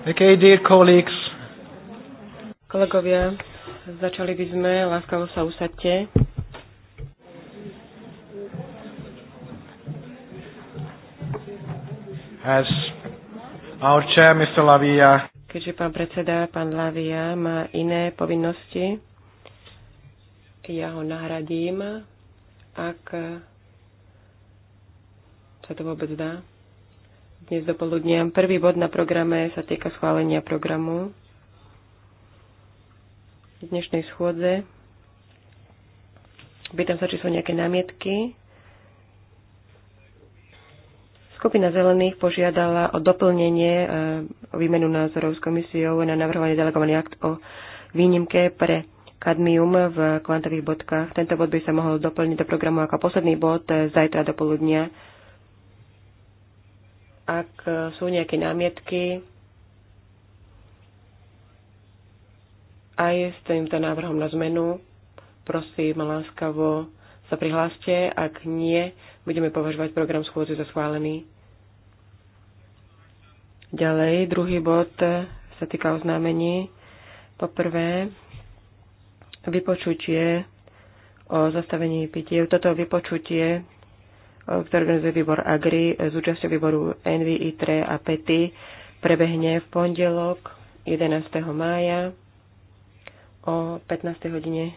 Okay, dear colleagues. Kolegovia, začali by sme, láskavo sa usadte. As our chair, Mr. Lavia. Keďže pán predseda, pán Lavia, má iné povinnosti, ja ho nahradím, ak sa to vôbec dá dnes poludnia. Prvý bod na programe sa týka schválenia programu dnešnej schôdze. Pýtam sa, či sú nejaké námietky. Skupina zelených požiadala o doplnenie e, o výmenu názorov s komisiou na navrhovanie delegovaný akt o výnimke pre kadmium v kvantových bodkách. Tento bod by sa mohol doplniť do programu ako posledný bod e, zajtra do poludnia. Ak sú nejaké námietky, aj s týmto návrhom na zmenu. Prosím, láskavo sa prihláste. Ak nie, budeme považovať program schôdze za schválený. Ďalej, druhý bod sa týka oznámení. Poprvé, vypočutie o zastavení pitiev. Toto vypočutie ktorý organizuje výbor AGRI s účasťou výboru ENVI, ITRE a PETI, prebehne v pondelok 11. mája o 15. hodine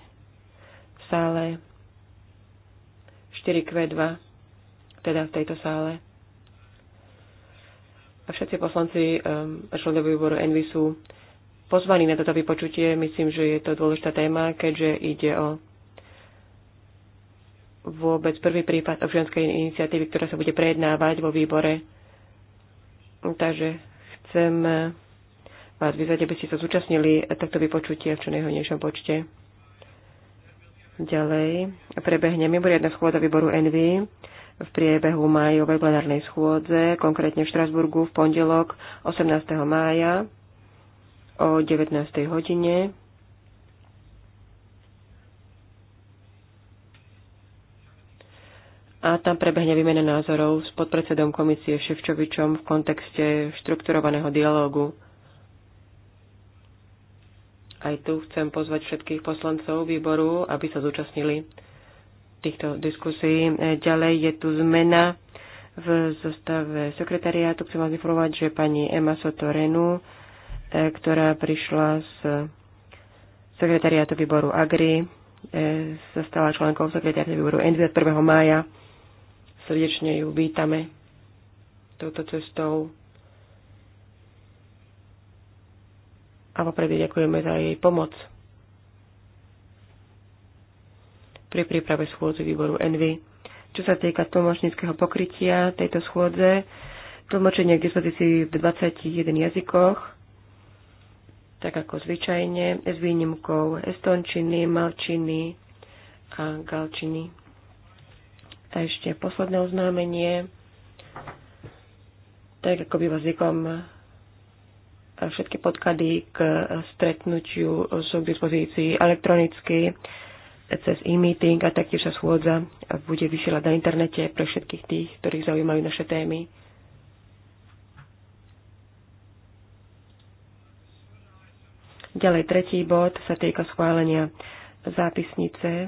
v sále 4Q2, teda v tejto sále. A všetci poslanci ehm, a členovia výboru ENVI sú pozvaní na toto vypočutie. Myslím, že je to dôležitá téma, keďže ide o vôbec prvý prípad občianskej iniciatívy, ktorá sa bude prejednávať vo výbore. Takže chcem vás vyzvať, aby ste sa zúčastnili takto vypočutia v čo najhodnejšom počte. Ďalej prebehne mimoriadna schôdza výboru NV v priebehu májovej plenárnej schôdze, konkrétne v Štrasburgu v pondelok 18. mája o 19. hodine a tam prebehne výmena názorov s podpredsedom komisie Ševčovičom v kontexte štrukturovaného dialógu. Aj tu chcem pozvať všetkých poslancov výboru, aby sa zúčastnili týchto diskusí. Ďalej je tu zmena v zostave sekretariátu. Chcem vás informovať, že pani Emma Sotorenu, e, ktorá prišla z sekretariátu výboru Agri, e, sa stala členkou sekretariátu výboru Envy od 1. mája Srdečne ju vítame touto cestou. A vopred ďakujeme za jej pomoc pri príprave schôdze výboru Envy. Čo sa týka tlmočníckého pokrytia tejto schôdze, tlmočenie k dispozícii v 21 jazykoch, tak ako zvyčajne, s výnimkou estončiny, malčiny a galčiny. A ešte posledné oznámenie. Tak ako býva zvykom, všetky podklady k stretnutiu sú k dispozícii elektronicky cez e-meeting a taktiež sa schôdza bude vysielať na internete pre všetkých tých, ktorých zaujímajú naše témy. Ďalej tretí bod sa týka schválenia zápisnice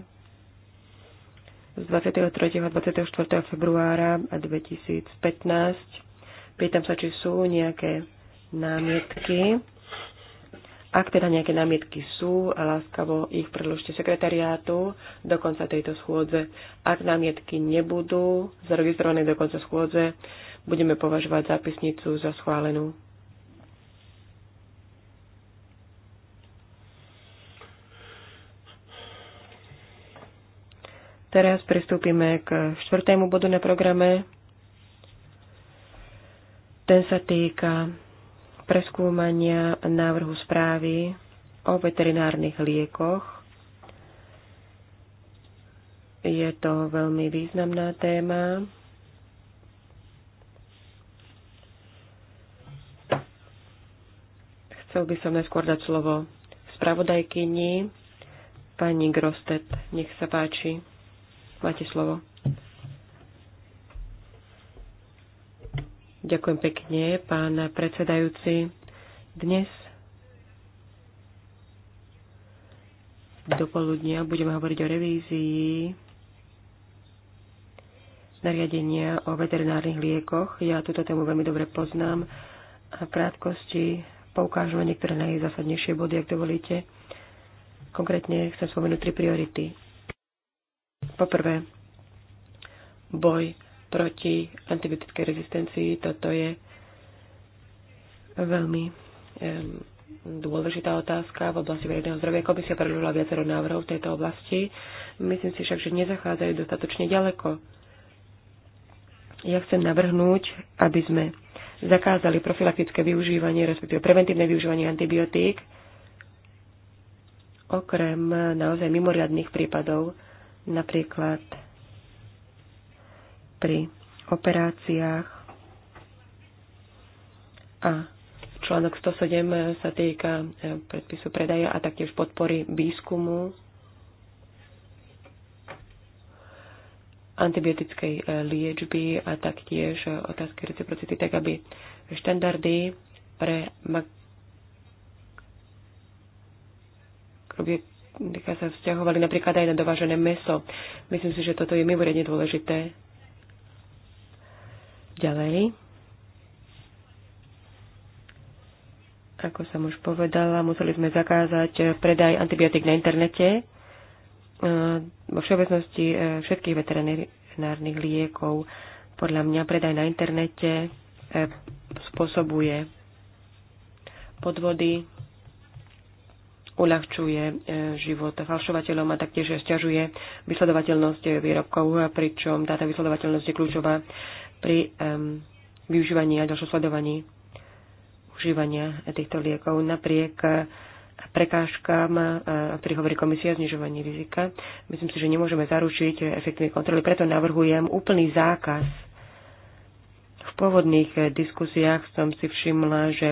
z 23. a 24. februára 2015. Pýtam sa, či sú nejaké námietky. Ak teda nejaké námietky sú, láskavo ich predložte sekretariátu do konca tejto schôdze. Ak námietky nebudú zaregistrované do konca schôdze, budeme považovať zápisnicu za schválenú. Teraz pristúpime k štvrtému bodu na programe. Ten sa týka preskúmania návrhu správy o veterinárnych liekoch. Je to veľmi významná téma. Chcel by som najskôr dať slovo spravodajkyni, pani Grostet. Nech sa páči. Máte slovo. Ďakujem pekne, pán predsedajúci. Dnes do poludnia budeme hovoriť o revízii nariadenia o veterinárnych liekoch. Ja túto tému veľmi dobre poznám a v krátkosti poukážeme niektoré najzásadnejšie body, ak dovolíte. Konkrétne chcem spomenúť tri priority. Poprvé, boj proti antibiotickej rezistencii. Toto je veľmi um, dôležitá otázka v oblasti verejného zdravia. Komisia predložila viacero návrhov v tejto oblasti. Myslím si však, že nezachádzajú dostatočne ďaleko. Ja chcem navrhnúť, aby sme zakázali profilaktické využívanie, respektíve preventívne využívanie antibiotík, okrem naozaj mimoriadných prípadov, napríklad pri operáciách a článok 107 sa týka e, predpisu predaja a taktiež podpory výskumu antibiotickej e, liečby a taktiež otázky reciprocity, tak aby štandardy pre mak- ktoré sa vzťahovali napríklad aj na dovážené meso. Myslím si, že toto je mimoriadne dôležité. Ďalej. Ako som už povedala, museli sme zakázať predaj antibiotík na internete e, vo všeobecnosti e, všetkých veterinárnych liekov. Podľa mňa predaj na internete e, spôsobuje podvody, uľahčuje e, život falšovateľom a taktiež sťažuje vysledovateľnosť e, výrobkov, pričom táto vysledovateľnosť je kľúčová pri um, využívaní a ďalšom sledovaní užívania týchto liekov. Napriek e, prekážkam pri hovorí komisia znižovanie rizika. Myslím si, že nemôžeme zaručiť efektívne kontroly, preto navrhujem úplný zákaz v pôvodných diskusiách som si všimla, že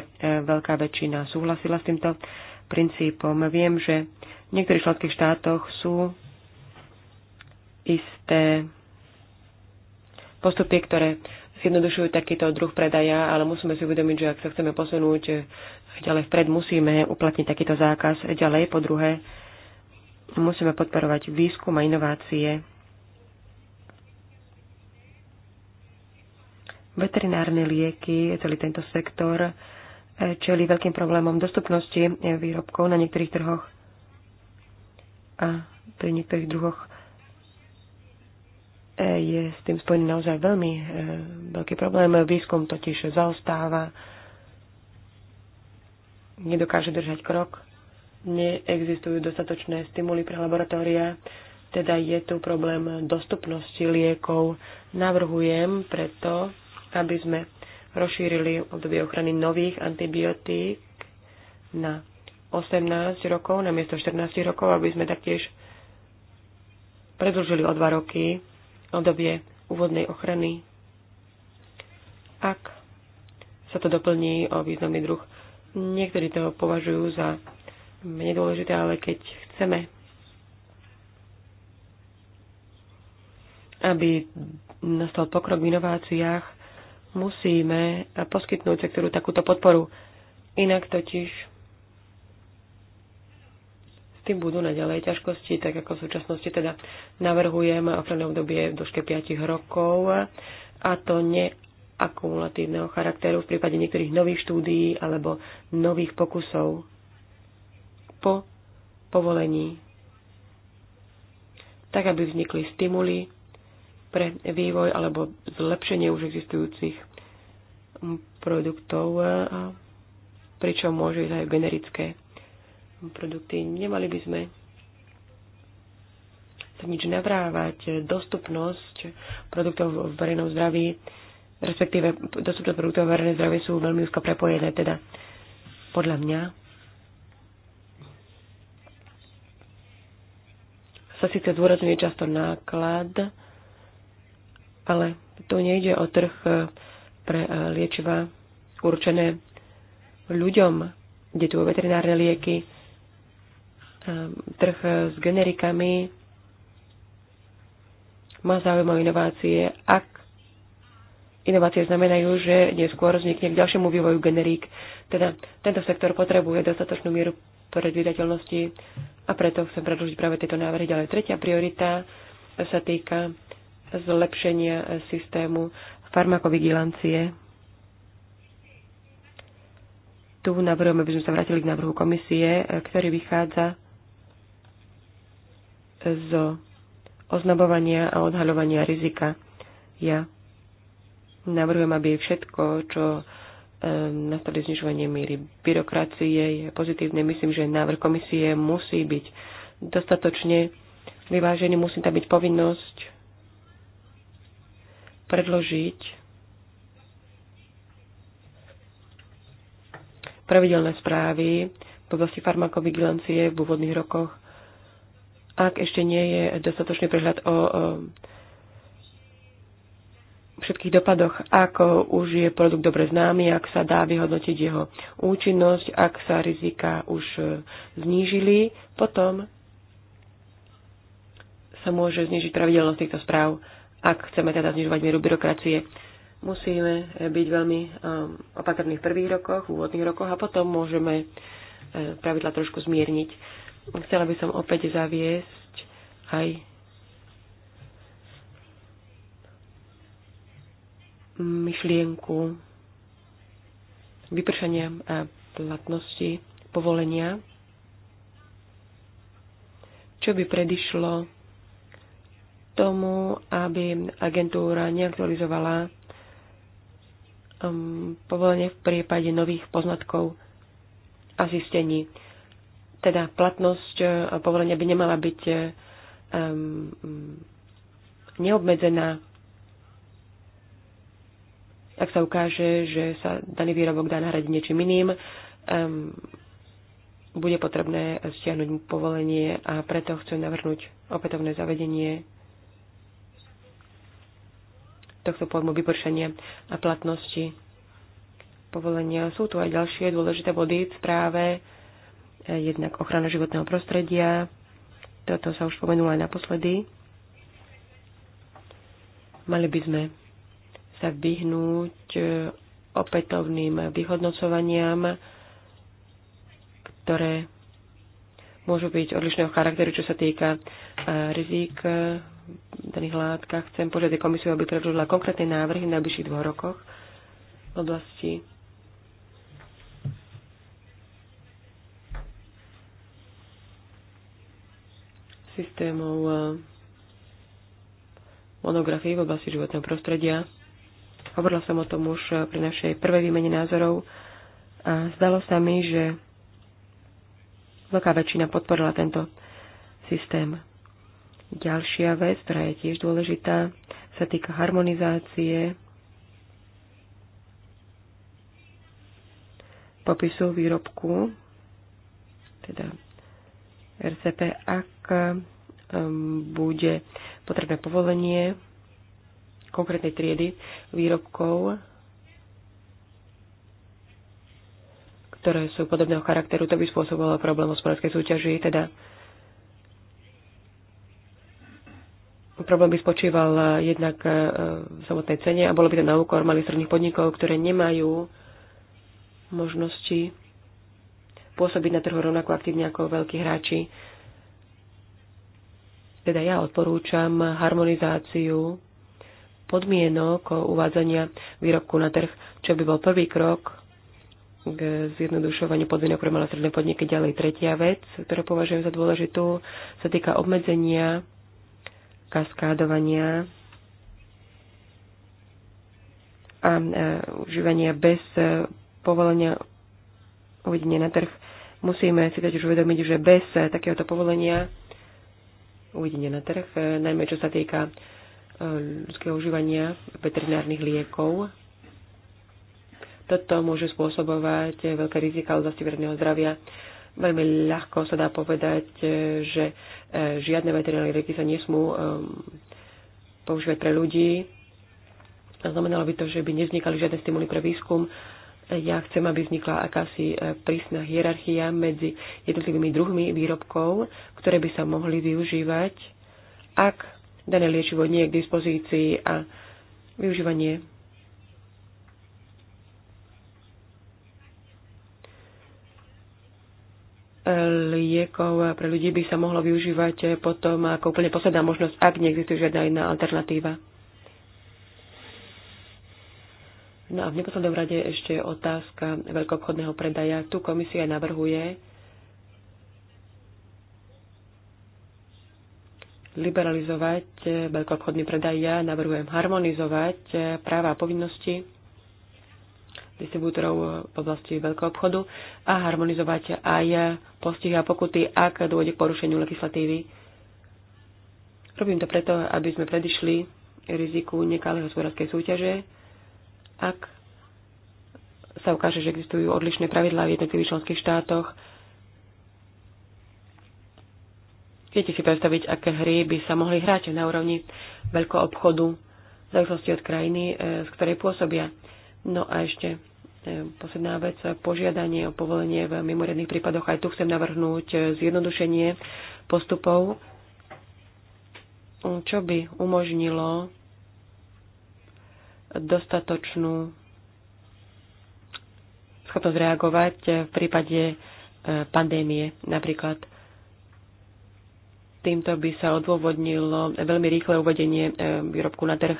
veľká väčšina súhlasila s týmto princípom. Viem, že v niektorých členských štátoch sú isté postupy, ktoré zjednodušujú takýto druh predaja, ale musíme si uvedomiť, že ak sa chceme posunúť ďalej vpred, musíme uplatniť takýto zákaz. Ďalej, po druhé, musíme podporovať výskum a inovácie. Veterinárne lieky, celý tento sektor čeli veľkým problémom dostupnosti výrobkov na niektorých trhoch a pri niektorých druhoch e, je s tým spojený naozaj veľmi e, veľký problém. Výskum totiž zaostáva, nedokáže držať krok, neexistujú dostatočné stimuly pre laboratória, teda je tu problém dostupnosti liekov. Navrhujem preto, aby sme rozšírili obdobie ochrany nových antibiotík na 18 rokov na miesto 14 rokov, aby sme taktiež predlžili o 2 roky obdobie úvodnej ochrany. Ak sa to doplní o významný druh, niektorí to považujú za menej dôležité, ale keď chceme, aby nastal pokrok v inováciách, musíme poskytnúť sektoru takúto podporu. Inak totiž s tým budú naďalej ťažkosti, tak ako v súčasnosti teda navrhujem ochranné obdobie v dĺžke 5 rokov a to neakumulatívneho charakteru v prípade niektorých nových štúdií alebo nových pokusov po povolení, tak aby vznikli stimuly pre vývoj alebo zlepšenie už existujúcich produktov, pričom môžu ísť aj generické produkty. Nemali by sme sa nič navrávať. Dostupnosť produktov v verejnom zdraví, respektíve dostupnosť produktov v verejnom zdraví sú veľmi úzko prepojené, teda podľa mňa sa síce zdôrazňuje často náklad, ale tu nejde o trh e, pre e, liečiva určené ľuďom, kde tu veterinárne lieky, e, trh s generikami má záujem o inovácie, ak inovácie znamenajú, že neskôr vznikne k ďalšiemu vývoju generík. Teda tento sektor potrebuje dostatočnú mieru predvydateľnosti a preto chcem predložiť práve tieto návrhy. Ďalej tretia priorita sa týka zlepšenia systému farmakovigilancie. Tu navrhujeme, aby sme sa vrátili k návrhu komisie, ktorý vychádza z oznamovania a odhaľovania rizika. Ja navrhujem, aby všetko, čo e, nastali znižovanie míry byrokracie je pozitívne. Myslím, že návrh komisie musí byť dostatočne vyvážený, musí tam byť povinnosť predložiť pravidelné správy v oblasti farmakovigilancie v úvodných rokoch, ak ešte nie je dostatočný prehľad o, o všetkých dopadoch, ako už je produkt dobre známy, ak sa dá vyhodnotiť jeho účinnosť, ak sa rizika už znížili, potom sa môže znižiť pravidelnosť týchto správ ak chceme teda znižovať mieru byrokracie. Musíme byť veľmi um, opatrní v prvých rokoch, v úvodných rokoch a potom môžeme e, pravidla trošku zmierniť. Chcela by som opäť zaviesť aj myšlienku vypršania e, platnosti povolenia, čo by predišlo tomu, aby agentúra neaktualizovala um, povolenie v prípade nových poznatkov a zistení. Teda platnosť uh, povolenia by nemala byť uh, um, neobmedzená. Ak sa ukáže, že sa daný výrobok dá nahradiť niečím iným, um, bude potrebné stiahnuť mu povolenie a preto chcem navrhnúť opätovné zavedenie tohto pojmu vypršenie a platnosti povolenia. Sú tu aj ďalšie dôležité body v správe, eh, jednak ochrana životného prostredia, toto sa už spomenulo aj naposledy. Mali by sme sa vyhnúť eh, opätovným vyhodnocovaniam, ktoré môžu byť odlišného charakteru, čo sa týka eh, rizik daných látkach. Chcem požiadať komisiu, aby predložila konkrétne návrhy na najbližších dvoch rokoch v oblasti systémov eh, monografii v oblasti životného prostredia. Hovorila som o tom už eh, pri našej prvej výmene názorov a zdalo sa mi, že veľká väčšina podporila tento systém. Ďalšia vec, ktorá je tiež dôležitá, sa týka harmonizácie popisu výrobku, teda RCP, ak um, bude potrebné povolenie konkrétnej triedy výrobkov, ktoré sú podobného charakteru, to by spôsobovalo problém hospodárskej súťaži, teda Problém by spočíval eh, jednak eh, v samotnej cene a bolo by to na úkor malých stredných podnikov, ktoré nemajú možnosti pôsobiť na trhu rovnako aktívne ako veľkí hráči. Teda ja odporúčam harmonizáciu podmienok uvádzania výrobku na trh, čo by bol prvý krok k zjednodušovaniu podmienok pre malé stredné podniky. Ďalej tretia vec, ktorú považujem za dôležitú, sa týka obmedzenia kaskádovania a e, užívania bez e, povolenia uvedenia na trh. Musíme si teď už uvedomiť, že bez e, takéhoto povolenia uvedenia na trh, e, najmä čo sa týka e, ľudského užívania veterinárnych liekov, toto môže spôsobovať e, veľké rizika od oblasti zdravia. Veľmi ľahko sa dá povedať, e, že e, žiadne veterinárne lieky sa nesmú e, používať pre ľudí. Znamenalo by to, že by nevznikali žiadne stimuly pre výskum. Ja chcem, aby vznikla akási prísna hierarchia medzi jednotlivými druhmi výrobkov, ktoré by sa mohli využívať, ak dané liečivo nie je k dispozícii a využívanie liekov pre ľudí by sa mohlo využívať potom ako úplne posledná možnosť, ak neexistuje žiadna iná alternatíva. No a v neposlednom rade ešte otázka veľkoobchodného predaja. Tu komisia navrhuje liberalizovať veľkoobchodný predaj. Ja navrhujem harmonizovať práva a povinnosti distribútorov v oblasti veľkého obchodu a harmonizovať aj postihy a pokuty, ak dôjde k porušeniu legislatívy. Robím to preto, aby sme predišli riziku nekalej hospodárskej súťaže, ak sa ukáže, že existujú odlišné pravidlá v jednotlivých členských štátoch. Viete si predstaviť, aké hry by sa mohli hrať na úrovni veľkého obchodu v závislosti od krajiny, eh, z ktorej pôsobia. No a ešte e, posledná vec, požiadanie o povolenie v mimoriadných prípadoch. Aj tu chcem navrhnúť e, zjednodušenie postupov, čo by umožnilo dostatočnú schopnosť reagovať e, v prípade pandémie napríklad. Týmto by sa odôvodnilo veľmi rýchle uvedenie výrobku na trh,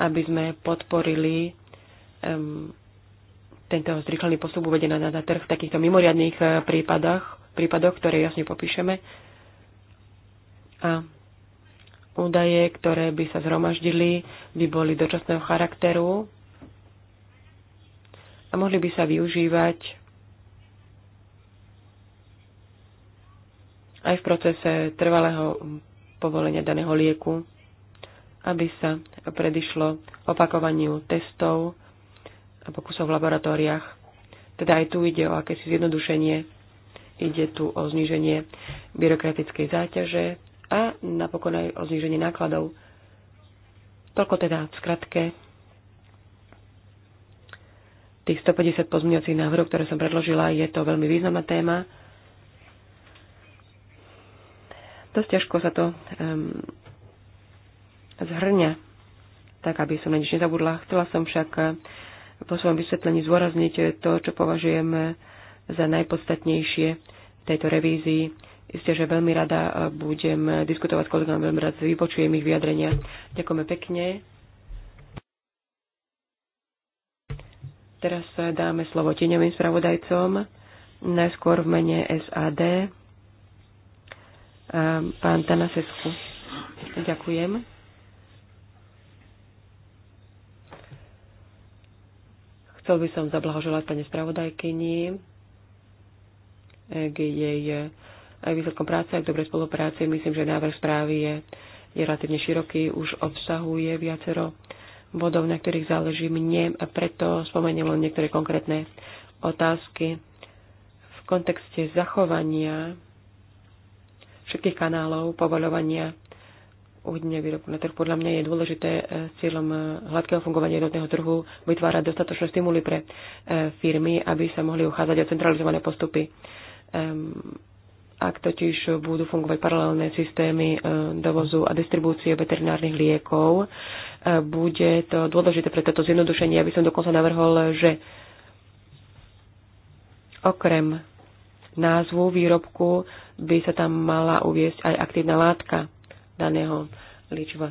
aby sme podporili um, tento zrýchlený postup uvedená na, na trh v takýchto mimoriadných eh, prípadoch, prípadoch, ktoré jasne popíšeme. A údaje, ktoré by sa zhromaždili, by boli dočasného charakteru a mohli by sa využívať aj v procese trvalého hm, povolenia daného lieku, aby sa predišlo opakovaniu testov a pokusov v laboratóriách. Teda aj tu ide o akési zjednodušenie, ide tu o zníženie byrokratickej záťaže a napokon aj o zníženie nákladov. Toľko teda v skratke tých 150 pozmeňovacích návrhov, ktoré som predložila, je to veľmi významná téma. Dosť ťažko sa to um, zhrňa, tak aby som na nič nezabudla. Chcela som však po svojom vysvetlení zvorazniť to, čo považujeme za najpodstatnejšie v tejto revízii. Isté, že veľmi rada budem diskutovať s kolegami, veľmi rád vypočujem ich vyjadrenia. Ďakujeme pekne. Teraz dáme slovo tieňovým spravodajcom, najskôr v mene SAD, pán Tanasesku. Ďakujem. Chcel by som zablahoželať pani spravodajkyni eh, k jej eh, aj výsledkom práce, aj k dobrej spolupráci. Myslím, že návrh správy je, je relatívne široký, už obsahuje viacero bodov, na ktorých záleží mne a preto spomeniem len niektoré konkrétne otázky v kontexte zachovania všetkých kanálov povoľovania uvedenia výrobku na trh. Podľa mňa je dôležité s e, cieľom e, hladkého fungovania jednotného trhu vytvárať dostatočné stimuly pre e, firmy, aby sa mohli uchádzať o centralizované postupy. Ehm, ak totiž budú fungovať paralelné systémy dovozu a distribúcie veterinárnych liekov, bude to dôležité pre toto zjednodušenie. by som dokonca navrhol, že okrem názvu výrobku by sa tam mala uviesť aj aktívna látka daného liečiva.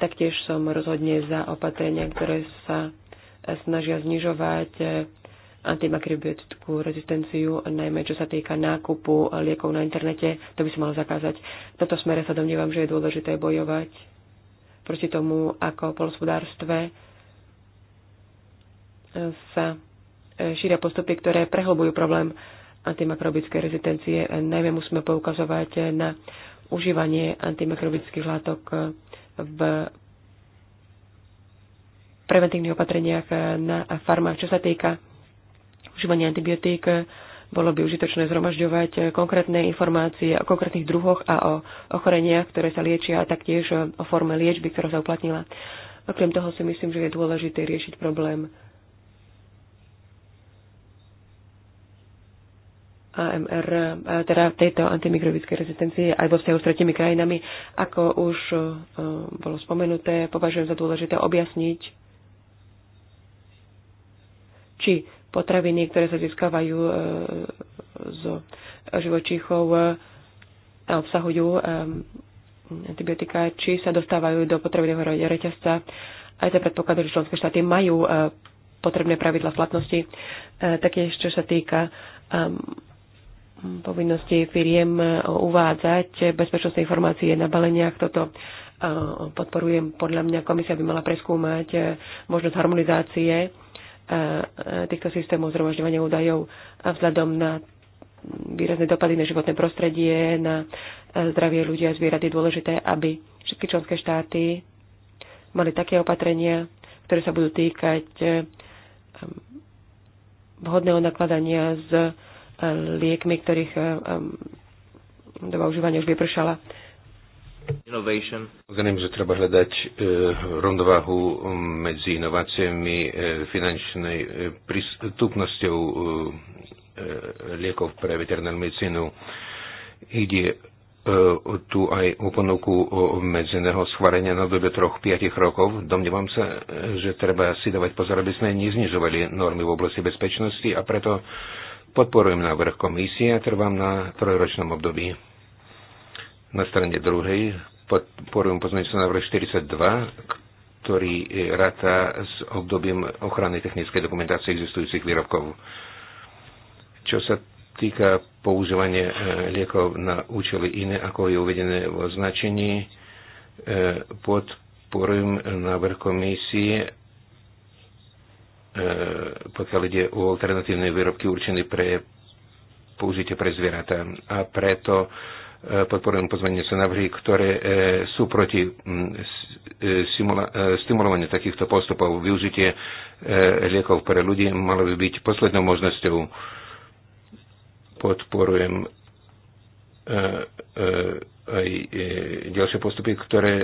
Taktiež som rozhodne za opatrenia, ktoré sa snažia znižovať eh, antimakrobiotickú rezistenciu, najmä čo sa týka nákupu liekov na internete, to by sa malo zakázať. V tomto smere sa domnievam, že je dôležité bojovať proti tomu, ako v polospodárstve eh, sa eh, šíria postupy, ktoré prehlbujú problém antimakrobické rezistencie. Najmä musíme poukazovať na užívanie antimikrobických látok v preventívnych opatreniach na farmách. Čo sa týka užívania antibiotík, bolo by užitočné zhromažďovať konkrétne informácie o konkrétnych druhoch a o ochoreniach, ktoré sa liečia a taktiež o forme liečby, ktorá sa uplatnila. Okrem toho si myslím, že je dôležité riešiť problém AMR, teda tejto antimikrobickej rezistencie aj vo vzťahu s tretimi krajinami. Ako už e, bolo spomenuté, považujem za dôležité objasniť, či potraviny, ktoré sa získavajú e, z živočíchov, e, obsahujú antibiotika, či sa dostávajú do potrebného reťazca. Aj za predpokladu, že členské štáty majú potrebné pravidla platnosti, také čo sa týka povinnosti firiem e, uvádzať bezpečnostné informácie na baleniach. Toto e, podporujem. Podľa mňa komisia by mala preskúmať e, možnosť harmonizácie týchto systémov zhromažďovania údajov vzhľadom na výrazné dopady na životné prostredie, na zdravie ľudia a zvierat je dôležité, aby všetky členské štáty mali také opatrenia, ktoré sa budú týkať vhodného nakladania s liekmi, ktorých eh, doba užívania už vypršala. Innovation. Zrejme, že treba hľadať e, rovnováhu um, medzi inováciami, e, finančnej e, prístupnosťou e, liekov pre veterinárnu medicínu. Ide tu aj o ponuku medzeného schvárenia na dobe 3-5 rokov. Domnievam sa, že treba si dávať pozor, aby sme neznižovali normy v oblasti bezpečnosti a preto Podporujem návrh komisie a trvám na trojročnom období. Na strane druhej podporujem pozmeňujúci návrh 42, ktorý ráta s obdobím ochrany technickej dokumentácie existujúcich výrobkov. Čo sa týka používania e, liekov na účely iné, ako je uvedené v označení, e, podporujem návrh komisie E, pokiaľ ide o alternatívne výrobky určené pre použitie pre zvieratá. A preto e, podporujem pozvanie pozmeňujúce návrhy, ktoré e, sú proti stimulovaniu takýchto postupov. Využitie liekov pre ľudí malo by byť poslednou možnosťou. Podporujem aj ďalšie postupy, ktoré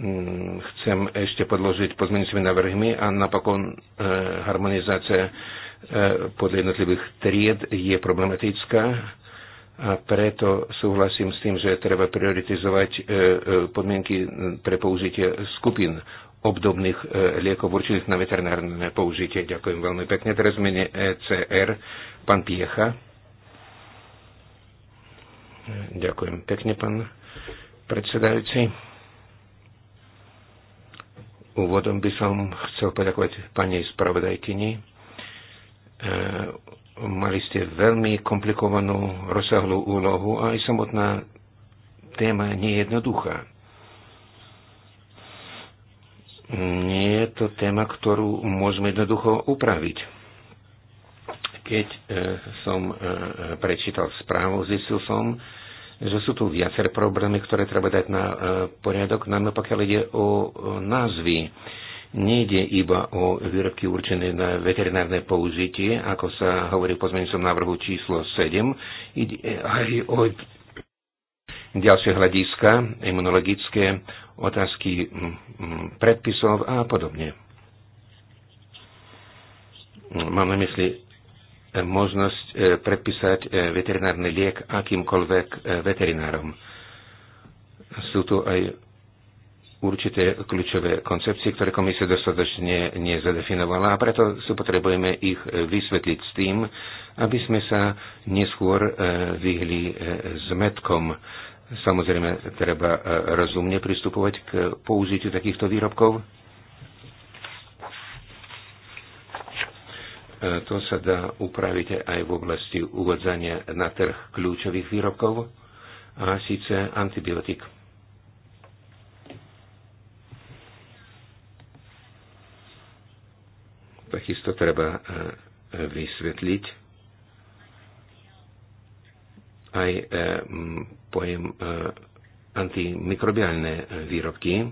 Mm, chcem ešte podložiť pozmeňujúcimi návrhmi a napokon e, harmonizácia e, podľa jednotlivých tried je problematická a preto súhlasím s tým, že treba prioritizovať e, podmienky pre použitie skupín obdobných liekov určených na veterinárne použitie. Ďakujem veľmi pekne. Teraz mene ECR, pán Piecha. Ďakujem pekne, pán predsedajúci. Úvodom by som chcel poďakovať pani spravodajkyni. E, mali ste veľmi komplikovanú, rozsahlú úlohu a aj samotná téma nie je jednoduchá. Nie je to téma, ktorú môžeme jednoducho upraviť keď e, som e, prečítal správu, zistil som, že sú tu viaceré problémy, ktoré treba dať na e, poriadok, najmä pokiaľ ide o názvy. Nejde iba o výrobky určené na veterinárne použitie, ako sa hovorí v pozmeňujúcom návrhu číslo 7, ide aj o ďalšie hľadiska, imunologické otázky predpisov a podobne. Mám na mysli E, možnosť e, predpísať e, veterinárny liek akýmkoľvek veterinárom. Sú tu aj určité kľúčové koncepcie, ktoré komisia dostatočne nezadefinovala a preto si potrebujeme ich vysvetliť s tým, aby sme sa neskôr vyhli zmetkom. Samozrejme, treba rozumne pristupovať k použitiu takýchto výrobkov E, to sa dá upraviť aj v oblasti uvádzania na trh kľúčových výrobkov a síce antibiotik. Takisto treba e, vysvetliť aj e, pojem antimikrobiálne výrobky.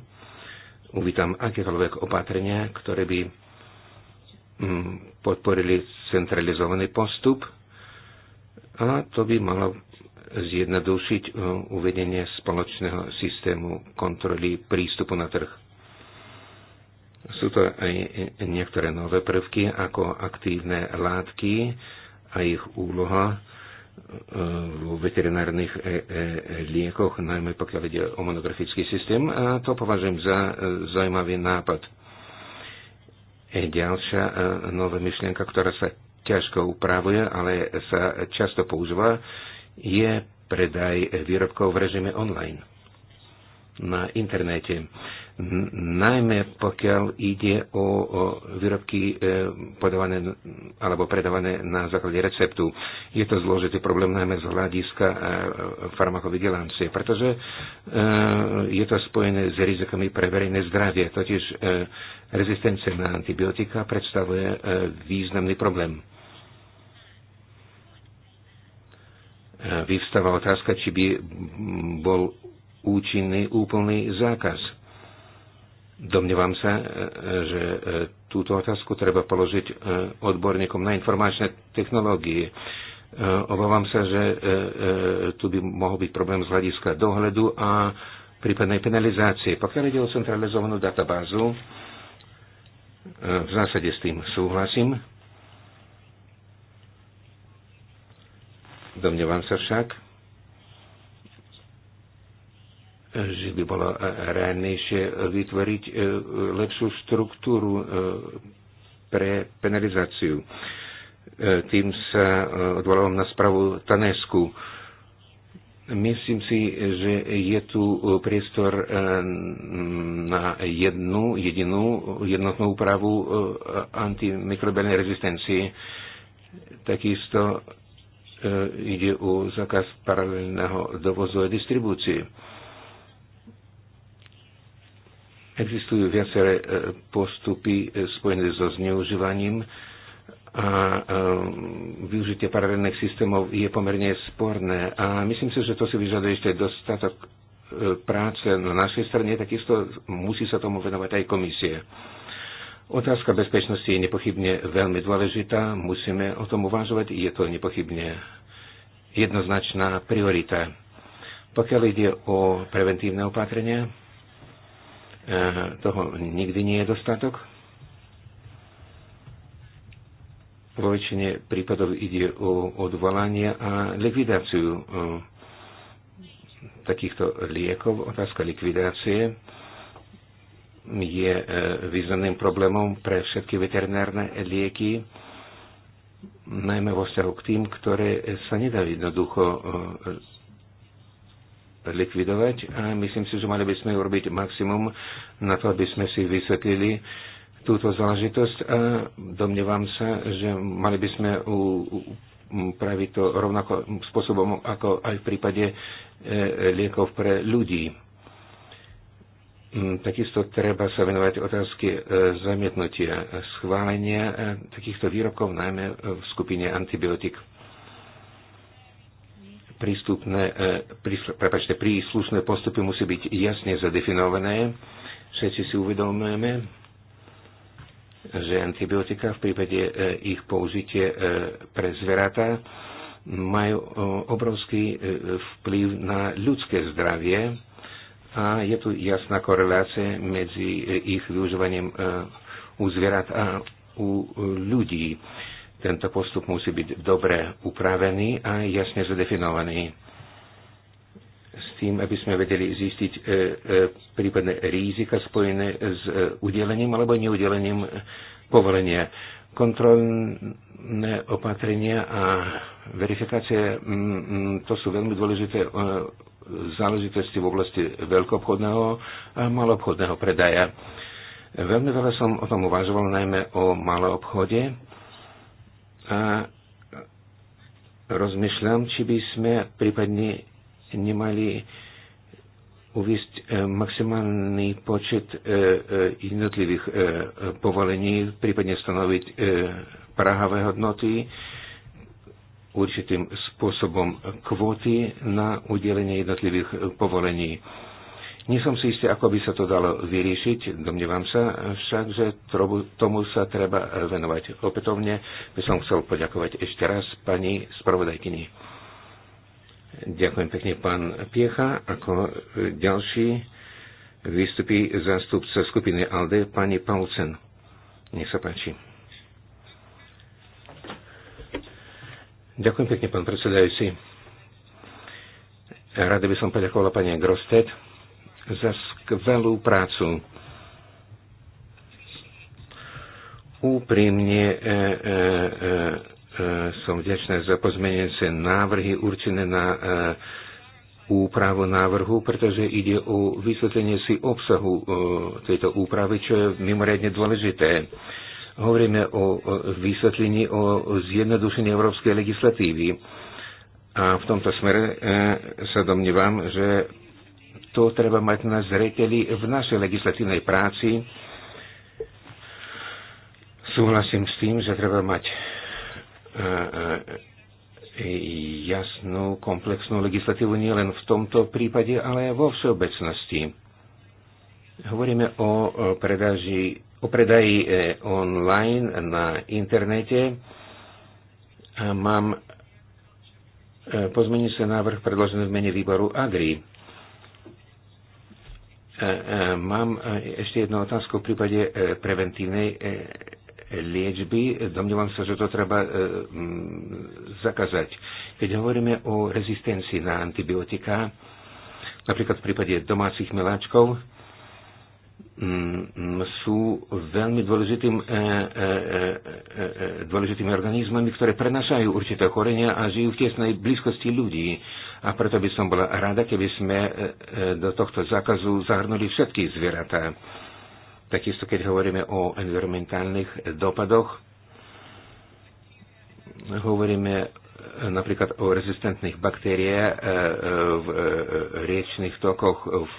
Uvítam akékoľvek opatrenia, ktoré by Hm, podporili centralizovaný postup a to by malo zjednodušiť hm, uvedenie spoločného systému kontroly prístupu na trh. Sú to aj niektoré nové prvky, ako aktívne látky a ich úloha hm, v veterinárnych e, e, liekoch, najmä pokiaľ ide o monografický systém. A to považujem za e, zaujímavý nápad. Ďalšia e, nová myšlienka, ktorá sa ťažko upravuje, ale sa často používa, je predaj výrobkov v režime online na internete najmä pokiaľ ide o, o výrobky e, podávané alebo predávané na základe receptu. Je to zložitý problém najmä z hľadiska e, farmakovigilancie, pretože e, je to spojené s rizikami pre verejné zdravie, totiž e, rezistencia na antibiotika predstavuje e, významný problém. E, vyvstáva otázka, či by bol účinný úplný zákaz Domnievam sa, e, e, že e, túto otázku treba položiť odborníkom na informačné technológie. Obávam sa, že tu by mohol byť problém z hľadiska dohľadu a prípadnej penalizácie. Pokiaľ ide o centralizovanú databázu, v zásade s tým súhlasím. Domnievam sa však, že by bolo e, reálnejšie e, vytvoriť e, lepšiu štruktúru pre penalizáciu. Tým sa odvolávam na spravu Tanesku. Myslím si, že je tu priestor na jednu, jedinú, jednotnú úpravu antimikrobiálnej rezistencie. Takisto ide o zákaz paralelného dovozu a distribúcie Existujú viaceré e, postupy e, spojené so zneužívaním a e, využitie paralelných systémov je pomerne sporné. A myslím si, že to si vyžaduje ešte dostatok práce na našej strane, takisto musí sa tomu venovať aj komisie. Otázka bezpečnosti je nepochybne veľmi dôležitá, musíme o tom uvažovať, je to nepochybne jednoznačná priorita. Pokiaľ ide o preventívne opatrenia, E, toho nikdy nie je dostatok. Vo väčšine prípadov ide o odvolanie a likvidáciu e, takýchto liekov. Otázka likvidácie je e, významným problémom pre všetky veterinárne lieky, najmä vo vzťahu k tým, ktoré sa nedajú jednoducho likvidovať a myslím si, že mali by sme urobiť maximum na to, aby sme si vysvetlili túto záležitosť a domnievam sa, že mali by sme upraviť to rovnako spôsobom ako aj v prípade e, liekov pre ľudí. Mm, takisto treba sa venovať otázky e, zamietnutia schválenia e, takýchto výrokov, najmä v skupine antibiotik prístupné, e, prepačte, príslušné postupy musí byť jasne zadefinované. Všetci si uvedomujeme, že antibiotika v prípade e, ich použitie e, pre zveratá majú obrovský vplyv na ľudské zdravie a je tu jasná korelácia medzi ich využívaním u zvierat a u ľudí. Tento postup musí byť dobre upravený a jasne zadefinovaný s tým, aby sme vedeli zistiť e, e, prípadné rizika spojené s e, udelením alebo neudelením povolenia. Kontrolné opatrenia a verifikácie, m, mm, m, mm, to sú veľmi dôležité e, záležitosti v oblasti veľkoobchodného a maloobchodného predaja. Veľmi veľa som o tom uvažoval, najmä o maloobchode a rozmýšľam, či by sme prípadne nemali uviesť e, maximálny počet e, e, jednotlivých povolení, prípadne stanoviť prahové hodnoty, určitým spôsobom kvóty na udelenie jednotlivých povolení. Nie som si istý, ako by sa to dalo vyriešiť. Domnievam sa však, že tomu sa treba venovať. Opätovne by som chcel poďakovať ešte raz pani spravodajkyni. Ďakujem pekne, pán Piecha. Ako ďalší vystupí zástupca skupiny ALDE, pani Paulsen. Nech sa páči. Ďakujem pekne, pán predsedajúci. Rada by som poďakovala pani Grostet za skvelú prácu. Úprimne e, e, e, e som vďačná za pozmenujúce návrhy určené na e, úpravu návrhu, pretože ide o vysvetlenie si obsahu e, tejto úpravy, čo je mimoriadne dôležité. Hovoríme o vysvetlení o zjednodušení európskej legislatívy. A v tomto smere e, sa domnívam, že to treba mať na zreteli v našej legislatívnej práci. Súhlasím s tým, že treba mať e, e, e, jasnú, komplexnú legislatívu nielen v tomto prípade, ale aj vo všeobecnosti. Hovoríme o predaži, o predaji online na internete. Mám pozmeniť sa návrh predložený v mene výboru Agri E, e, mám e, ešte jednu otázku v prípade preventívnej liečby. Domnívam sa, že to treba zakázať. Keď hovoríme o rezistencii na antibiotika, napríklad v prípade domácich miláčkov, sú veľmi dôležitým, e, e, e, dôležitými organizmami, ktoré prenašajú určité chorenia a žijú v tesnej blízkosti ľudí. A preto by som bola rada, keby sme e, e, do tohto zákazu zahrnuli všetky zvieratá. Takisto, keď hovoríme o environmentálnych dopadoch, hovoríme e, napríklad o rezistentných baktériách v riečných tokoch, v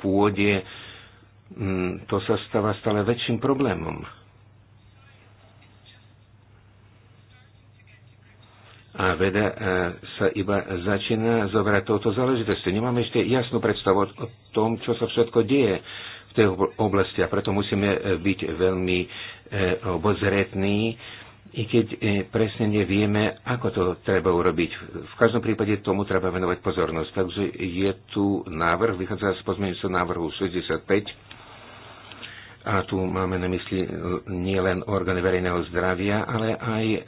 pôde, mm, to sa stáva stále väčším problémom. a veda e, sa iba začína zobrať touto záležitosti. Nemáme ešte jasnú predstavu o tom, čo sa všetko deje v tej oblasti a preto musíme e, byť veľmi e, obozretní, i keď presne nevieme, ako to treba urobiť. V každom prípade tomu treba venovať pozornosť. Takže je tu návrh, vychádza z pozmeňujúceho návrhu 65 a tu máme na mysli e, nielen orgány verejného zdravia, ale aj e,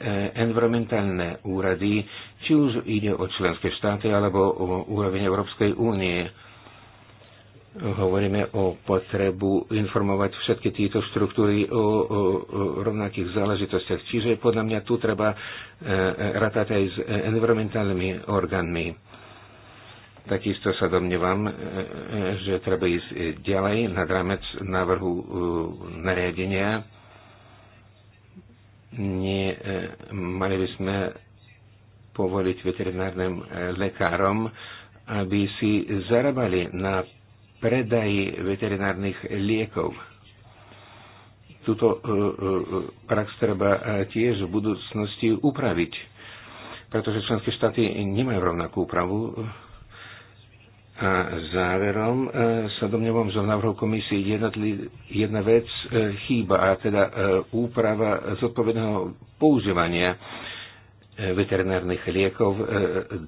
environmentálne úrady, či už ide o členské štáty alebo o úroveň Európskej únie. Hovoríme o potrebu informovať všetky tieto štruktúry o, o, o rovnakých záležitostiach. Čiže podľa mňa tu treba e, e ratať aj s environmentálnymi orgánmi Takisto sa domnievam, e, e, že treba ísť e, ďalej nad rámec návrhu nariadenia. Nie, mali by sme povoliť veterinárnym lekárom, aby si zarábali na predaji veterinárnych liekov. Tuto prax treba tiež v budúcnosti upraviť, pretože členské štáty nemajú rovnakú úpravu a záverom e, sa domnievam, že v návrhu komisie jedna vec e, chýba, a teda e, úprava zodpovedného používania veterinárnych liekov.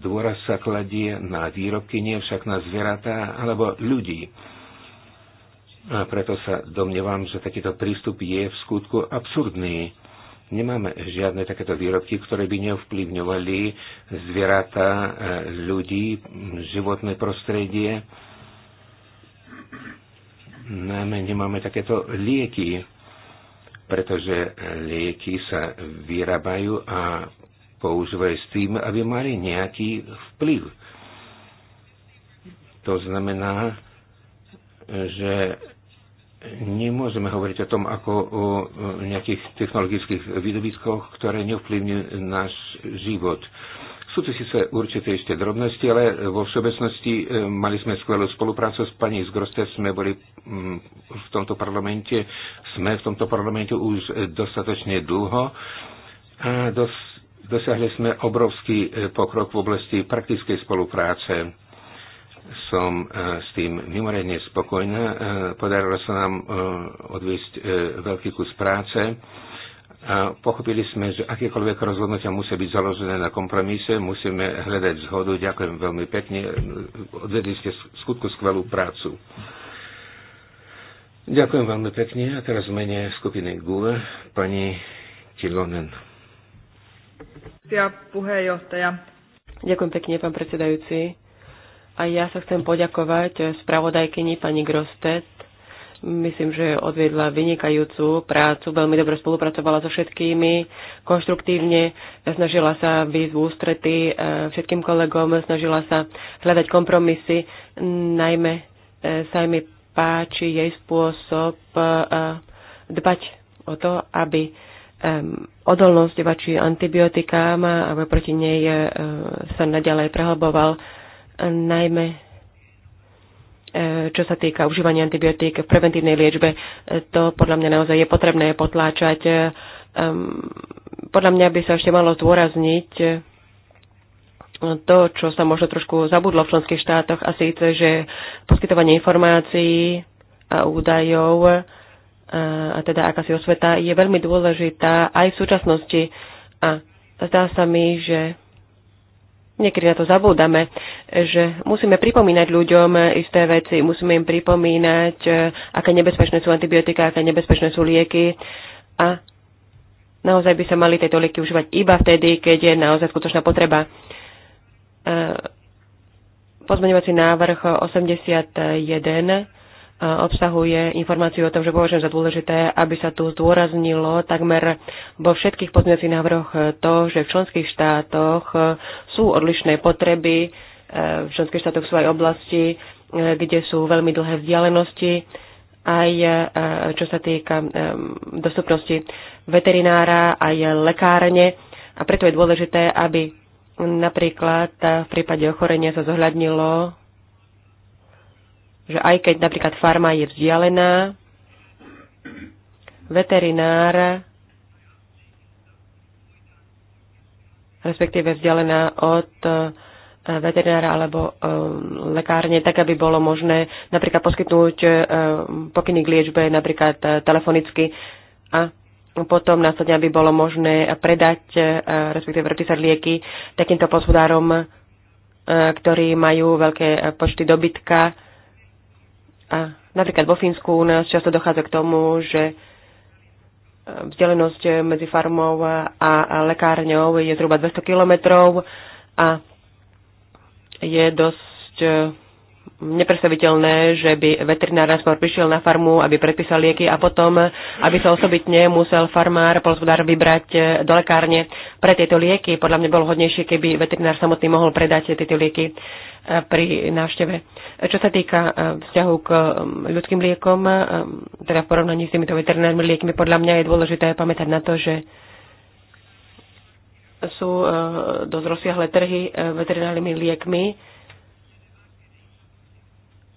Dôraz sa kladie na výrobky, nie však na zvieratá alebo ľudí. A preto sa domnievam, že takýto prístup je v skutku absurdný Nemáme žiadne takéto výrobky, ktoré by neovplyvňovali zvieratá, e, ľudí, životné prostredie. Najmä nemáme takéto lieky, pretože e, lieky sa vyrábajú a používajú s tým, aby mali nejaký vplyv. To znamená, e, že nemôžeme hovoriť o tom ako o nejakých technologických výdobiskoch, ktoré neovplyvňujú náš život. Sú to síce určité ešte drobnosti, ale vo všeobecnosti e, mali sme skvelú spoluprácu s pani Zgroste, sme boli v tomto parlamente, sme v tomto parlamente už dostatočne dlho a dos, dosiahli sme obrovský e, pokrok v oblasti praktickej spolupráce som e, s tým mimoriadne spokojná. E, podarilo sa nám e, odviesť veľký kus práce. A pochopili sme, že akékoľvek rozhodnutia musia byť založené na kompromise, musíme hľadať zhodu. Ďakujem veľmi pekne. Odvedli ste skutku skvelú prácu. Ďakujem veľmi pekne. A teraz v mene skupiny GUL pani Tilonen. Ďakujem pekne, pán predsedajúci. A ja sa chcem poďakovať spravodajkyni pani Grostet. Myslím, že odviedla vynikajúcu prácu, veľmi dobre spolupracovala so všetkými, konštruktívne snažila sa byť v ústrety e, všetkým kolegom, snažila sa hľadať kompromisy, najmä e, sa mi páči jej spôsob e, dbať o to, aby odolnosť voči antibiotikám a proti nej sa nadalej prehlboval najmä e, čo sa týka užívania antibiotík v preventívnej liečbe. E, to podľa mňa naozaj je potrebné potláčať. E, podľa mňa by sa ešte malo zdôrazniť to, čo sa možno trošku zabudlo v členských štátoch, a síce, že poskytovanie informácií a údajov, a teda akási osveta, je veľmi dôležitá aj v súčasnosti. A zdá sa mi, že Niekedy na to zabúdame, že musíme pripomínať ľuďom isté veci, musíme im pripomínať, e, aké nebezpečné sú antibiotika, aké nebezpečné sú lieky a naozaj by sa mali tieto lieky užívať iba vtedy, keď je naozaj skutočná potreba. E, pozmeňovací návrh 81 obsahuje informáciu o tom, že považujem za dôležité, aby sa tu zdôraznilo takmer vo všetkých pozmeňovacích návrhoch to, že v členských štátoch sú odlišné potreby, e, v členských štátoch sú aj oblasti, e, kde sú veľmi dlhé vzdialenosti, aj e, čo sa týka dostupnosti veterinára, aj lekárne. A preto je dôležité, aby napríklad v prípade ochorenia sa zohľadnilo že aj keď napríklad farma je vzdialená, veterinár, respektíve vzdialená od e, veterinára alebo e, lekárne, tak aby bolo možné napríklad poskytnúť e, pokyny k liečbe napríklad telefonicky a potom následne aby bolo možné predať, respektíve predpísať lieky takýmto pospodárom, ktorí majú veľké počty dobytka a napríklad vo Fínsku u nás často dochádza k tomu, že e, vzdialenosť medzi farmou a lekárňou je zhruba 200 kilometrov a je dosť e, nepredstaviteľné, že by veterinár skôr prišiel na farmu, aby predpísal lieky a potom, aby sa osobitne musel farmár, polnospodár vybrať e, do lekárne pre tieto lieky. Podľa mňa bolo hodnejšie, keby veterinár samotný mohol predať tieto lieky. Eh, pri návšteve. Eh, čo sa týka eh, vzťahu k ľudským liekom, teda v porovnaní s týmito veterinárnymi liekmi, podľa mňa je dôležité pamätať na to, že sú dosť rozsiahle trhy veterinárnymi liekmi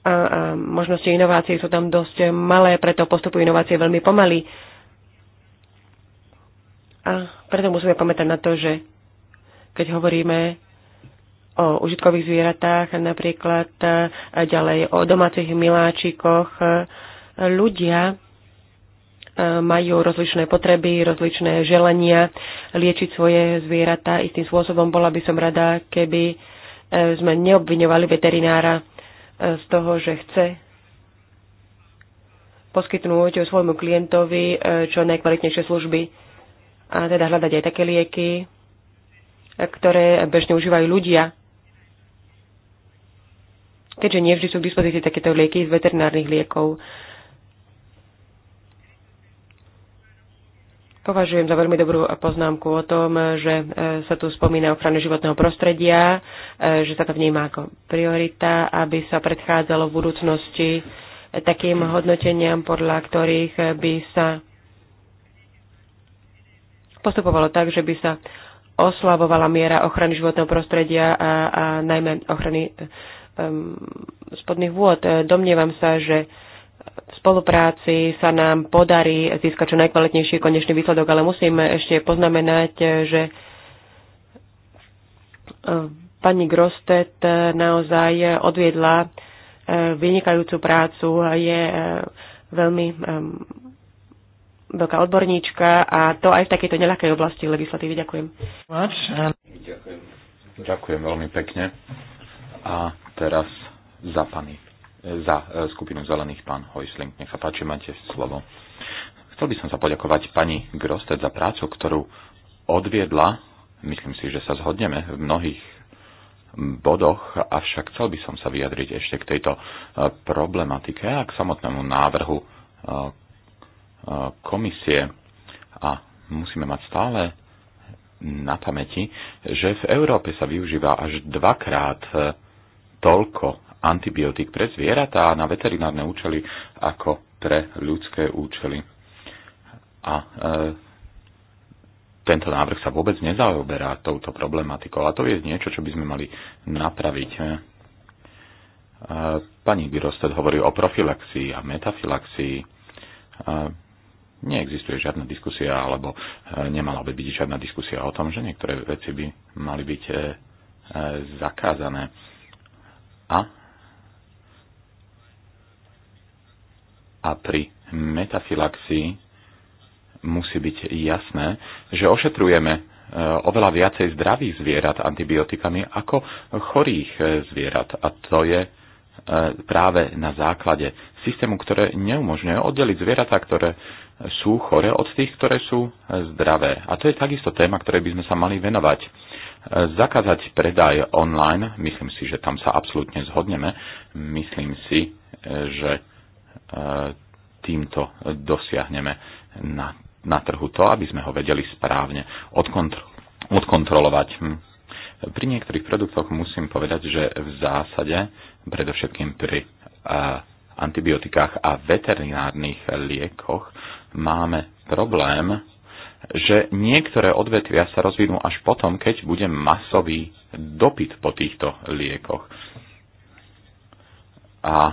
a, možnosti inovácií sú tam dosť malé, preto postupu inovácie veľmi pomaly. A preto musíme pamätať na to, že keď hovoríme o užitkových zvieratách, napríklad a ďalej o domácich miláčikoch. Ľudia majú rozličné potreby, rozličné želania liečiť svoje zvieratá. Istým spôsobom bola by som rada, keby e, sme neobviňovali veterinára e, z toho, že chce poskytnúť svojmu klientovi e, čo najkvalitnejšie služby a teda hľadať aj také lieky, ktoré bežne užívajú ľudia keďže nevždy sú k dispozícii takéto lieky z veterinárnych liekov. Považujem za veľmi dobrú poznámku o tom, že e, sa tu spomína ochranu životného prostredia, e, že sa to vníma ako priorita, aby sa predchádzalo v budúcnosti takým hodnoteniam, podľa ktorých by sa postupovalo tak, že by sa oslabovala miera ochrany životného prostredia a, a najmä ochrany Um, spodných vôd. Domnievam sa, že v spolupráci sa nám podarí získať čo najkvalitnejší konečný výsledok, ale musím ešte poznamenať, že um, pani Grostet naozaj odviedla um, vynikajúcu prácu a je veľmi veľká odborníčka a to aj v takejto neľahkej oblasti legislatívy. Ďakujem. Ďakujem. Ďakujem veľmi pekne. A teraz za, pani, e, za e, skupinu zelených pán Hojsling. Nech sa páči, máte slovo. Chcel by som sa poďakovať pani Grosted za prácu, ktorú odviedla. Myslím si, že sa zhodneme v mnohých bodoch, avšak chcel by som sa vyjadriť ešte k tejto e, problematike a k samotnému návrhu komisie. A musíme mať stále na pamäti, že v Európe sa využíva až dvakrát toľko antibiotík pre zvieratá na veterinárne účely ako pre ľudské účely. A e, tento návrh sa vôbec nezaoberá touto problematikou a to je niečo, čo by sme mali napraviť. E, e, pani Girosted hovorí o profilaxii a metafilaxii. E, neexistuje žiadna diskusia, alebo nemala by byť žiadna diskusia o tom, že niektoré veci by mali byť zakázané a, a pri metafilaxii musí byť jasné, že ošetrujeme e, oveľa viacej zdravých zvierat antibiotikami ako chorých e, zvierat. A to je e, práve na základe systému, ktoré neumožňuje oddeliť zvieratá, ktoré sú chore od tých, ktoré sú zdravé. A to je takisto téma, ktorej by sme sa mali venovať. Zakázať predaj online, myslím si, že tam sa absolútne zhodneme. Myslím si, že e, týmto dosiahneme na, na trhu to, aby sme ho vedeli správne odkontro- odkontrolovať. Hm. Pri niektorých produktoch musím povedať, že v zásade, predovšetkým pri e, antibiotikách a veterinárnych liekoch máme problém, že niektoré odvetvia sa rozvinú až potom, keď bude masový dopyt po týchto liekoch. A e,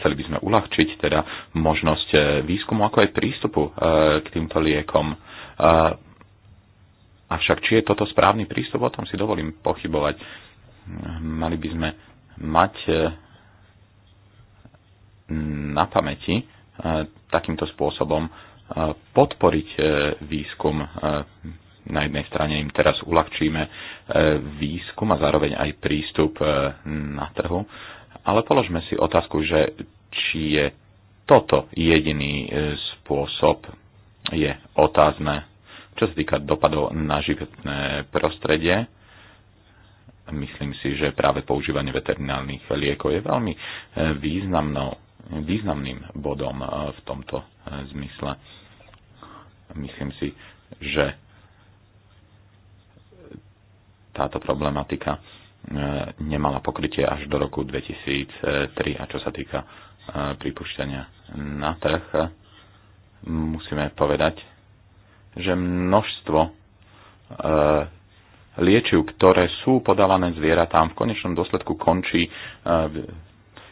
chceli by sme uľahčiť teda možnosť e, výskumu, ako aj prístupu e, k týmto liekom. Avšak či je toto správny prístup, o tom si dovolím pochybovať. Mali by sme mať na pamäti, E, takýmto spôsobom e, podporiť e, výskum. Na jednej strane im teraz uľahčíme výskum a zároveň aj prístup na trhu, ale položme si otázku, že či je toto jediný spôsob, je otázne, čo sa týka dopadov na životné prostredie. Myslím si, že práve používanie veterinárnych liekov je veľmi významnou významným bodom e, v tomto e, zmysle. Myslím si, že táto problematika e, nemala pokrytie až do roku 2003 a čo sa týka pripušťania na trh, musíme povedať, že množstvo liečiv, ktoré sú podávané zvieratám, v konečnom dôsledku končí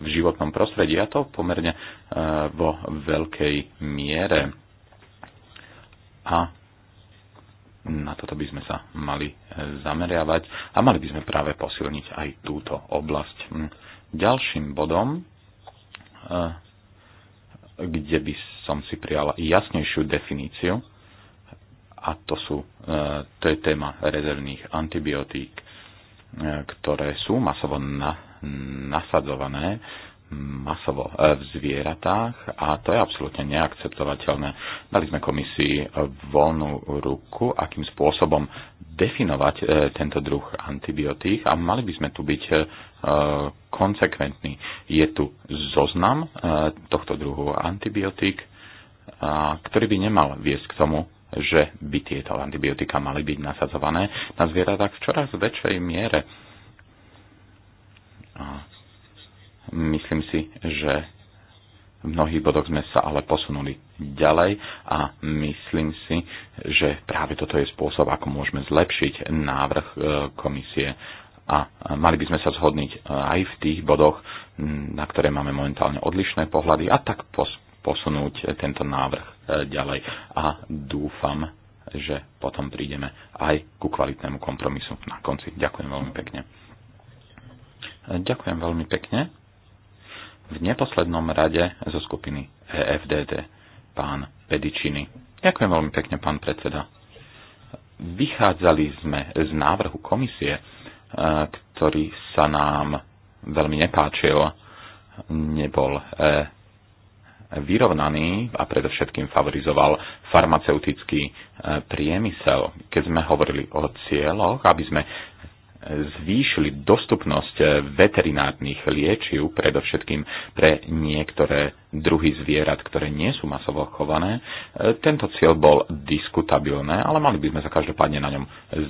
v životnom prostredí a to pomerne e, vo veľkej miere. A na toto by sme sa mali e, zameriavať a mali by sme práve posilniť aj túto oblasť. Hm. Ďalším bodom, e, kde by som si prijala jasnejšiu definíciu, a to, sú, to je téma rezervných antibiotík, ktoré sú masovo na, nasadzované masovo eh, v zvieratách a to je absolútne neakceptovateľné. Dali sme komisii voľnú ruku, akým spôsobom definovať eh, tento druh antibiotík a mali by sme tu byť eh, konsekventní. Je tu zoznam tohto druhu antibiotík, ktorý by nemal viesť k tomu, že by tieto antibiotika mali byť nasadzované na zvieratách v čoraz väčšej miere a myslím si, že v mnohých bodoch sme sa ale posunuli ďalej a myslím si, že práve toto je spôsob, ako môžeme zlepšiť návrh e, komisie a mali by sme sa zhodniť e, aj v tých bodoch, na ktoré máme momentálne odlišné pohľady a tak posunúť tento návrh e, ďalej. A dúfam, že potom prídeme aj ku kvalitnému kompromisu na konci. Ďakujem veľmi pekne. Ďakujem veľmi pekne. V neposlednom rade zo skupiny EFDD pán Pedičiny. Ďakujem veľmi pekne, pán predseda. Vychádzali sme z návrhu komisie, e, ktorý sa nám veľmi nepáčil, nebol e, vyrovnaný a predovšetkým favorizoval farmaceutický e, priemysel. Keď sme hovorili o cieľoch, aby sme zvýšili dostupnosť veterinárnych liečiv, predovšetkým pre niektoré druhy zvierat, ktoré nie sú masovo chované. Tento cieľ bol diskutabilné, ale mali by sme sa každopádne na ňom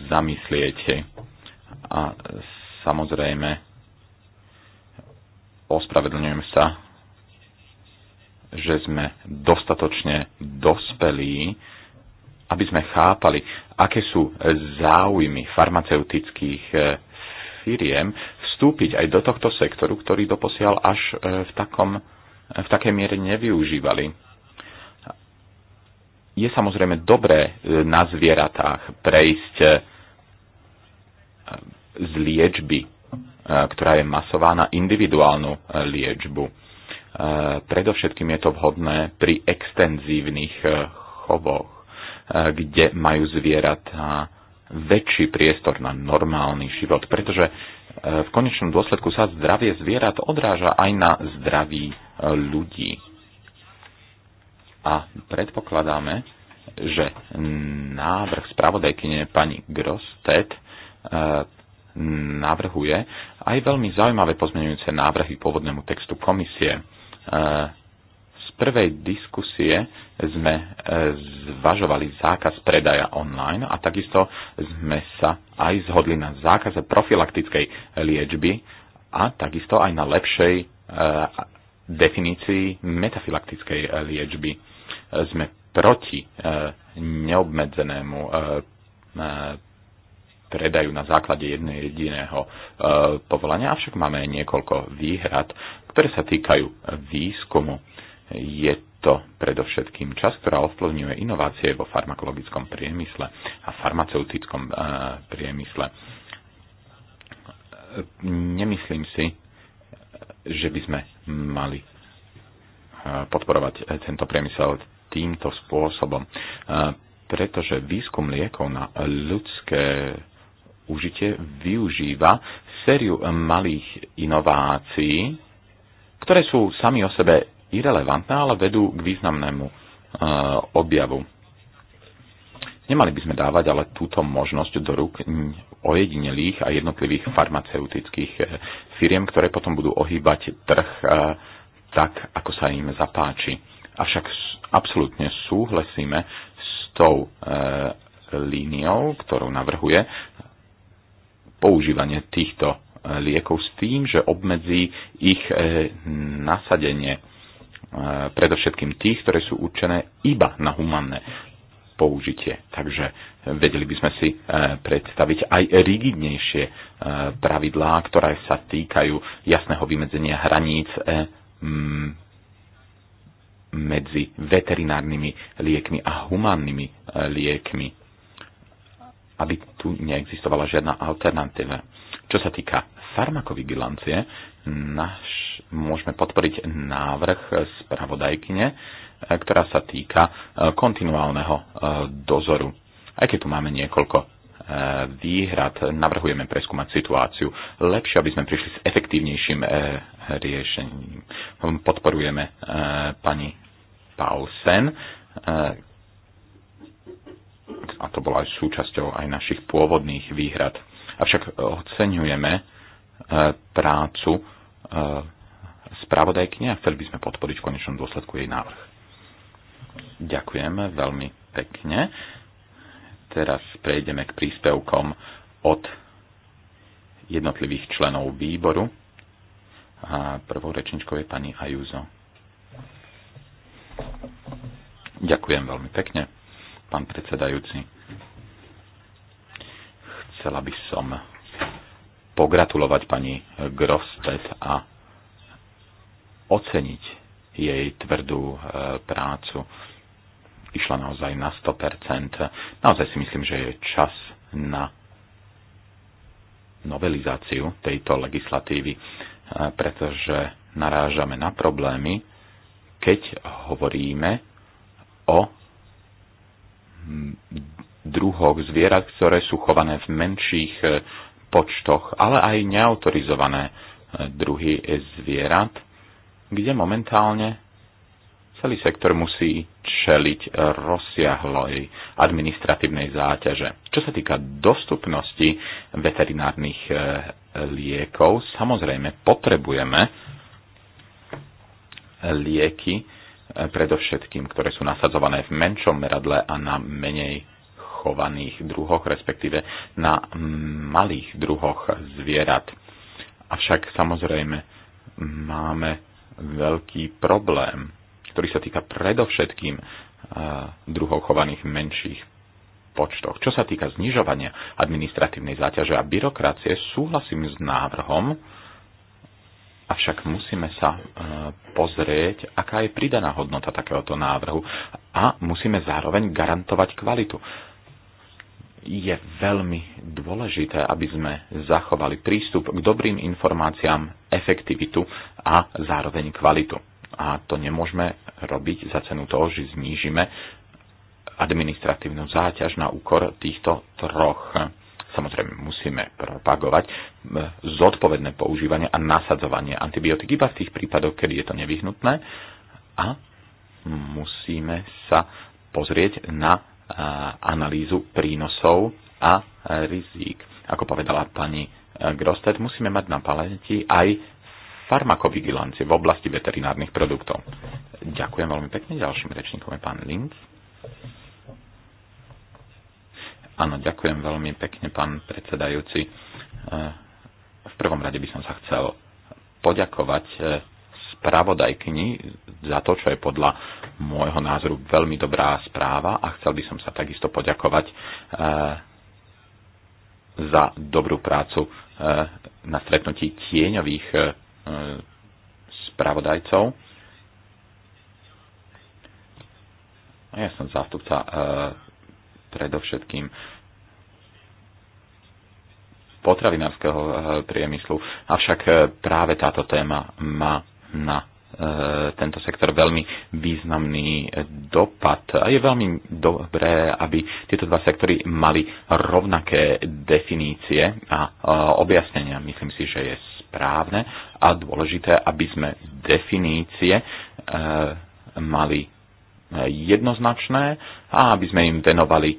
zamyslieť. A samozrejme, ospravedlňujem sa, že sme dostatočne dospelí aby sme chápali, aké sú e, záujmy farmaceutických e, firiem, vstúpiť aj do tohto sektoru, ktorý doposiaľ až e, v, takom, v takej miere nevyužívali. Je samozrejme dobré na zvieratách prejsť z liečby, ktorá je masová, na individuálnu liečbu. Predovšetkým je to vhodné pri extenzívnych chovoch kde majú zvieratá väčší priestor na normálny život, pretože e, v konečnom dôsledku sa zdravie zvierat odráža aj na zdraví e, ľudí. A predpokladáme, že návrh spravodajkyne pani Grostet e, navrhuje aj veľmi zaujímavé pozmeňujúce návrhy pôvodnému textu komisie prvej diskusie sme e, zvažovali zákaz predaja online a takisto sme sa aj zhodli na zákaze profilaktickej liečby a takisto aj na lepšej e, definícii metafilaktickej liečby. Sme proti e, neobmedzenému predajú na základe jedného jediného povolania, avšak máme aj niekoľko výhrad, ktoré sa týkajú výskumu je to predovšetkým čas, ktorá ovplyvňuje inovácie vo farmakologickom priemysle a farmaceutickom e, priemysle. Nemyslím si, že by sme mali e, podporovať e, tento priemysel týmto spôsobom, pretože výskum liekov na ľudské užitie využíva sériu malých inovácií, ktoré sú sami o sebe irrelevantné, ale vedú k významnému eh, objavu. Nemali by sme dávať ale túto možnosť do rúk ojedinelých a jednotlivých farmaceutických eh, firiem, ktoré potom budú ohýbať trh eh, tak, ako sa im zapáči. Avšak absolútne súhlasíme s tou líniou, ktorú navrhuje používanie týchto liekov s tým, že obmedzí ich nasadenie E, predovšetkým tých, ktoré sú určené iba na humanné použitie. Takže vedeli by sme si e, predstaviť aj rigidnejšie e, pravidlá, ktoré sa týkajú jasného vymedzenia hraníc medzi veterinárnymi liekmi a humannými liekmi, aby tu neexistovala žiadna alternatíva. Čo sa týka farmakovigilancie, naš, môžeme podporiť návrh spravodajkyne, e, ktorá sa týka e, kontinuálneho e, dozoru. Aj keď tu máme niekoľko výhrad, navrhujeme preskúmať situáciu lepšie, aby sme prišli s efektívnejším riešením. Podporujeme pani Pausen, a to bola aj súčasťou aj našich pôvodných výhrad. Avšak oceňujeme prácu E, spravodajkyne a chceli by sme podporiť v konečnom dôsledku jej návrh. Ďakujem veľmi pekne. Teraz prejdeme k príspevkom od jednotlivých členov výboru. A prvou rečničkou je pani Ajúzo. Ďakujem veľmi pekne, pán predsedajúci. Chcela by som pogratulovať pani Grostet a oceniť jej tvrdú e, prácu. Išla naozaj na 100%. Naozaj si myslím, že je čas na novelizáciu tejto legislatívy, e, pretože narážame na problémy, keď hovoríme o druhoch zvierat, ktoré sú chované v menších e, počtoch, ale aj neautorizované e, druhy zvierat, kde momentálne celý sektor musí čeliť rozsiahloj administratívnej záťaže. Čo sa týka dostupnosti veterinárnych e, liekov, samozrejme potrebujeme lieky, e, predovšetkým, ktoré sú nasadzované v menšom meradle a na menej chovaných druhoch, respektíve na malých druhoch zvierat. Avšak samozrejme máme veľký problém, ktorý sa týka predovšetkým e, druhov chovaných v menších počtoch. Čo sa týka znižovania administratívnej záťaže a byrokracie, súhlasím s návrhom, Avšak musíme sa e, pozrieť, aká je pridaná hodnota takéhoto návrhu a musíme zároveň garantovať kvalitu je veľmi dôležité, aby sme zachovali prístup k dobrým informáciám, efektivitu a zároveň kvalitu. A to nemôžeme robiť za cenu toho, že znížime administratívnu záťaž na úkor týchto troch. Samozrejme, musíme propagovať zodpovedné používanie a nasadzovanie antibiotík iba v tých prípadoch, kedy je to nevyhnutné a musíme sa pozrieť na analýzu prínosov a rizík. Ako povedala pani e, Grostet, musíme mať na paleti aj farmakovigilancie v oblasti veterinárnych produktov. Ďakujem veľmi pekne. Ďalším rečníkom je pán Linz. Áno, ďakujem veľmi pekne, pán predsedajúci. E, v prvom rade by som sa chcel poďakovať e, spravodajkyni za to, čo je podľa môjho názoru veľmi dobrá správa a chcel by som sa takisto poďakovať e, za dobrú prácu e, na stretnutí tieňových e, spravodajcov. Ja som zástupca predovšetkým potravinárskeho priemyslu, avšak práve táto téma má na e, tento sektor veľmi významný dopad. A je veľmi dobré, aby tieto dva sektory mali rovnaké definície a e, objasnenia. Myslím si, že je správne a dôležité, aby sme definície e, mali jednoznačné a aby sme im venovali e,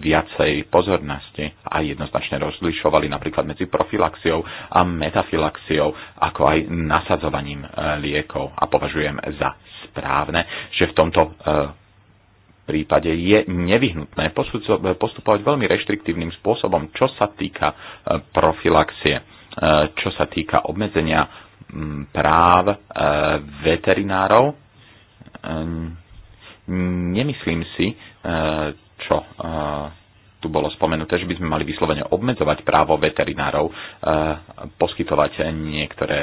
viacej pozornosti a jednoznačne rozlišovali napríklad medzi profilaxiou a metafilaxiou, ako aj nasadzovaním e, liekov. A považujem za správne, že v tomto e, prípade je nevyhnutné postupovať veľmi reštriktívnym spôsobom, čo sa týka profilaxie, čo sa týka obmedzenia práv veterinárov ehm, Nemyslím si, e, čo e, tu bolo spomenuté, že by sme mali vyslovene obmedzovať právo veterinárov e, poskytovať niektoré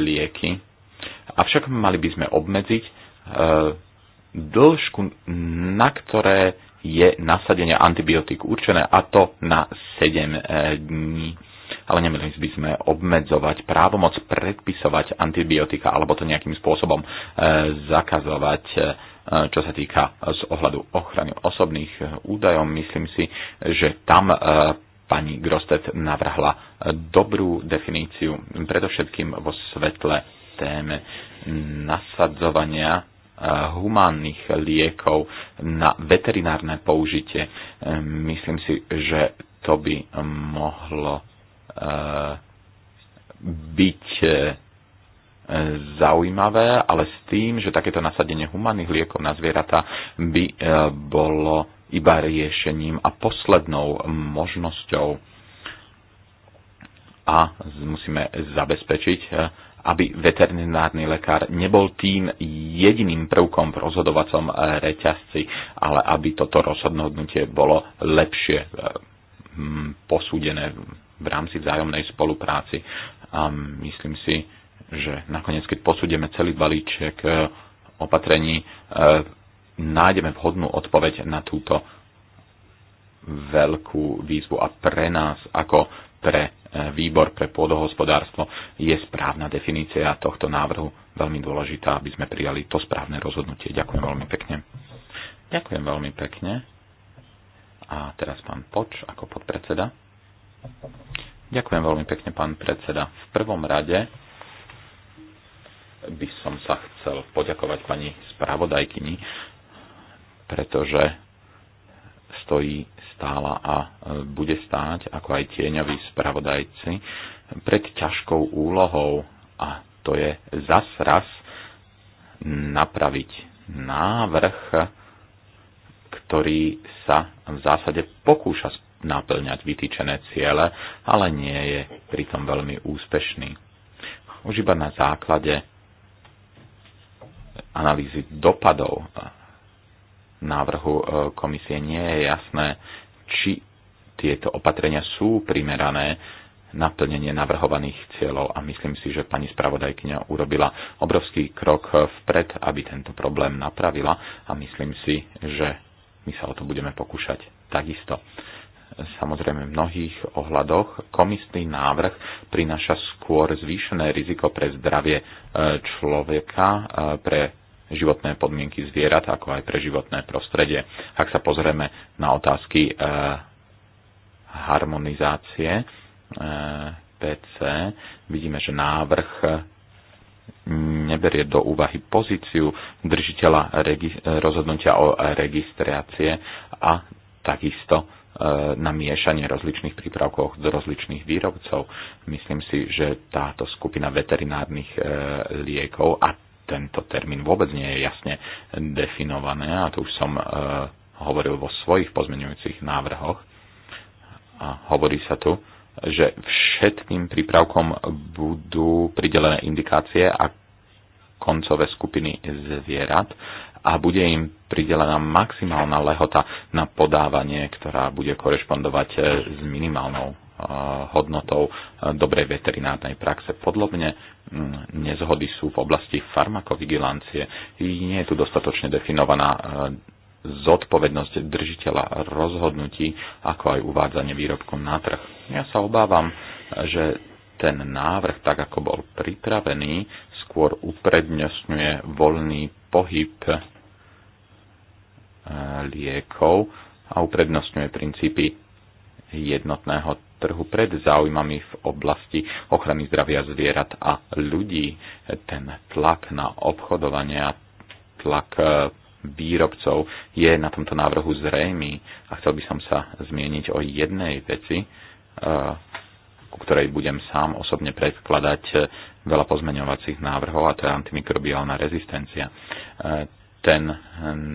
lieky. Avšak mali by sme obmedziť dĺžku, na ktoré je nasadenie antibiotík určené, a to na 7 dní. Ale nemali by sme obmedzovať právomoc predpisovať antibiotika alebo to nejakým spôsobom zakazovať E, čo sa týka z ohľadu ochrany osobných e, údajov, myslím si, že tam e, pani Grostet navrhla dobrú definíciu, predovšetkým vo svetle téme nasadzovania humánnych liekov na veterinárne použitie. Myslím si, že to by mohlo byť zaujímavé, ale s tým, že takéto nasadenie humanných liekov na zvieratá by e, bolo iba riešením a poslednou možnosťou. A musíme zabezpečiť, e, aby veterinárny lekár nebol tým jediným prvkom v rozhodovacom e, reťazci, ale aby toto rozhodnutie bolo lepšie posúdené v rámci vzájomnej spolupráci. A myslím si, že nakoniec, keď posúdeme celý balíček e, opatrení, e, nájdeme vhodnú odpoveď na túto veľkú výzvu a pre nás ako pre e, výbor pre pôdohospodárstvo je správna definícia tohto návrhu veľmi dôležitá, aby sme prijali to správne rozhodnutie. Ďakujem veľmi pekne. Ďakujem veľmi pekne. A teraz pán Poč ako podpredseda. Ďakujem veľmi pekne, pán predseda. V prvom rade by som sa chcel poďakovať pani spravodajkyni, pretože stojí stála a e, bude stáť, ako aj tieňoví spravodajci, pred ťažkou úlohou a to je zas raz napraviť návrh, ktorý sa v zásade pokúša naplňať vytýčené ciele, ale nie je pritom veľmi úspešný. Už iba na základe analýzy dopadov návrhu e, komisie nie je jasné, či tieto opatrenia sú primerané na plnenie navrhovaných cieľov a myslím si, že pani spravodajkyňa urobila obrovský krok vpred, aby tento problém napravila a myslím si, že my sa o to budeme pokúšať takisto. Samozrejme, v mnohých ohľadoch komisný návrh prináša skôr zvýšené riziko pre zdravie e, človeka, e, pre životné podmienky zvierat, ako aj pre životné prostredie. Ak sa pozrieme na otázky eh, harmonizácie eh, PC, vidíme, že návrh eh, neberie do úvahy pozíciu držiteľa rozhodnutia o registrácie a takisto na miešanie rozličných prípravkov do rozličných výrobcov. Myslím si, že táto skupina veterinárnych liekov a tento termín vôbec nie je jasne definované a to už som e, hovoril vo svojich pozmeňujúcich návrhoch. A hovorí sa tu, že všetkým prípravkom budú pridelené indikácie a koncové skupiny zvierat a bude im pridelená maximálna lehota na podávanie, ktorá bude korešpondovať e, s minimálnou hodnotou e, dobrej veterinárnej praxe. Podlobne mm, nezhody sú v oblasti farmakovigilancie. Nie je tu dostatočne definovaná e, zodpovednosť držiteľa rozhodnutí, ako aj uvádzanie výrobku na trh. Ja sa obávam, že ten návrh, tak ako bol pripravený, skôr uprednostňuje voľný pohyb e, liekov a uprednostňuje princípy jednotného trhu pred záujmami v oblasti ochrany zdravia zvierat a ľudí. Ten tlak na obchodovanie a tlak e, výrobcov je na tomto návrhu zrejmý a chcel by som sa zmieniť o jednej veci, e, ku ktorej budem sám osobne predkladať e, veľa pozmeňovacích návrhov a to je antimikrobiálna rezistencia ten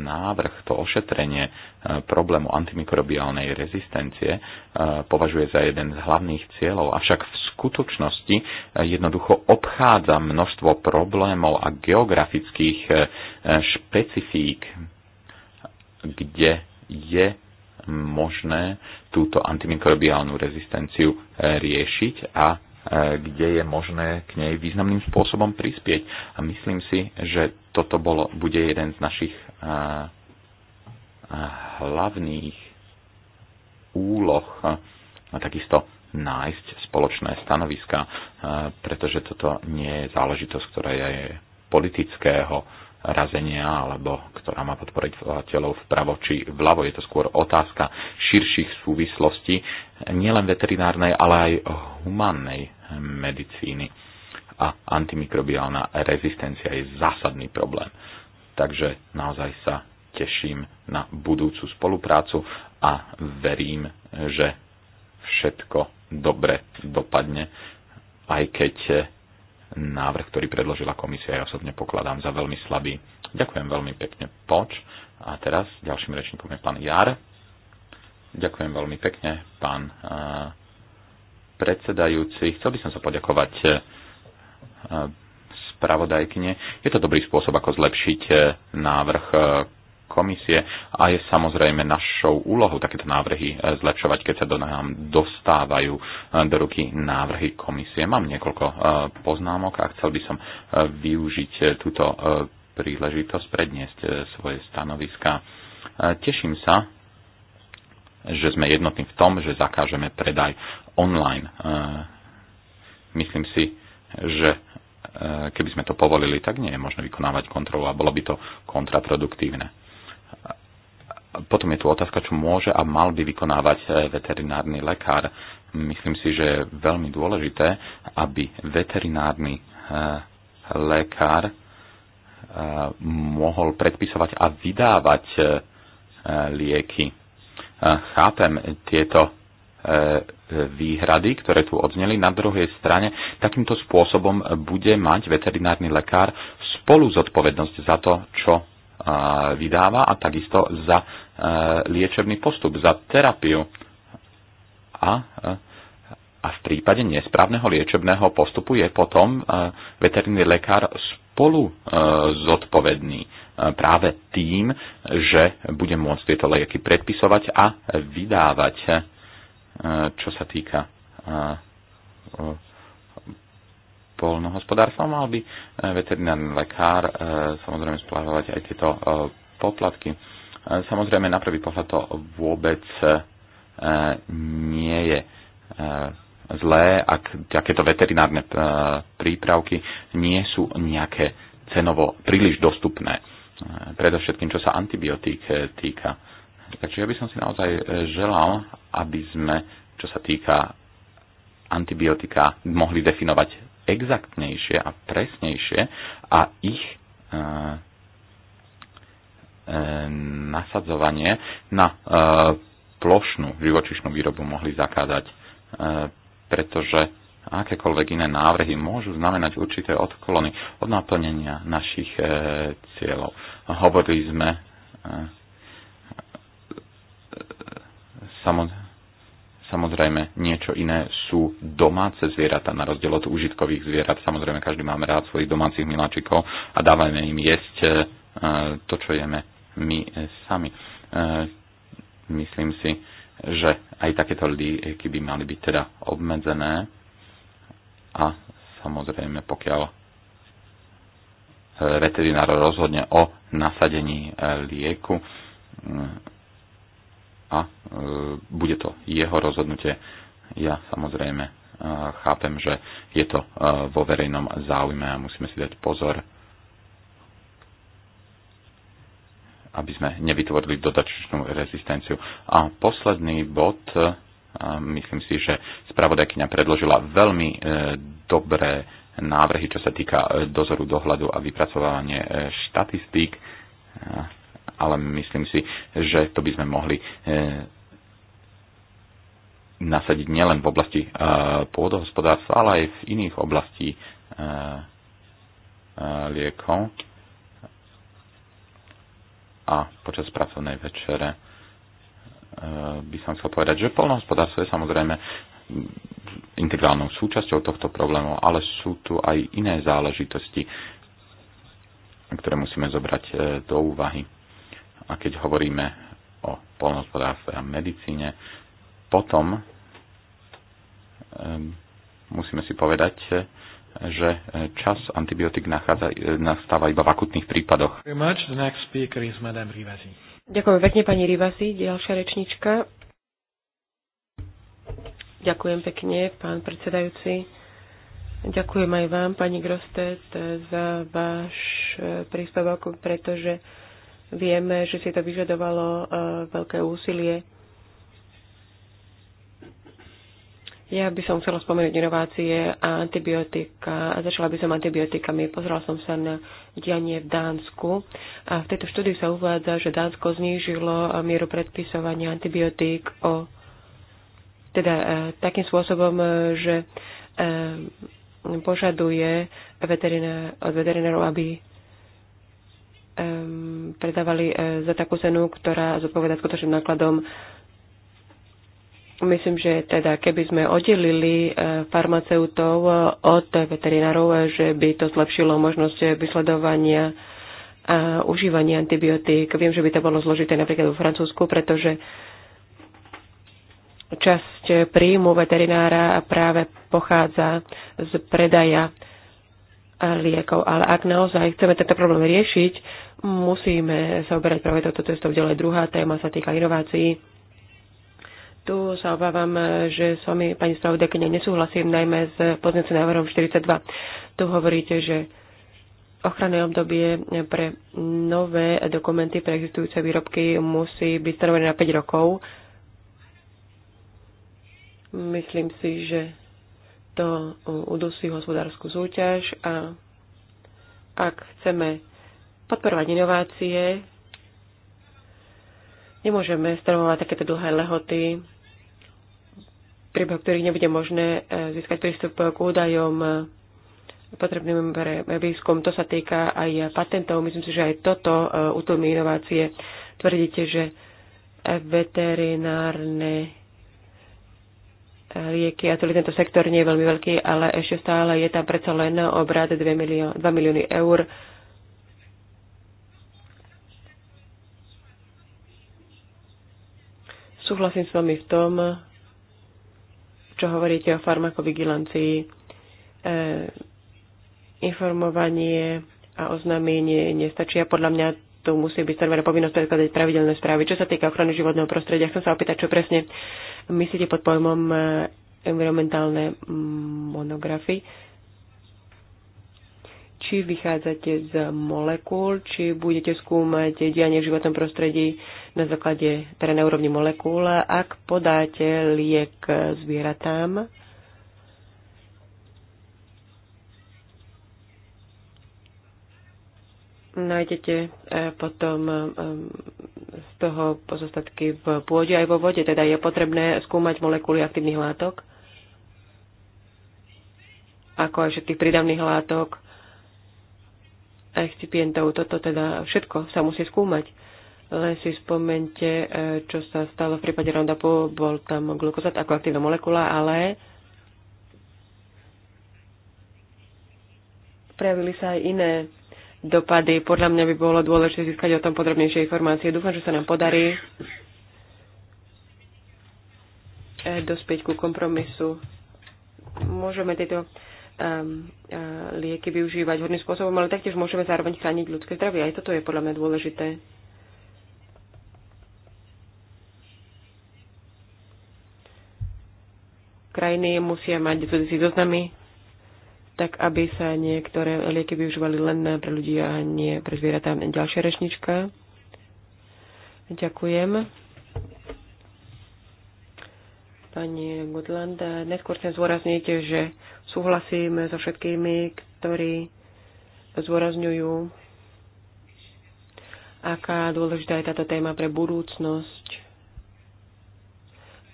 návrh, to ošetrenie e, problému antimikrobiálnej rezistencie e, považuje za jeden z hlavných cieľov, avšak v skutočnosti e, jednoducho obchádza množstvo problémov a geografických špecifík, kde je možné túto antimikrobiálnu rezistenciu riešiť a kde je možné k nej významným spôsobom prispieť. A myslím si, že toto bolo, bude jeden z našich hlavných úloh a takisto nájsť spoločné stanoviska, pretože toto nie je záležitosť, ktorá je politického razenia alebo ktorá má podporiť vlateľov vpravo či vľavo. Je to skôr otázka širších súvislostí nielen veterinárnej, ale aj humannej medicíny. A antimikrobiálna rezistencia je zásadný problém. Takže naozaj sa teším na budúcu spoluprácu a verím, že všetko dobre dopadne, aj keď návrh, ktorý predložila komisia, ja osobne pokladám za veľmi slabý. Ďakujem veľmi pekne, Poč. A teraz ďalším rečníkom je pán Jar. Ďakujem veľmi pekne, pán eh, predsedajúci. Chcel by som sa poďakovať eh, spravodajkine. Je to dobrý spôsob, ako zlepšiť eh, návrh komisie a je samozrejme našou úlohou takéto návrhy zlepšovať, keď sa do nám dostávajú do ruky návrhy komisie. Mám niekoľko poznámok a chcel by som využiť túto príležitosť predniesť svoje stanoviska. Teším sa že sme jednotní v tom, že zakážeme predaj online. E, myslím si, že e, keby sme to povolili, tak nie je možné vykonávať kontrolu a bolo by to kontraproduktívne. Potom je tu otázka, čo môže a mal by vykonávať e, veterinárny lekár. Myslím si, že je veľmi dôležité, aby veterinárny lekár mohol predpisovať a vydávať lieky Chápem tieto e, výhrady, ktoré tu odzneli. Na druhej strane takýmto spôsobom bude mať veterinárny lekár spolu zodpovednosť za to, čo vydáva a takisto za e, liečebný postup, za terapiu. A, e, a v prípade nesprávneho liečebného postupu je potom veterinárny lekár spolu e, zodpovedný e, práve tým, že bude môcť tieto lieky predpisovať a vydávať, e, čo sa týka polnohospodárstva. Mal by veterinárny lekár samozrejme splávať aj tieto poplatky. Samozrejme, na prvý pohľad to vôbec nie je zlé, ak takéto veterinárne e, prípravky nie sú nejaké cenovo príliš dostupné. E, predovšetkým, čo sa antibiotík e, týka. Takže ja by som si naozaj želal, aby sme, čo sa týka antibiotika, mohli definovať exaktnejšie a presnejšie a ich e, e, nasadzovanie na e, plošnú živočišnú výrobu mohli zakázať pretože akékoľvek iné návrhy môžu znamenať určité odklony od naplnenia našich e, cieľov. Hovorili sme e, e samozrejme, samozrejme niečo iné sú domáce zvieratá na rozdiel od užitkových zvierat. Samozrejme, každý máme rád svojich domácich miláčikov a dávame im jesť e, e, to, čo jeme my sami. Myslím si, že aj takéto lieky by mali byť teda obmedzené a samozrejme pokiaľ e, veterinár rozhodne o nasadení e, lieku mm, a e, bude to jeho rozhodnutie. Ja samozrejme chápem, že je to vo verejnom záujme a musíme si dať pozor aby sme nevytvorili dodatočnú rezistenciu. A posledný bod, e, myslím si, že spravodajkyňa predložila veľmi e, dobré návrhy, čo sa týka e, dozoru, dohľadu a vypracovávanie štatistík, ale myslím si, že to by sme mohli nasadiť nielen v oblasti pôdohospodárstva, ale aj v iných oblastí liekov a počas pracovnej večere e, by som chcel povedať, že polnohospodárstvo je samozrejme integrálnou súčasťou tohto problému, ale sú tu aj iné záležitosti, ktoré musíme zobrať e, do úvahy. A keď hovoríme o polnohospodárstve a medicíne, potom e, musíme si povedať, že e, čas antibiotik nachádza, e, nastáva iba v akutných prípadoch. Ďakujem pekne, pani Rivasi, ďalšia rečnička. Ďakujem pekne, pán predsedajúci. Ďakujem aj vám, pani Grostet, za váš e, príspevok, pretože vieme, že si to vyžadovalo veľké úsilie Ja by som chcela spomenúť inovácie a antibiotika. Začala by som antibiotikami. Pozrela som sa na dianie v Dánsku. A v tejto štúdii sa uvádza, že Dánsko znížilo mieru predpisovania antibiotík o, teda e, takým spôsobom, e, že e, požaduje veterinár, od veterinárov, aby predávali za takú cenu, ktorá zodpoveda skutočným nákladom Myslím, že teda keby sme oddelili e, farmaceutov e, od veterinárov, e, že by to zlepšilo možnosť vysledovania a užívania antibiotík. Viem, že by to bolo zložité napríklad vo Francúzsku, pretože časť príjmu veterinára práve pochádza z predaja liekov. Ale ak naozaj chceme tento problém riešiť, musíme sa oberať práve toto cestou ďalej. Druhá téma sa týka inovácií tu sa obávam, že s vami, pani spravodajkyne, nesúhlasím najmä s poznacím návrhom 42. Tu hovoríte, že ochranné obdobie pre nové dokumenty pre existujúce výrobky musí byť stanovené na 5 rokov. Myslím si, že to udusí hospodárskú súťaž a ak chceme podporovať inovácie, Nemôžeme stanovovať takéto dlhé lehoty, pri ktorých nebude možné e, získať prístup k údajom e, potrebným pre výskum. To sa týka aj patentov. Myslím si, že aj toto e, utlmi inovácie. Tvrdíte, že veterinárne lieky a celý tento sektor nie je veľmi veľký, ale ešte stále je tam predsa len obrad 2, milió- 2 milióny eur. Súhlasím s vami v tom, čo hovoríte o farmakovigilancii. E, informovanie a oznámenie nestačí a podľa mňa tu musí byť server povinnosť predkladať pravidelné správy. Čo sa týka ochrany životného prostredia, chcem sa opýtať, čo presne myslíte pod pojmom e, environmentálne monografy či vychádzate z molekúl, či budete skúmať dianie v životnom prostredí na základe, teda na úrovni molekúl, ak podáte liek zvieratám. Nájdete eh, potom eh, z toho pozostatky v pôde aj vo vode, teda je potrebné skúmať molekuly aktívnych látok, ako aj všetkých prídavných látok excipientov. Toto teda všetko sa musí skúmať. Len si spomente, e, čo sa stalo v prípade Roundupu, bol tam glukozat ako aktívna molekula, ale prejavili sa aj iné dopady. Podľa mňa by bolo dôležité získať o tom podrobnejšie informácie. Dúfam, že sa nám podarí e, dospieť ku kompromisu. Môžeme tieto um, uh, lieky využívať hodným spôsobom, ale taktiež môžeme zároveň chrániť ľudské zdravie. Aj toto je podľa mňa dôležité. Krajiny musia mať si zoznamy, tak aby sa niektoré lieky využívali len pre ľudí a nie pre zvieratá. Ďalšia rečnička. Ďakujem pani Gutland. Neskôr chcem zvorazniť, že Súhlasím so všetkými, ktorí zdôrazňujú, aká dôležitá je táto téma pre budúcnosť.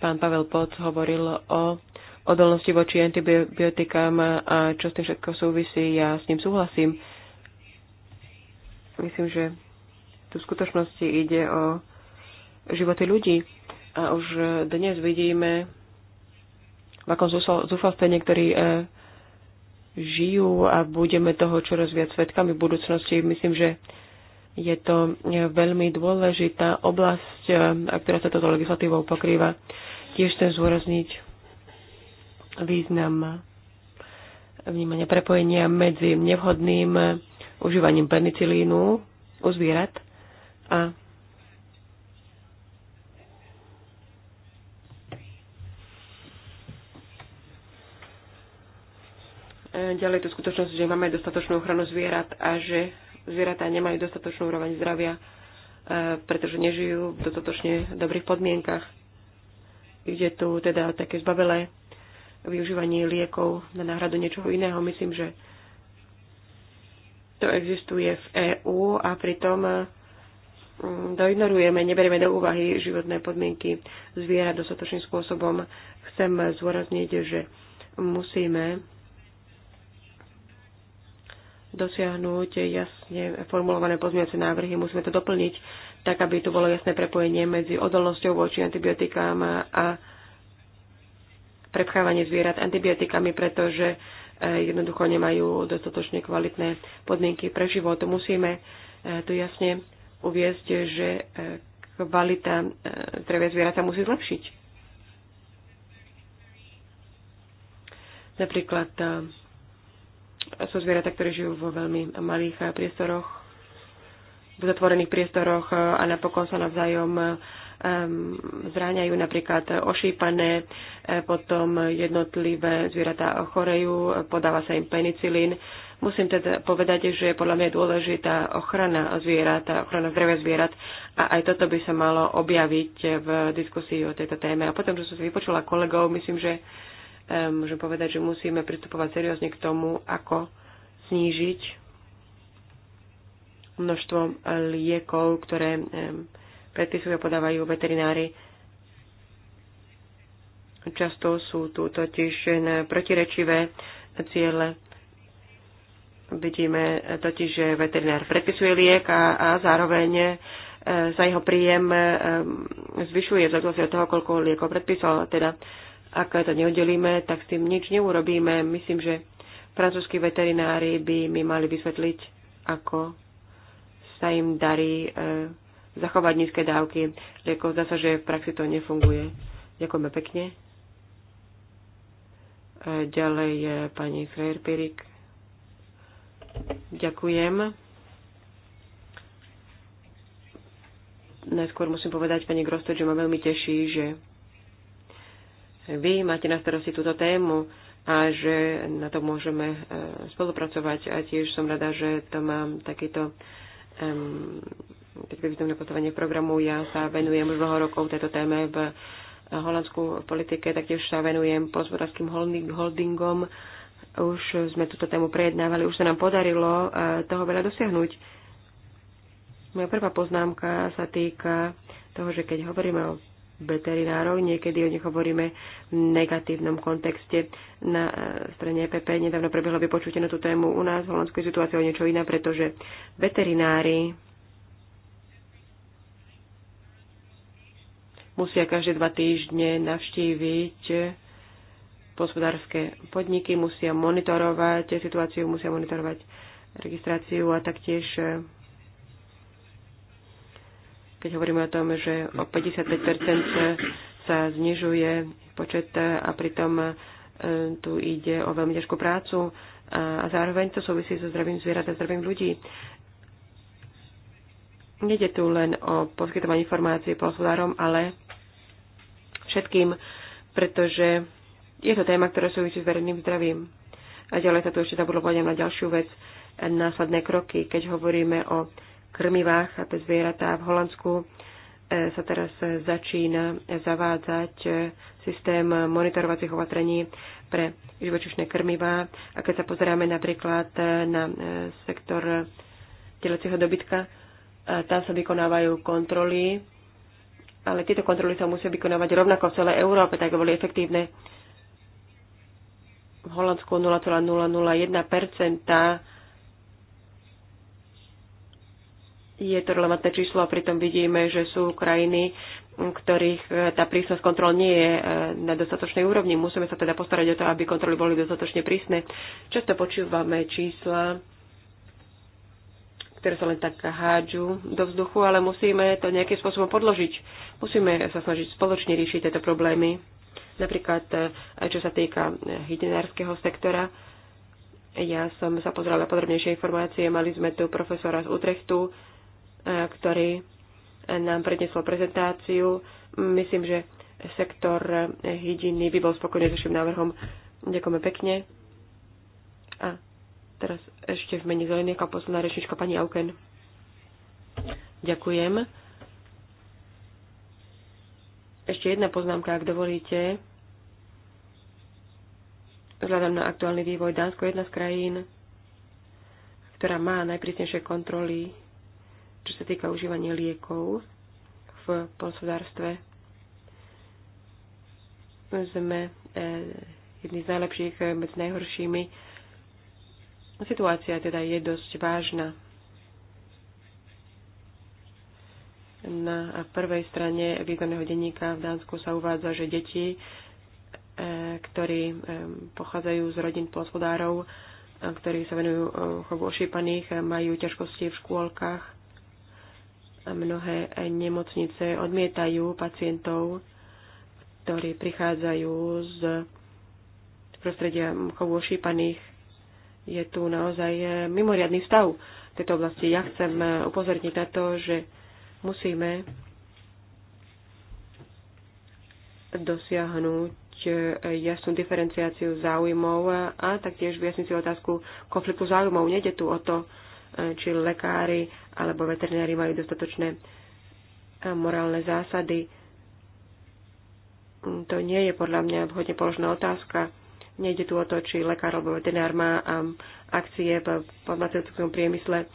Pán Pavel Poc hovoril o odolnosti voči antibiotikám a čo s tým všetko súvisí, ja s ním súhlasím. Myslím, že tu v skutočnosti ide o životy ľudí. A už dnes vidíme v akom zúfalstve niektorí e, žijú a budeme toho čoraz viac svetkami v budúcnosti. Myslím, že je to e, veľmi dôležitá oblasť, e, ktorá sa toto legislatívou pokrýva. Tiež chcem zúrazniť význam vnímania prepojenia medzi nevhodným užívaním penicilínu u zvierat a Ďalej tu skutočnosť, že máme dostatočnú ochranu zvierat a že zvieratá nemajú dostatočnú úroveň zdravia, e, pretože nežijú v dostatočne dobrých podmienkach. Ide tu teda také zbabelé využívanie liekov na náhradu niečoho iného. Myslím, že to existuje v EÚ a pritom doignorujeme, e, neberieme do úvahy životné podmienky zvierat dostatočným spôsobom. Chcem zdôrazniť, že musíme dosiahnuť jasne formulované pozmiace návrhy. Musíme to doplniť tak, aby tu bolo jasné prepojenie medzi odolnosťou voči antibiotikám a prepchávanie zvierat antibiotikami, pretože e, jednoducho nemajú dostatočne kvalitné podmienky pre život. Musíme e, tu jasne uviezť, že e, kvalita zdravia zvierat sa musí zlepšiť. Napríklad sú zvieratá, ktoré žijú vo veľmi malých eh, priestoroch, v zatvorených priestoroch eh, a napokon sa navzájom ehm, zráňajú napríklad ošípané, eh, potom jednotlivé zvieratá chorejú, podáva sa im penicilín. Musím teda povedať, že podľa mňa je dôležitá ochrana zvierat, ochrana zdravia zvierat a aj toto by sa malo objaviť v diskusii o tejto téme. A potom, čo som si vypočula kolegov, myslím, že môžem povedať, že musíme pristupovať seriózne k tomu, ako znížiť množstvo liekov, ktoré predpisujú a podávajú veterinári. Často sú tu totiž protirečivé ciele. Vidíme totiž, že veterinár predpisuje liek a, a zároveň sa e, jeho príjem e, zvyšuje v závislosti od toho, koľko liekov predpísal. Teda ak to neoddelíme, tak s tým nič neurobíme. Myslím, že francúzskí veterinári by mi mali vysvetliť, ako sa im darí e, zachovať nízke dávky. Lieko, zdá sa, že v praxi to nefunguje. Ďakujeme pekne. E, ďalej je pani Pirik. Ďakujem. najskôr musím povedať pani Grosto, že ma veľmi teší, že vy máte na starosti túto tému a že na to môžeme e, spolupracovať a tiež som rada, že to mám takýto um, takéto významné postavenie programu. Ja sa venujem už mnoho rokov tejto téme v holandskú politike, taktiež sa venujem hospodárským holdingom. Už sme túto tému prejednávali, už sa nám podarilo e, toho veľa dosiahnuť. Moja prvá poznámka sa týka toho, že keď hovoríme o veterinárov. Niekedy o nich hovoríme v negatívnom kontexte. Na e, strane EPP nedávno prebehlo vypočutie na tú tému. U nás v Holandskej je o niečo iná, pretože veterinári musia každé dva týždne navštíviť hospodárske podniky, musia monitorovať situáciu, musia monitorovať registráciu a taktiež e, keď hovoríme o tom, že o 55% sa znižuje počet e, a pritom e, tu ide o veľmi ťažkú prácu a zároveň to súvisí so zdravím zvierat a zdravím ľudí. Nede tu len o poskytovanie informácií polhospodárom, ale všetkým, pretože je to téma, ktorá súvisí s verejným zdravím. A ďalej sa tu ešte zabudlo na ďalšiu vec, následné kroky, keď hovoríme o krmivách pre zvieratá. V Holandsku e, sa teraz e, začína zavádzať e, systém monitorovacích opatrení pre živočišné krmivá. A keď sa pozeráme napríklad na sektor telecieho dobytka, tam sa vykonávajú kontroly, ale tieto kontroly sa musia vykonávať rovnako v celej Európe, tak boli efektívne. V Holandsku 0,001 je to relevantné číslo a pritom vidíme, že sú krajiny, ktorých e, tá prísnosť kontrol nie je e, na dostatočnej úrovni. Musíme sa teda postarať o to, aby kontroly boli dostatočne prísne. Často počúvame čísla, ktoré sa len tak hádžu do vzduchu, ale musíme to nejakým spôsobom podložiť. Musíme sa snažiť spoločne riešiť tieto problémy. Napríklad aj e, čo sa týka hydinárskeho sektora, ja som sa pozrela na podrobnejšie informácie, mali sme tu profesora z Utrechtu, E, ktorý e, nám prednesol prezentáciu. Myslím, že sektor e, hydiny by bol spokojný s vašim návrhom. Ďakujeme pekne. A teraz ešte v mene zelených a posledná rečnička pani Auken. Ďakujem. Ešte jedna poznámka, ak dovolíte. Vzhľadom na aktuálny vývoj Dánsko jedna z krajín, ktorá má najprísnejšie kontroly čo sa týka užívania liekov v polsodárstve. Sme e, jedni z najlepších e, medzi najhoršími. Situácia teda je dosť vážna. Na prvej strane výkonného denníka v Dánsku sa uvádza, že deti, e, ktorí pochádzajú z rodín plospodárov, ktorí sa venujú chovu ošípaných, majú ťažkosti v škôlkach Mnohé nemocnice odmietajú pacientov, ktorí prichádzajú z prostredia chovu ošípaných, Je tu naozaj eh, mimoriadný stav v tejto oblasti. Ja chcem eh, upozorniť na to, že musíme dosiahnuť eh, jasnú diferenciáciu záujmov a taktiež vyjasniť si otázku konfliktu záujmov. Nede tu o to či lekári alebo veterinári majú dostatočné eh, morálne zásady. Mm, to nie je podľa mňa vhodne položená otázka. Nejde tu o to, či lekár alebo veterinár má ehm, akcie v farmaceutickom priemysle, eh,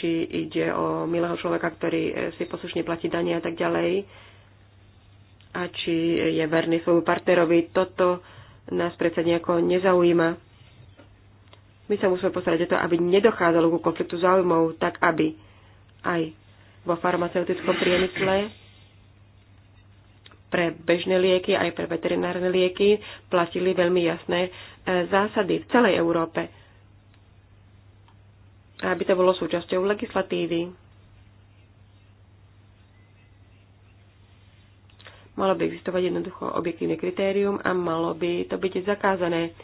či ide o milého človeka, ktorý eh, si poslušne platí dania a tak ďalej, a či je verný svojmu partnerovi. Toto nás predsa nejako nezaujíma my sa musíme postarať o to, aby nedochádzalo ku konfliktu záujmov, tak aby aj vo farmaceutickom priemysle pre bežné lieky, aj pre veterinárne lieky platili veľmi jasné e, zásady v celej Európe. Aby to bolo súčasťou legislatívy. Malo by existovať jednoducho objektívne kritérium a malo by to byť zakázané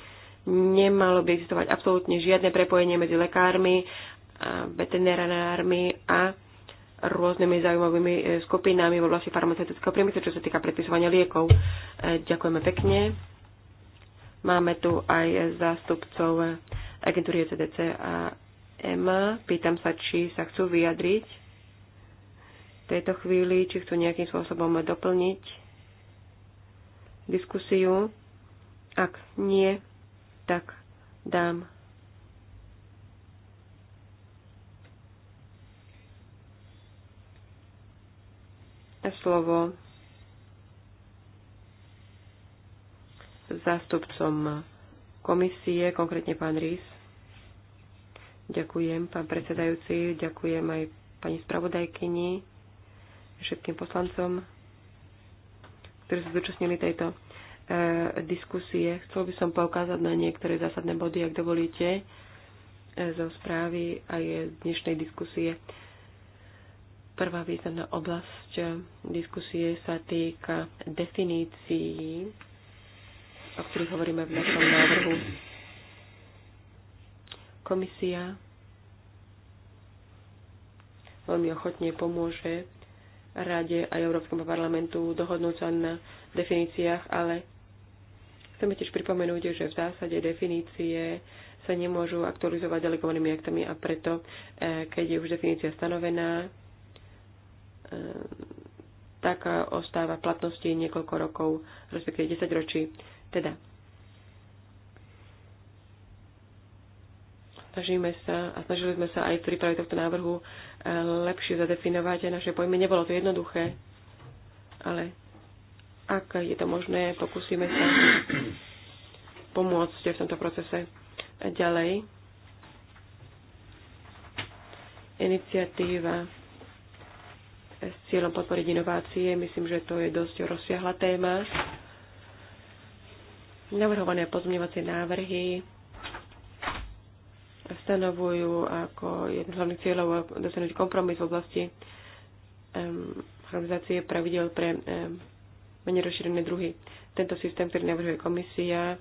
nemalo by existovať absolútne žiadne prepojenie medzi lekármi, veterinármi a rôznymi zaujímavými e, skupinami v oblasti farmaceutického priemyslu, čo sa týka predpisovania liekov. E, ďakujeme pekne. Máme tu aj zástupcov agentúry CDC e a EMA. Pýtam sa, či sa chcú vyjadriť v tejto chvíli, či chcú nejakým spôsobom doplniť diskusiu. Ak nie, tak dám slovo zástupcom komisie, konkrétne pán Rís. Ďakujem, pán predsedajúci, ďakujem aj pani spravodajkyni, všetkým poslancom, ktorí sa zúčastnili tejto E, diskusie. Chcel by som poukázať na niektoré zásadné body, ak dovolíte, e, zo správy a je dnešnej diskusie. Prvá významná oblasť diskusie sa týka definícií, o ktorých hovoríme v našom návrhu. Komisia veľmi ochotne pomôže Rade a Európskom parlamentu dohodnúť sa na definíciách, ale Chceme tiež pripomenúť, že v zásade definície sa nemôžu aktualizovať delegovanými aktami a preto, e, keď je už definícia stanovená, e, tak ostáva v platnosti niekoľko rokov, respektíve 10 ročí. Teda, snažíme sa a snažili sme sa aj v príprave tohto návrhu e, lepšie zadefinovať naše pojmy. Nebolo to jednoduché, ale ak je to možné, pokúsime sa pomôcť v tomto procese ďalej. Iniciatíva s cieľom podporiť inovácie, myslím, že to je dosť rozsiahla téma. Navrhované pozmievacie návrhy stanovujú ako jeden z hlavných cieľov dosiahnuť kompromis v oblasti um, harmonizácie pravidel pre um, menej rozšírené druhy. Tento systém, ktorý navrhuje komisia,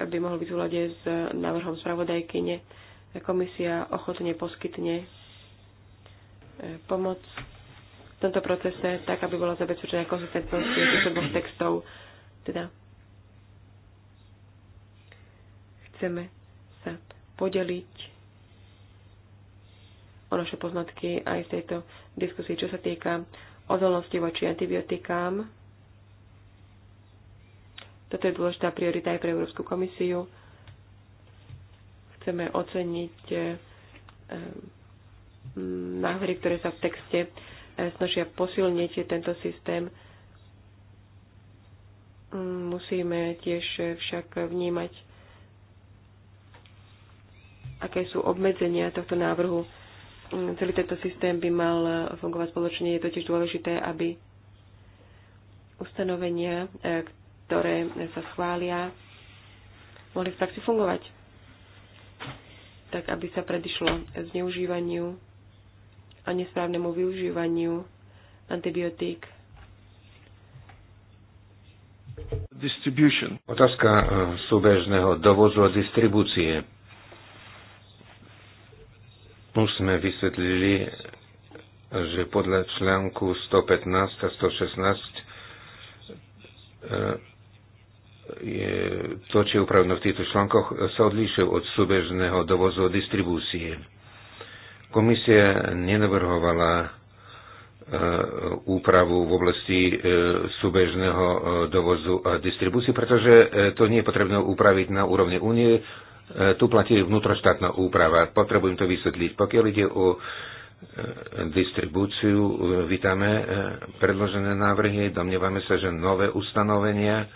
aby mohol byť v úlade s návrhom spravodajkyne. Komisia ochotne poskytne e, pomoc v tomto procese, tak aby bola zabezpečená konzistentnosť týchto dvoch textov. Teda chceme sa podeliť o naše poznatky aj z tejto diskusie, čo sa týka odolnosti voči antibiotikám. Toto je dôležitá priorita aj pre Európsku komisiu. Chceme oceniť eh, mm, návrhy, ktoré sa v texte eh, snažia posilniť tento systém. Mm, musíme tiež však vnímať, aké sú obmedzenia tohto návrhu Mm, celý tento systém by mal eh, fungovať spoločne. Je totiž dôležité, aby ustanovenia, eh, ktoré sa schvália, mohli v praxi fungovať. Tak, aby sa predišlo zneužívaniu a nesprávnemu využívaniu antibiotík. Otázka eh, súbežného dovozu a distribúcie už sme vysvetlili, že podľa článku 115 a 116 e, to, čo je upravené v týchto článkoch, sa odlíšuje od súbežného dovozu a distribúcie. Komisia nenavrhovala e, úpravu v oblasti e, súbežného dovozu a distribúcie, pretože to nie je potrebné upraviť na úrovni únie, E, tu platí vnútroštátna úprava. Potrebujem to vysvetliť. Pokiaľ ide o e, distribúciu, e, vítame predložené návrhy, domnievame sa, že nové ustanovenia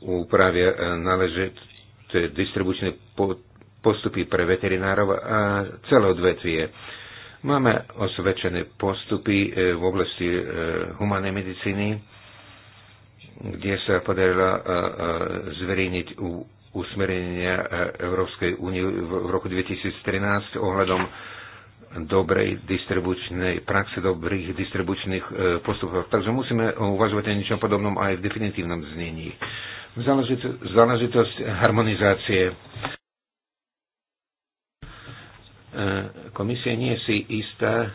úpravia náležité distribučné postupy pre veterinárov a celé odvetvie. Máme osvedčené postupy v oblasti humanej medicíny, kde sa podarilo e, e, zverejniť usmerenia e, Európskej únie v roku 2013 ohľadom dobrej distribučnej praxe, dobrých distribučných postupov. Takže musíme uvažovať o niečom podobnom aj v definitívnom znení. Záležitosť harmonizácie. Komisia nie je si istá,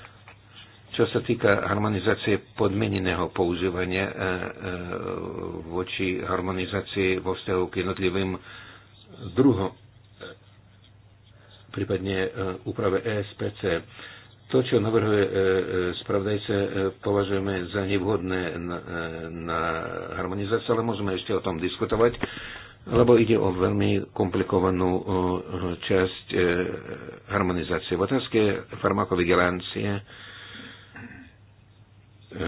čo sa týka harmonizácie podmieneného používania e, e, voči harmonizácii vo vzťahu k jednotlivým druhom, prípadne e, úprave ESPC, to, čo navrhuje spravodajce, považujeme za nevhodné na, na harmonizáciu, ale môžeme ešte o tom diskutovať, lebo ide o veľmi komplikovanú časť harmonizácie. V otázke farmakovigilancie E,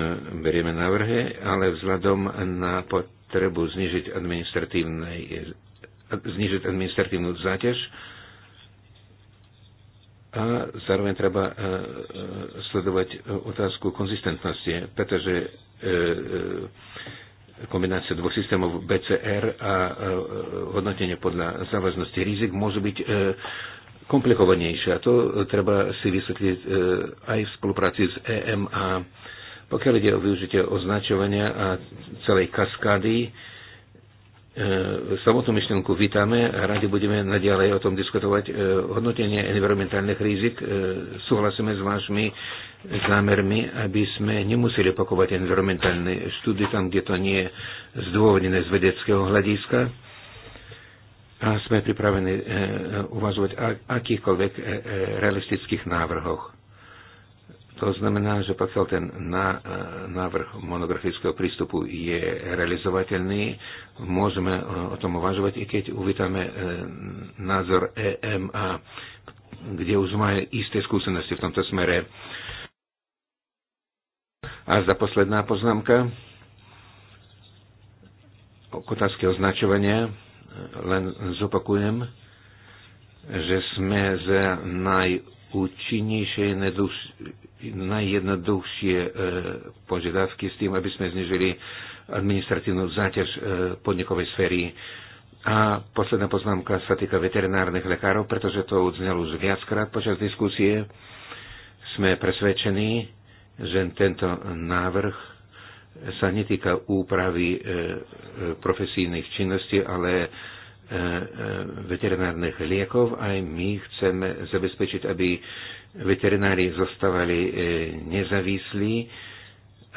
berieme návrhy, ale vzhľadom na potrebu znižiť, znižiť administratívnu záťaž a zároveň treba e, e, sledovať otázku konzistentnosti, pretože kombinácia dvoch systémov BCR a hodnotenie podľa závaznosti rizik môže byť komplikovanejšie. A to treba si vysvetliť aj v spolupráci s EMA. Pokiaľ ide o využitie označovania a celej kaskády, e, samotnú myšlienku vítame a radi budeme naďalej o tom diskutovať. E, hodnotenie environmentálnych rizik e, súhlasíme s vašimi zámermi, aby sme nemuseli opakovať environmentálne štúdy tam, kde to nie je zdôvodnené z vedeckého hľadiska. A sme pripravení uvažovať o akýchkoľvek realistických návrhoch. To znamená, že pokiaľ ten e, návrh monografického prístupu je realizovateľný, môžeme e, o tom uvažovať, i keď uvítame e, názor EMA, kde už majú isté skúsenosti v tomto smere. A za posledná poznámka k otázke označovania len zopakujem, že sme za naj najúčinnejšie, najjednoduchšie e, požiadavky s tým, aby sme znižili administratívnu záťaž e, podnikovej sféry. A posledná poznámka sa týka veterinárnych lekárov, pretože to odznelo už viackrát počas diskusie. Sme presvedčení, že tento návrh sa netýka úpravy e, profesijných činností, ale E, e, veterinárnych liekov. Aj my chceme zabezpečiť, aby veterinári zostávali e, nezávislí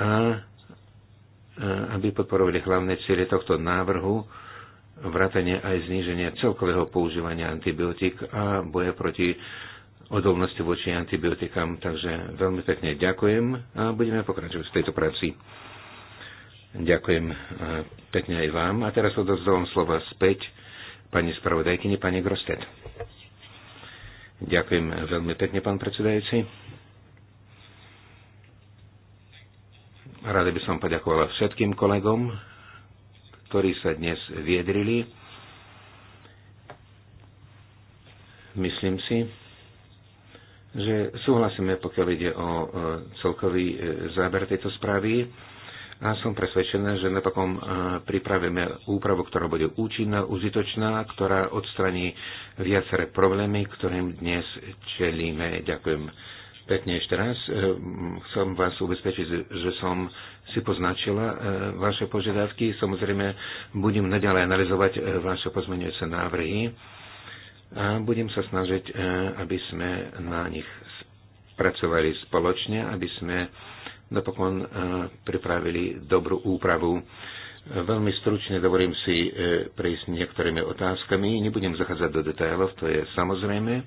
a aby podporovali hlavné ciele tohto návrhu, vrátanie aj zníženia celkového používania antibiotík a boja proti odolnosti voči antibiotikám. Takže veľmi pekne ďakujem a budeme pokračovať v tejto práci. Ďakujem pekne aj vám. A teraz odozdávam slova späť pani spravodajkyni, pani Grostet. Ďakujem veľmi pekne, pán predsedajúci. Rada by som poďakovala všetkým kolegom, ktorí sa dnes viedrili. Myslím si, že súhlasíme, pokiaľ ide o e, celkový e, záber tejto správy a som presvedčená, že napokon e, pripravíme úpravu, ktorá bude účinná, užitočná, ktorá odstraní viaceré problémy, ktorým dnes čelíme. Ďakujem pekne ešte raz. E, chcem vás ubezpečiť, že som si poznačila e, vaše požiadavky. Samozrejme, budem naďalej analyzovať vaše pozmeňujúce návrhy a budem sa snažiť, aby sme na nich pracovali spoločne, aby sme napokon eh, pripravili dobrú úpravu. Veľmi stručne dovolím si eh, prejsť niektorými otázkami. Nebudem zachádzať do detailov, to je samozrejme.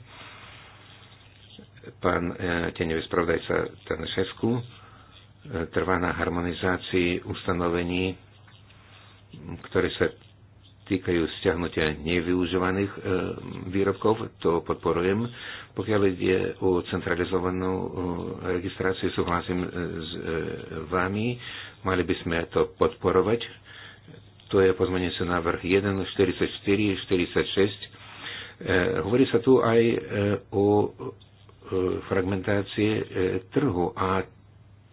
Pán eh, tenevý spravodajca Tanašesku trvá na harmonizácii ustanovení, ktoré sa týkajú stiahnutia nevyužívaných e, výrobkov, to podporujem. Pokiaľ ide o centralizovanú e, registráciu, súhlasím e, s e, vami, mali by sme to podporovať. To je pozmenujúci návrh 1, 44, 46. E, hovorí sa tu aj e, o e, fragmentácii e, trhu a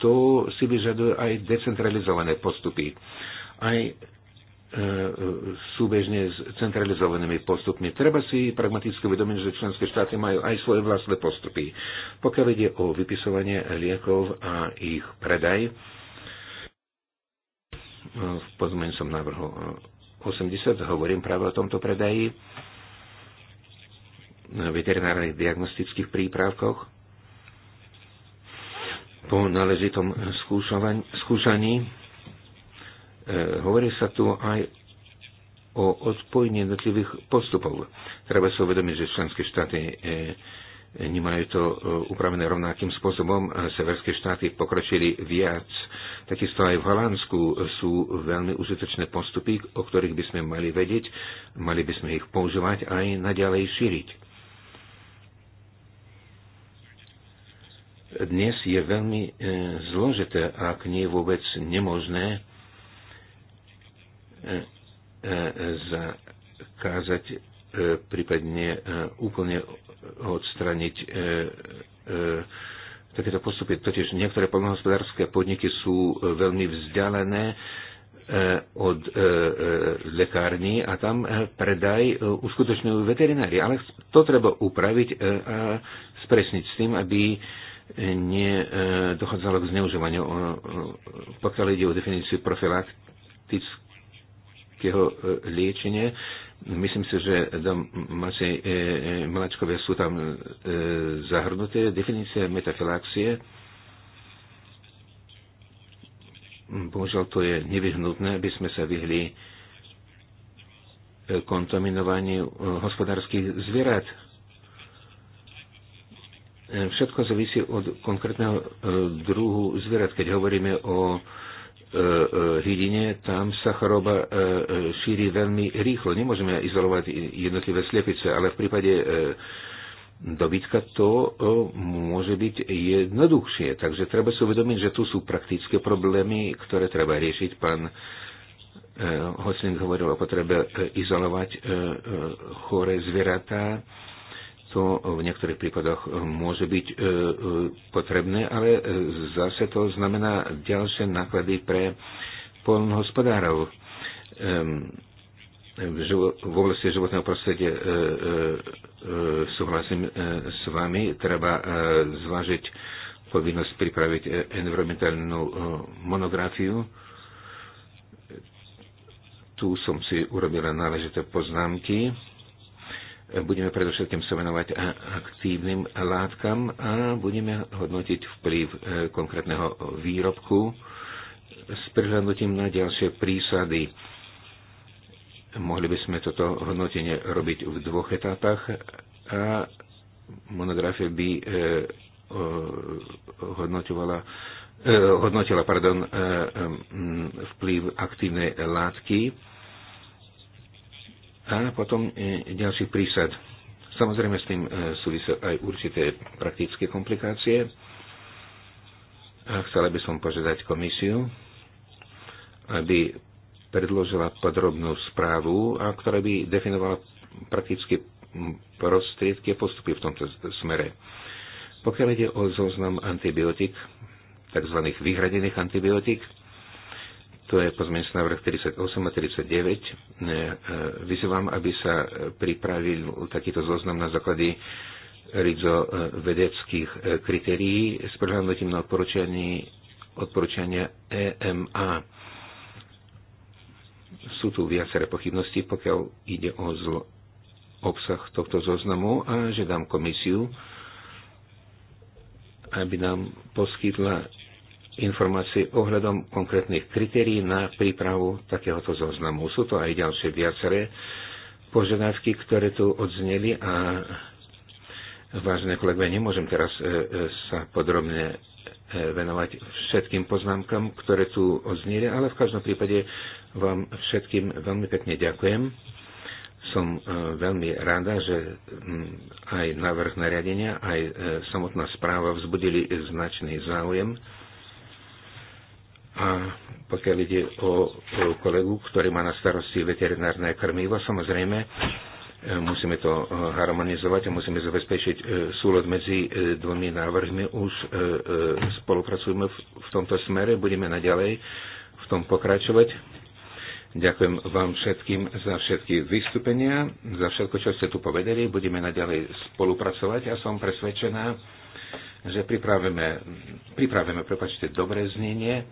to si vyžaduje aj decentralizované postupy. Aj súbežne s centralizovanými postupmi. Treba si pragmaticky uvedomiť, že členské štáty majú aj svoje vlastné postupy. Pokiaľ ide o vypisovanie liekov a ich predaj, v pozmeňcom návrhu 80 eh, hovorím práve o tomto predaji veterinárnych diagnostických prípravkoch po náležitom skúšaní E, hovorí sa tu aj o odpojení jednotlivých postupov. Treba sa uvedomiť, že členské štáty e, nemajú to e, upravené rovnakým spôsobom. Severské štáty pokročili viac. Takisto aj v Holandsku sú veľmi užitočné postupy, o ktorých by sme mali vedieť, mali by sme ich používať aj naďalej šíriť. Dnes je veľmi zložité, ak nie vôbec nemožné, zakázať, e, prípadne e, úplne odstraniť e, takéto postupy. Totiž niektoré poľnohospodárske podniky sú veľmi vzdialené od lekární a tam predaj uskutočňujú veterinári. Ale to treba upraviť a spresniť s tým, aby nedochádzalo k zneužívaniu. Pokiaľ ide o definíciu profilaktických jeho e, liečenie. Myslím si, že domácej mlačkovia e, e, sú tam zahrnuté. Definícia metafilaxie. Bohužiaľ, to je nevyhnutné, aby sme sa vyhli kontaminovaniu hospodárskych zvierat. Všetko závisí od konkrétneho druhu zvierat. Keď hovoríme o Eh, eh, hydine, tam sa choroba eh, šíri veľmi rýchlo. Nemôžeme izolovať jednotlivé slepice, ale v prípade dobytka to môže byť jednoduchšie. Takže treba si uvedomiť, že tu sú praktické problémy, ktoré treba riešiť. Pán Hosling hovoril o potrebe izolovať chore zvieratá to v niektorých prípadoch e, môže byť e, e, potrebné, ale zase to znamená ďalšie náklady pre polnohospodárov. Ehm, v oblasti životného prostredia súhlasím s vami, treba zvážiť povinnosť pripraviť environmentálnu monografiu. Tu som si urobila náležité poznámky budeme predovšetkým sa venovať eh, aktívnym látkam a budeme hodnotiť vplyv eh, konkrétneho výrobku s prihľadnutím na ďalšie prísady. Mohli by sme toto hodnotenie robiť v dvoch etapách a monografia by eh, hodnotovala hodnotila pardon, vplyv aktívnej látky a potom e, ďalší prísad. Samozrejme s tým e, súvisia aj určité praktické komplikácie. A chcela by som požiadať komisiu, aby predložila podrobnú správu, a ktorá by definovala praktické prostriedky a postupy v tomto smere. Pokiaľ ide o zoznam antibiotik, tzv. vyhradených antibiotik, to je pozmeňujúci návrh 38 a 39. E, e, vyzývam, aby sa pripravil takýto zoznam na základe rizo e, vedeckých kritérií s prehľadnutím na odporúčania EMA. Sú tu viaceré pochybnosti, pokiaľ ide o zl- obsah tohto zoznamu a že dám komisiu, aby nám poskytla informácie ohľadom konkrétnych kritérií na prípravu takéhoto zoznamu. Sú to aj ďalšie viaceré požiadavky, ktoré tu odzneli a vážne kolegovia, nemôžem teraz e, e, sa podrobne e, venovať všetkým poznámkam, ktoré tu odzneli, ale v každom prípade vám všetkým veľmi pekne ďakujem. Som veľmi rada, že aj návrh nariadenia, aj samotná správa vzbudili značný záujem a pokiaľ ide o, o kolegu, ktorý má na starosti veterinárne krmivo, samozrejme, e, musíme to e, harmonizovať a musíme zabezpečiť e, súlad medzi dvomi návrhmi. Už spolupracujeme v tomto smere, budeme naďalej v tom pokračovať. Ďakujem vám všetkým za všetky vystúpenia, za všetko, čo ste tu povedali. Budeme naďalej spolupracovať a ja som presvedčená, že pripravíme, pripravíme prepačte, dobré znenie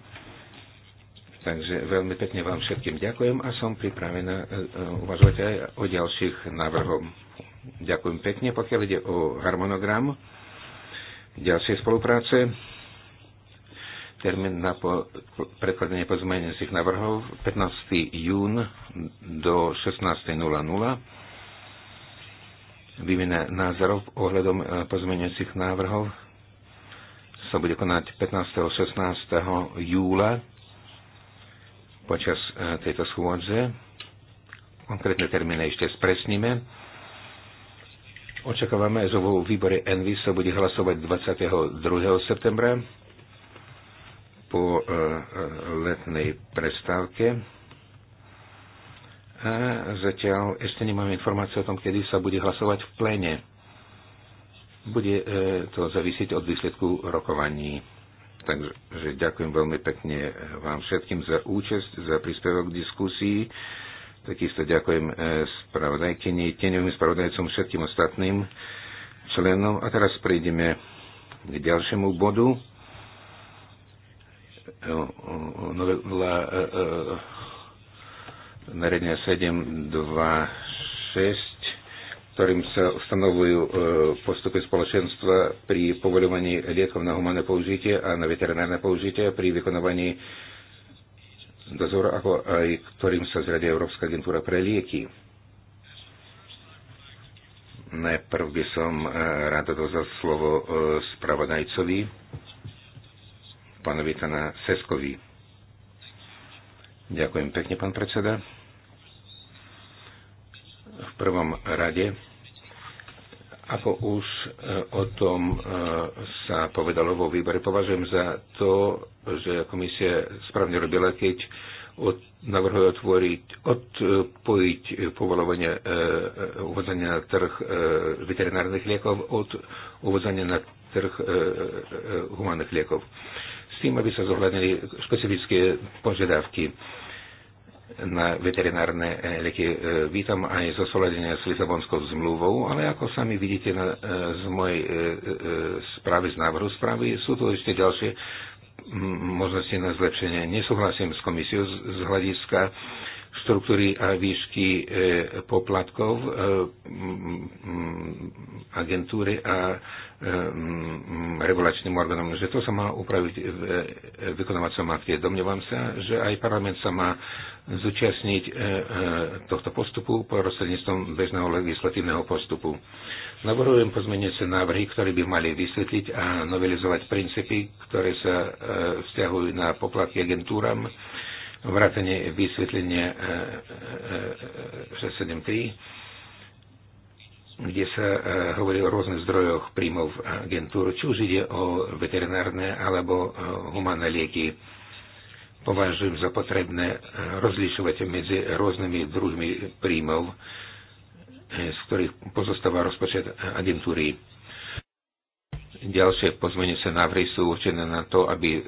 Takže veľmi pekne vám všetkým ďakujem a som pripravená e, e, uvažovať aj o ďalších návrhoch. Ďakujem pekne, pokiaľ ide o harmonogram ďalšej spolupráce. Termín na po, predkladanie pozmeniacich návrhov 15. jún do 16.00 výmena názorov ohľadom e, pozmeňujúcich návrhov sa bude konať 15. a 16. júla počas e, tejto schôdze. Konkrétne termíny ešte spresníme. Očakávame, že vo výbore Envy sa bude hlasovať 22. septembra po e, e, letnej prestávke. A zatiaľ ešte nemáme informácie o tom, kedy sa bude hlasovať v plene. Bude to zavisiť od výsledku rokovaní. Takže ďakujem veľmi pekne vám všetkým za účasť, za príspevok k diskusii. Takisto ďakujem e, spravodajkyni, tieňovým spravodajcom, všetkým ostatným členom. A teraz prejdeme k ďalšiemu bodu. E, novela e, nariadenia 726 ktorým sa ustanovujú e, postupy spoločenstva pri povoľovaní liekov na humánne použitie a na veterinárne použitie pri vykonovaní dozoru, ako aj ktorým sa zradí Európska agentúra pre lieky. Najprv by som e, rád dozal slovo e, spravodajcovi, pánovi Tana Seskovi. Ďakujem pekne, pán predseda. V prvom rade ako už e, o tom e, sa povedalo vo výbore, považujem za to, že komisia správne robila, keď od, navrhuje otvoriť, odpojiť povolovanie e, e uvodzania na trh e, veterinárnych liekov od uvozania na trh e, e, humánnych liekov. S tým, aby sa zohľadnili špecifické požiadavky. E, na veterinárne eh, lieky. Eh, vítam aj soledenia s Lisabonskou zmluvou, ale ako sami vidíte na, eh, z mojej správy, z návrhu správy, sú tu ešte ďalšie mm, možnosti na zlepšenie. Nesúhlasím s komisiou z hľadiska štruktúry a výšky e, poplatkov e, agentúry a e, regulačným orgánom, že to sa má upraviť v vykonávacom akte. Domnievam sa, že aj parlament sa má zúčastniť tohto postupu prostredníctvom bežného legislatívneho postupu. Navrhujem pozmeniace návrhy, ktoré by mali vysvetliť a novelizovať princípy, ktoré sa vzťahujú na poplatky agentúram, vrátanie vysvetlenia 673, e, e, e, kde sa hovorí o rôznych zdrojoch príjmov agentúr, či už ide o veterinárne alebo humánne lieky. Považujem za potrebné rozlišovať medzi rôznymi druhmi príjmov, z ktorých pozostáva rozpočet agentúry. Ďalšie pozmenujúce návrhy sú určené na to, aby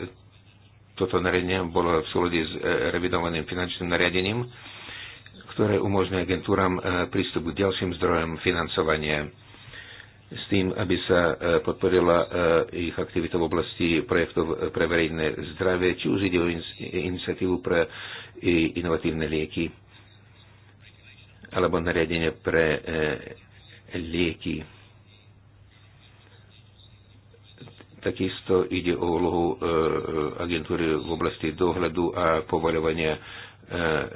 toto nariadenie bolo v súlade s e, revidovaným finančným nariadením, ktoré umožňuje agentúram e, prístup k ďalším zdrojom financovania s tým, aby sa e, podporila ich aktivita v oblasti projektov pre verejné zdravie, či už ide o iniciatívu pre inovatívne lieky alebo nariadenie pre lieky Takisto ide o úlohu e, e, agentúry v oblasti dohľadu a povoľovania e,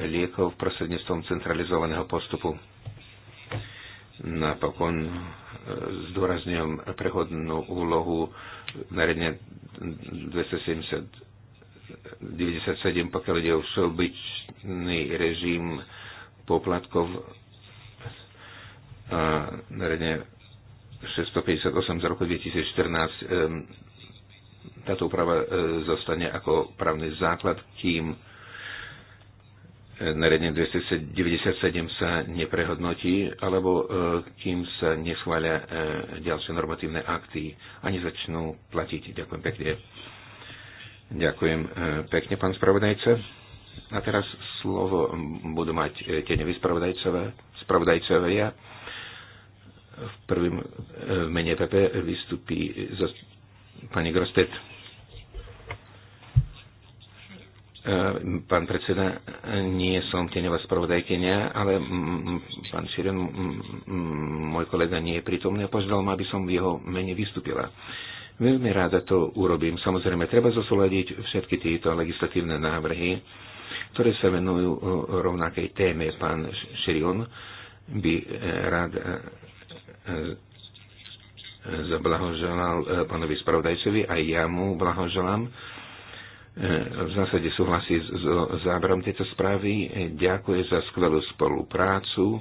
liekov prostredníctvom centralizovaného postupu. Napokon zdôrazňujem prechodnú úlohu nariadenia 297, pokiaľ ide o všeobyčný režim poplatkov nariadenia 658 z roku 2014 táto úprava e, zostane ako právny základ, kým e, nariadenie 297 sa neprehodnotí, alebo e, kým sa neschvália ďalšie normatívne akty a nezačnú platiť. Ďakujem pekne. Ďakujem pekne, pán spravodajca. A teraz slovo budú mať spravodajcové ja. V prvým e, v mene PP vystupí pani Grostet. E, pán predseda, nie som teňová spravodajkenia, ale pán Širen, môj kolega nie je prítomný a požiadal ma, aby som v jeho mene vystúpila. Veľmi ráda to urobím. Samozrejme, treba zosúľadiť všetky tieto legislatívne návrhy, ktoré sa venujú e, rovnakej téme. Pán Širion by rád E, e, zablahoželal e, pánovi spravodajcovi a ja mu blahoželám. V zásade súhlasí s záberom tejto správy. Ďakuje za skvelú spoluprácu.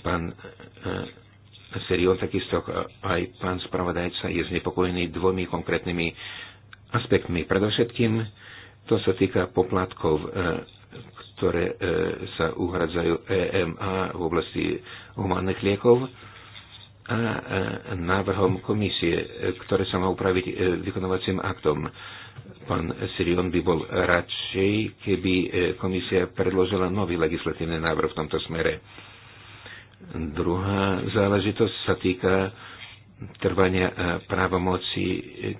Pán Serion takisto aj pán spravodajca je znepokojený dvomi konkrétnymi aspektmi. Predovšetkým to sa týka poplatkov, ktoré sa uhradzajú EMA v oblasti humánnych liekov a návrhom komisie, ktoré sa má upraviť e, vykonovacím aktom. Pán Sirion by bol radšej, keby e, komisia predložila nový legislatívny návrh v tomto smere. Druhá záležitosť sa týka trvania e, právomoci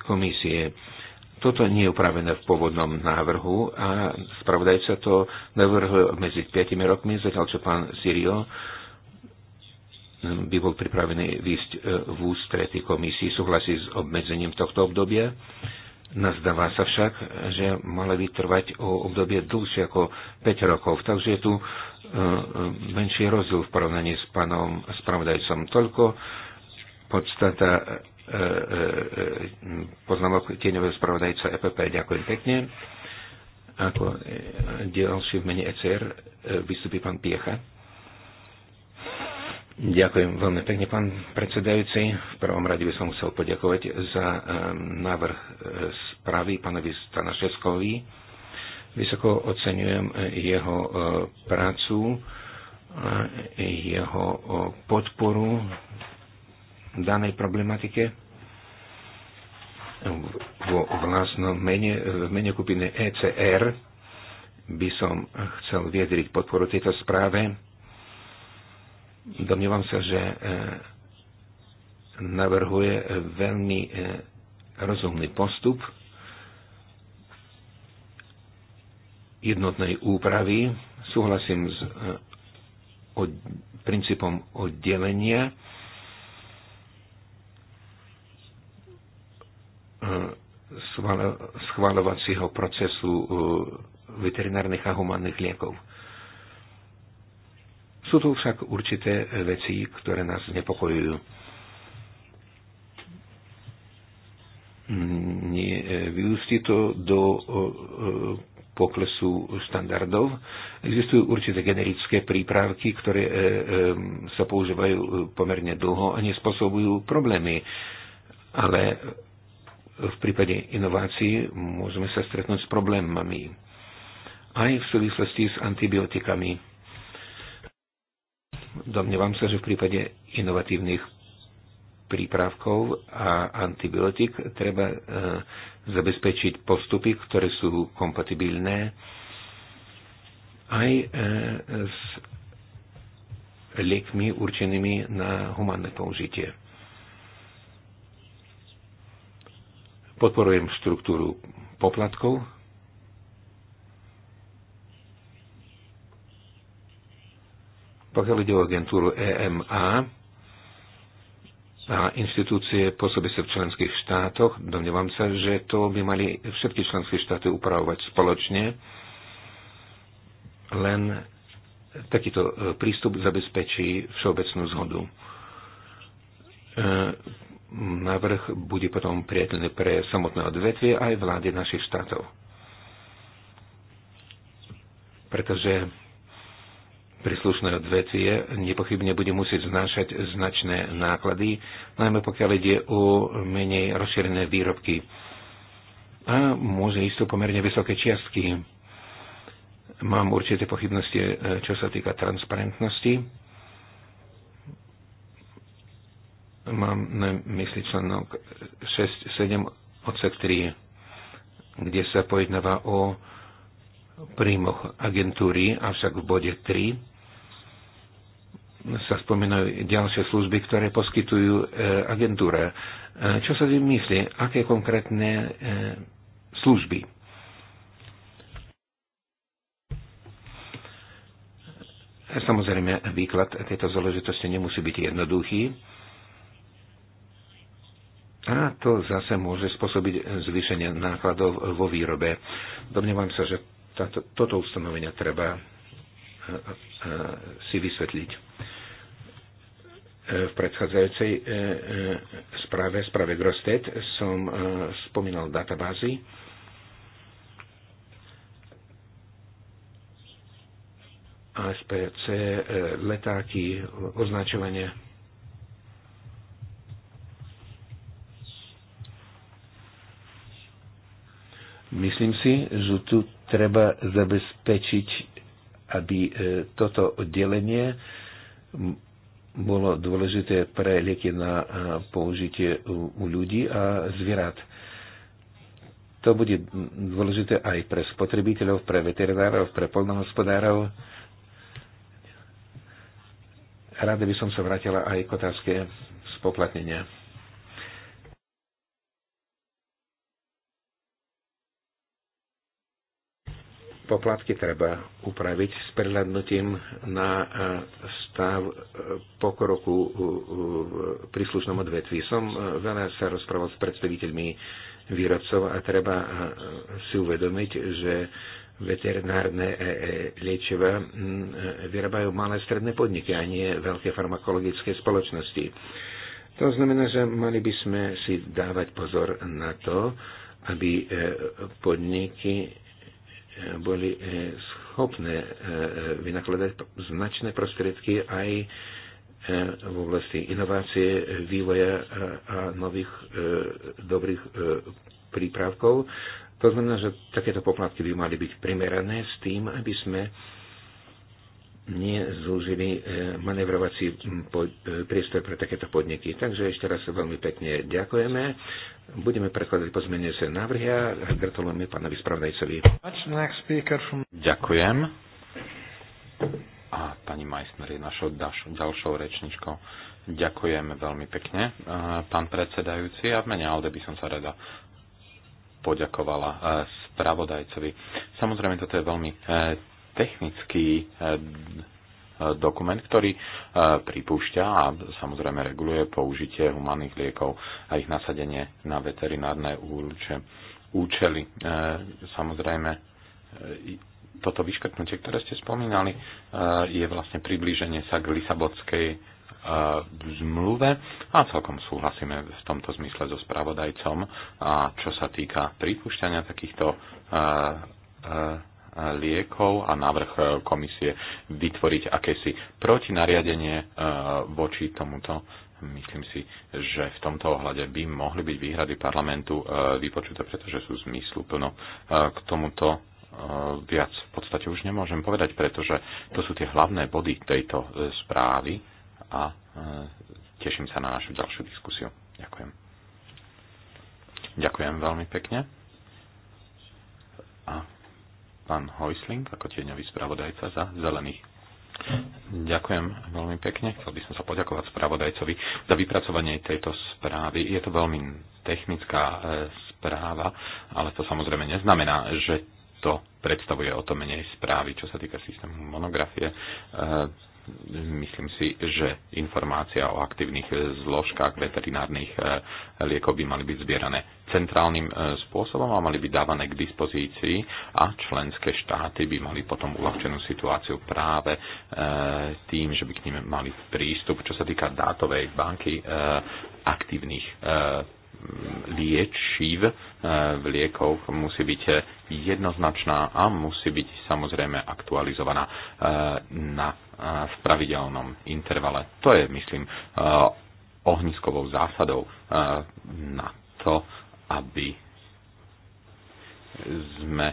komisie. Toto nie je upravené v pôvodnom návrhu a spravodajca to navrhuje medzi 5 rokmi, zatiaľ čo pán Sirio by bol pripravený výsť e, v ústretí komisii, súhlasí s obmedzením tohto obdobia. Nazdáva sa však, že mali by trvať o obdobie dlhšie ako 5 rokov, takže je tu e, e, menší rozdiel v porovnaní s pánom spravodajcom. Toľko podstata poznámok tieňového spravodajca EPP. Ďakujem pekne. Ako ďalší v mene ECR vystupí pán Piecha. Ďakujem veľmi pekne, pán predsedajúci. V prvom rade by som chcel poďakovať za ehm, návrh e, správy pánovi Stanaševskovi. Vysoko oceňujem e, jeho e, prácu, jeho podporu danej problematike vo vlastnom mene, v mene skupiny ECR by som chcel viedriť podporu tejto správe Domnievam sa, že e, navrhuje e, veľmi e, rozumný postup jednotnej úpravy. Súhlasím s od, princípom oddelenia. schváľovacieho procesu veterinárnych a humánnych liekov. Sú tu však určité veci, ktoré nás nepokojujú. E, vyústi to do e, poklesu štandardov. Existujú určité generické prípravky, ktoré e, sa používajú pomerne dlho a nespôsobujú problémy. Ale v prípade inovácií môžeme sa stretnúť s problémami. Aj v súvislosti s antibiotikami Domnievam sa, že v prípade inovatívnych prípravkov a antibiotik treba e, zabezpečiť postupy, ktoré sú kompatibilné aj e, s liekmi určenými na humánne použitie. Podporujem štruktúru poplatkov, Pokiaľ ide o agentúru EMA a inštitúcie pôsobiace v členských štátoch, domnievam sa, že to by mali všetky členské štáty upravovať spoločne. Len takýto e, prístup zabezpečí všeobecnú zhodu. E, návrh bude potom priateľný pre samotné odvetvie aj vlády našich štátov. Pretože príslušné odvetvie nepochybne bude musieť znášať značné náklady, najmä pokiaľ ide o menej rozšírené výrobky. A môže ísť o pomerne vysoké čiastky. Mám určité pochybnosti, e, čo sa týka transparentnosti. Mám na mysli článok 6, 7, odsek 3, kde sa pojednáva o príjmoch agentúry, avšak v bode 3 sa spomínajú ďalšie služby, ktoré poskytujú e, agentúre. E, čo sa vymyslí? Aké konkrétne e, služby? Samozrejme, výklad tejto záležitosti nemusí byť jednoduchý. A to zase môže spôsobiť zvýšenie nákladov vo výrobe. Domnievam sa, že táto, toto ustanovenia treba e, e, si vysvetliť. E, v predchádzajúcej správe, správe Grostet, som spomínal databázy. ASPC, letáky, označovanie. Myslím si, že tu treba zabezpečiť, aby e, toto oddelenie bolo dôležité pre lieky na e, použitie u ľudí a zvierat. To bude dôležité aj pre spotrebiteľov, pre veterinárov, pre polnohospodárov. Rada by som sa vrátila aj k otázke spoplatnenia. poplatky treba upraviť s prehľadnutím na e, stav e, pokroku e, v príslušnom odvetví. Som veľa sa rozprával s predstaviteľmi výrobcov a treba si uvedomiť, že veterinárne liečiva vyrábajú malé stredné podniky a nie veľké farmakologické spoločnosti. To znamená, že mali by sme si dávať pozor na to, aby podniky boli eh, schopné eh, eh, vynakladať značné prostriedky aj v oblasti inovácie, vývoja a nových dobrých prípravkov. To znamená, že takéto poplatky by mali byť primerané s tým, aby sme nezúžili e, manevrovací e, priestor pre takéto podniky. Takže ešte raz veľmi pekne ďakujeme. Budeme prekladať sa návrhy a gratulujeme pánovi spravdajcovi. Ďakujem. A pani Meissner je našou ďalšou rečničkou. Ďakujem veľmi pekne, e, pán predsedajúci. A v mene Alde by som sa rada poďakovala spravodajcovi. Samozrejme, toto je veľmi technický eh, eh, dokument, ktorý eh, pripúšťa a samozrejme reguluje použitie humanných liekov a ich nasadenie na veterinárne úluče, účely. Samozrejme, toto vyškrtnutie, ktoré ste spomínali, je vlastne priblíženie sa k Lisabonskej zmluve a celkom súhlasíme v tomto zmysle so spravodajcom, a čo sa týka pripúšťania takýchto liekov a návrh e, komisie vytvoriť akési protinariadenie e, voči tomuto. Myslím si, že v tomto ohľade by mohli byť výhrady parlamentu e, vypočuté, pretože sú zmysluplno k tomuto viac v podstate už nemôžem povedať, pretože to sú tie hlavné body tejto správy a teším sa na našu ďalšiu diskusiu. Ďakujem. Ďakujem veľmi pekne. A pán Hojsling ako tieňový spravodajca za zelených. Ďakujem veľmi pekne. Chcel by som sa poďakovať spravodajcovi za vypracovanie tejto správy. Je to veľmi technická e, správa, ale to samozrejme neznamená, že to predstavuje o to menej správy, čo sa týka systému monografie e, myslím si, že informácia o aktívnych zložkách veterinárnych eh, liekov by mali byť zbierané centrálnym eh, spôsobom a mali byť dávané k dispozícii a členské štáty by mali potom uľahčenú situáciu práve eh, tým, že by k ním mali prístup. Čo sa týka dátovej banky aktívnych liečiv v liekoch musí byť jednoznačná a musí byť samozrejme aktualizovaná na v pravidelnom intervale. To je, myslím, e, ohniskovou zásadou e, na to, aby sme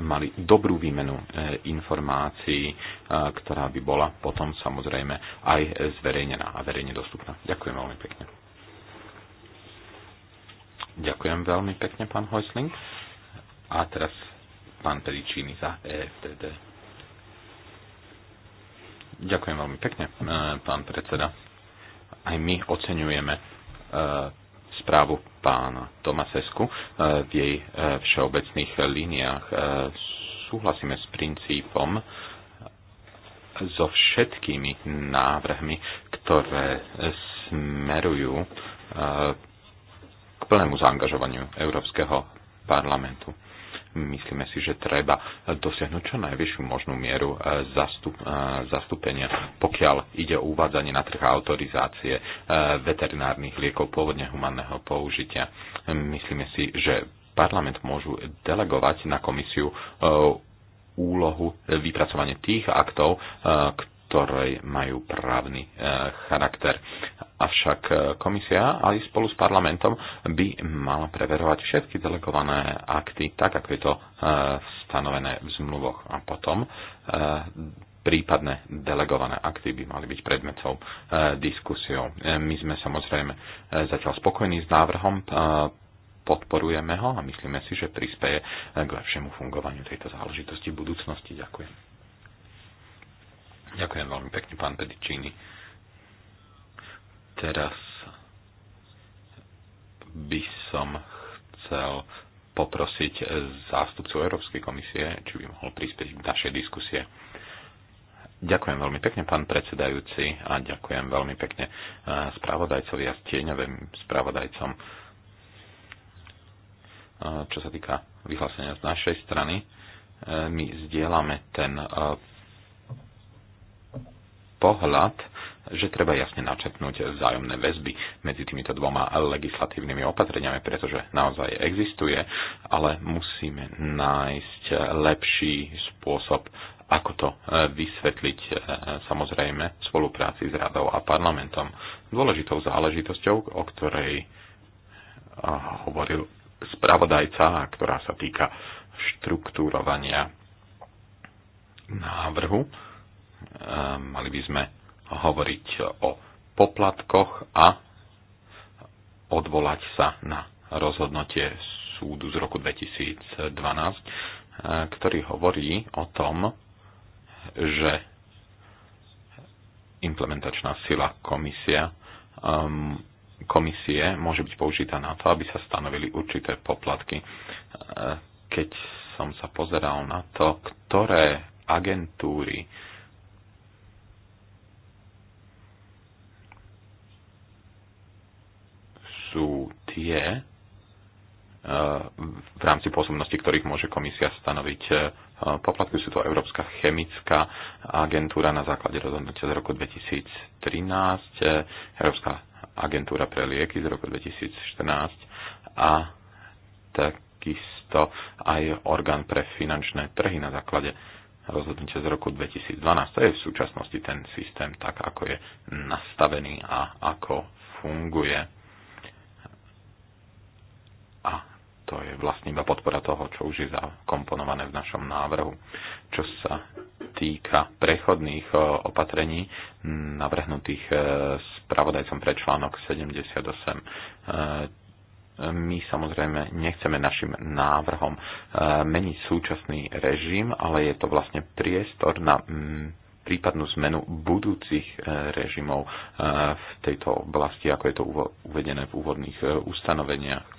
mali dobrú výmenu e, informácií, ktorá by bola potom samozrejme aj zverejnená a verejne dostupná. Ďakujem veľmi pekne. Ďakujem veľmi pekne, pán Hojsling. A teraz pán Peričíny za EFTD. Ďakujem veľmi pekne, e, pán predseda. Aj my oceňujeme e, správu pána Tomasesku e, v jej všeobecných líniách. Súhlasíme s princípom so všetkými návrhmi, ktoré smerujú k plnému zaangažovaniu Európskeho parlamentu myslíme si, že treba dosiahnuť čo najvyššiu možnú mieru e, zastup, e, zastúpenia, pokiaľ ide o uvádzanie na trh autorizácie e, veterinárnych liekov pôvodne humanného použitia. Myslíme si, že parlament môžu delegovať na komisiu úlohu vypracovania tých aktov, ktoré majú právny eh, charakter. Avšak eh, komisia aj spolu s parlamentom by mala preverovať všetky delegované akty, tak ako je to eh, stanovené v zmluvoch. A potom prípadne delegované akty by mali byť predmetou e, diskusiou. E, my sme samozrejme e, zatiaľ spokojní s návrhom, e, podporujeme ho a myslíme si, že prispieje k lepšiemu fungovaniu tejto záležitosti v budúcnosti. Ďakujem. Ďakujem veľmi pekne, pán Pedicini. Teraz by som chcel poprosiť zástupcu Európskej komisie, či by mohol prispieť k našej diskusie. Ďakujem veľmi pekne, pán predsedajúci, a ďakujem veľmi pekne eh, spravodajcovi a stieňovým spravodajcom, eh, čo sa týka vyhlásenia z našej strany. Eh, my zdieľame ten pohľad, že treba jasne načetnúť vzájomné väzby medzi týmito dvoma legislatívnymi opatreniami, pretože naozaj existuje, ale musíme nájsť lepší spôsob, ako to e, vysvetliť e, samozrejme v spolupráci s radou a parlamentom. Dôležitou záležitosťou, o ktorej e, hovoril spravodajca, ktorá sa týka štruktúrovania návrhu, Ehm, mali by sme hovoriť o poplatkoch a odvolať sa na rozhodnutie súdu z roku 2012, eh, ktorý hovorí o tom, že implementačná sila komisia, um, komisie môže byť použitá na to, aby sa stanovili určité poplatky. Eh, keď som sa pozeral na to, ktoré agentúry sú tie, eh, v rámci pôsobnosti ktorých môže komisia stanoviť eh, poplatky. Sú to Európska chemická agentúra na základe rozhodnutia z roku 2013, eh, Európska agentúra pre lieky z roku 2014 a takisto aj orgán pre finančné trhy na základe rozhodnutia z roku 2012. To je v súčasnosti ten systém tak, ako je nastavený a ako funguje to je vlastne iba podpora toho, čo už je zakomponované v našom návrhu. Čo sa týka prechodných e, opatrení navrhnutých e, spravodajcom pre článok 78, e, my samozrejme nechceme našim návrhom meniť súčasný režim, ale je to vlastne priestor na mm, prípadnú zmenu budúcich režimov v tejto oblasti, ako je to uvedené v úvodných ustanoveniach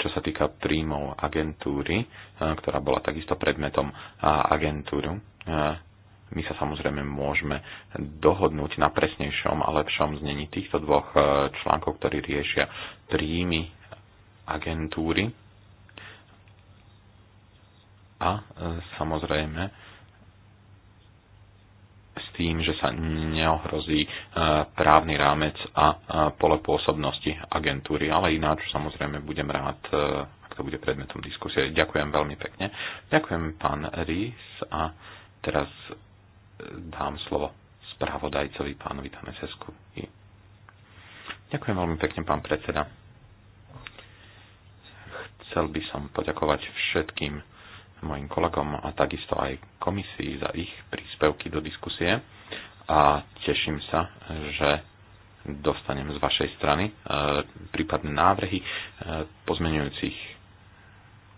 čo sa týka príjmov agentúry, ktorá bola takisto predmetom agentúru. My sa samozrejme môžeme dohodnúť na presnejšom a lepšom znení týchto dvoch článkov, ktorí riešia príjmy agentúry. A samozrejme, tým, že sa neohrozí e, právny rámec a e, pole pôsobnosti agentúry, ale ináč samozrejme budem rád, e, ak to bude predmetom diskusie. Ďakujem veľmi pekne. Ďakujem pán Rís a teraz dám slovo spravodajcovi pánovi Tanesesku. Ďakujem veľmi pekne, pán predseda. Chcel by som poďakovať všetkým mojim kolegom a takisto aj komisii za ich príspevky do diskusie a teším sa, že dostanem z vašej strany e, prípadné návrhy e, pozmenujúcich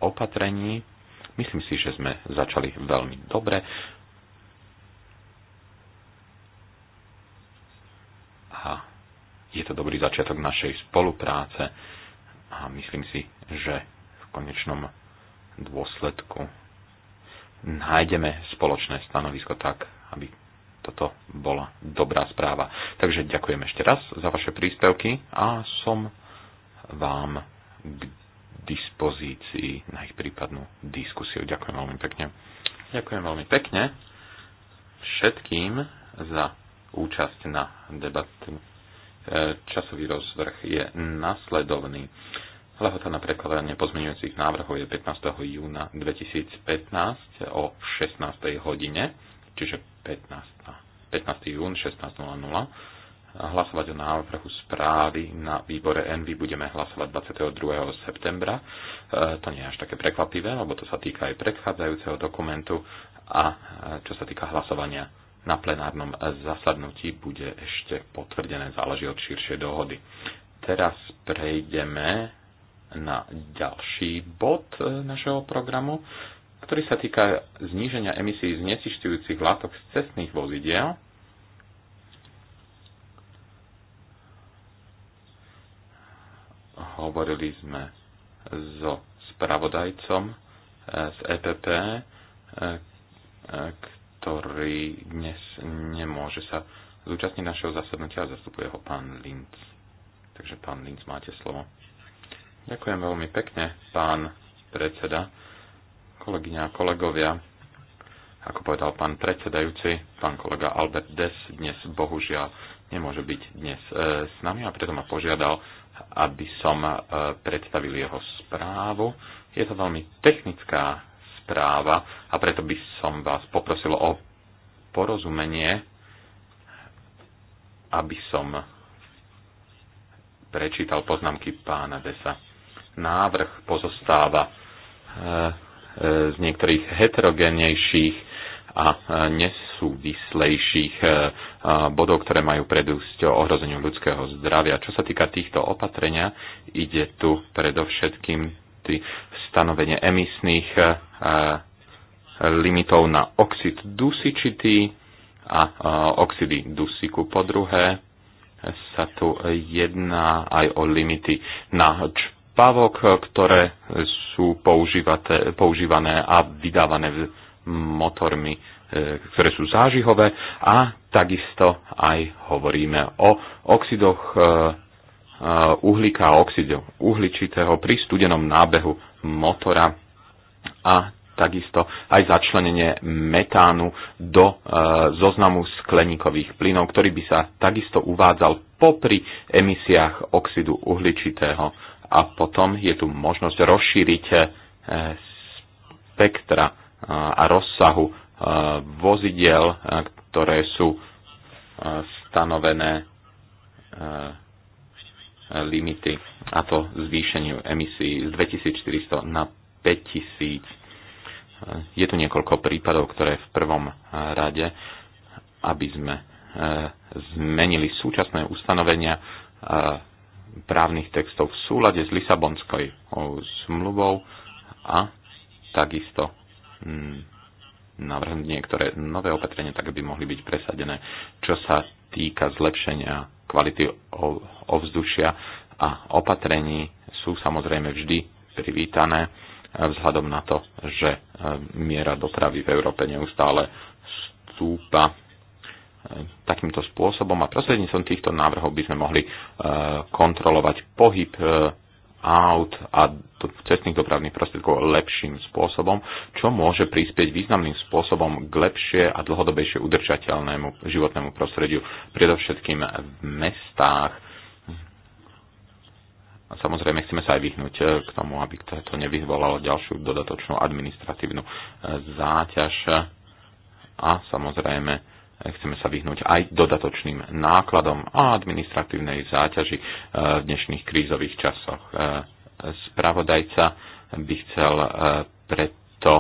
opatrení. Myslím si, že sme začali veľmi dobre. A je to dobrý začiatok našej spolupráce a myslím si, že v konečnom dôsledku nájdeme spoločné stanovisko tak, aby toto bola dobrá správa. Takže ďakujem ešte raz za vaše príspevky a som vám k dispozícii na ich prípadnú diskusiu. Ďakujem veľmi pekne. Ďakujem veľmi pekne všetkým za účasť na debatu. E, časový rozvrh je nasledovný. Lehota na prekladanie pozmeňujúcich návrhov je 15. júna 2015 o 16. hodine, čiže 15. 15. jún 16.00. Hlasovať o návrhu správy na výbore ENVY budeme hlasovať 22. septembra. E, to nie je až také prekvapivé, lebo to sa týka aj predchádzajúceho dokumentu a e, čo sa týka hlasovania na plenárnom zasadnutí bude ešte potvrdené, záleží od širšej dohody. Teraz prejdeme na ďalší bod e, našeho programu, ktorý sa týka zníženia emisí znečišťujúcich látok z cestných vozidiel. Hovorili sme so spravodajcom e, z EPP, e, ktorý dnes nemôže sa zúčastniť našeho zasadnutia a zastupuje ho pán Linc. Takže pán Linc, máte slovo. Ďakujem veľmi pekne, pán predseda, kolegyňa a kolegovia. Ako povedal pán predsedajúci, pán kolega Albert Des dnes bohužiaľ nemôže byť dnes e, s nami a preto ma požiadal, aby som e, predstavil jeho správu. Je to veľmi technická správa a preto by som vás poprosil o porozumenie, aby som prečítal poznámky pána Desa návrh pozostáva e, e, z niektorých heterogénejších a e, nesúvislejších bodov, ktoré majú predúsť ohrozeniu ľudského zdravia. Čo sa týka týchto opatrenia, ide tu predovšetkým stanovenie emisných limitov na oxid dusičitý a oxidy dusiku po druhé sa tu jedná aj o limity na pávok, ktoré sú používané a vydávané motormi, e, ktoré sú zážihové a takisto aj hovoríme o oxidoch e, e, uhlíka a oxide uhličitého pri studenom nábehu motora a takisto aj začlenenie metánu do zoznamu skleníkových plynov, ktorý by sa takisto uvádzal popri emisiách oxidu uhličitého a potom je tu možnosť rozšíriť eh, spektra eh, a rozsahu eh, vozidiel, ktoré sú stanovené limity, a to zvýšeniu emisí z 2400 na 5000. Je tu niekoľko prípadov, ktoré v prvom rade, aby sme zmenili súčasné ustanovenia právnych textov v súlade s Lisabonskou zmluvou a takisto mm, navrhnúť niektoré nové opatrenia, tak aby mohli byť presadené, čo sa týka zlepšenia kvality ovzdušia a opatrení sú samozrejme vždy privítané e, vzhľadom na to, že e, miera dopravy v Európe neustále stúpa takýmto spôsobom a prostredníctvom týchto návrhov by sme mohli e, kontrolovať pohyb e, aut a cestných dopravných prostriedkov lepším spôsobom, čo môže prispieť významným spôsobom k lepšie a dlhodobejšie udržateľnému životnému prostrediu, predovšetkým v mestách. A samozrejme, chceme sa aj vyhnúť e, k tomu, aby to nevyvolalo ďalšiu dodatočnú administratívnu záťaž. A samozrejme, Chceme sa vyhnúť aj dodatočným nákladom a administratívnej záťaži eh, v dnešných krízových časoch. Eh, spravodajca by chcel eh, preto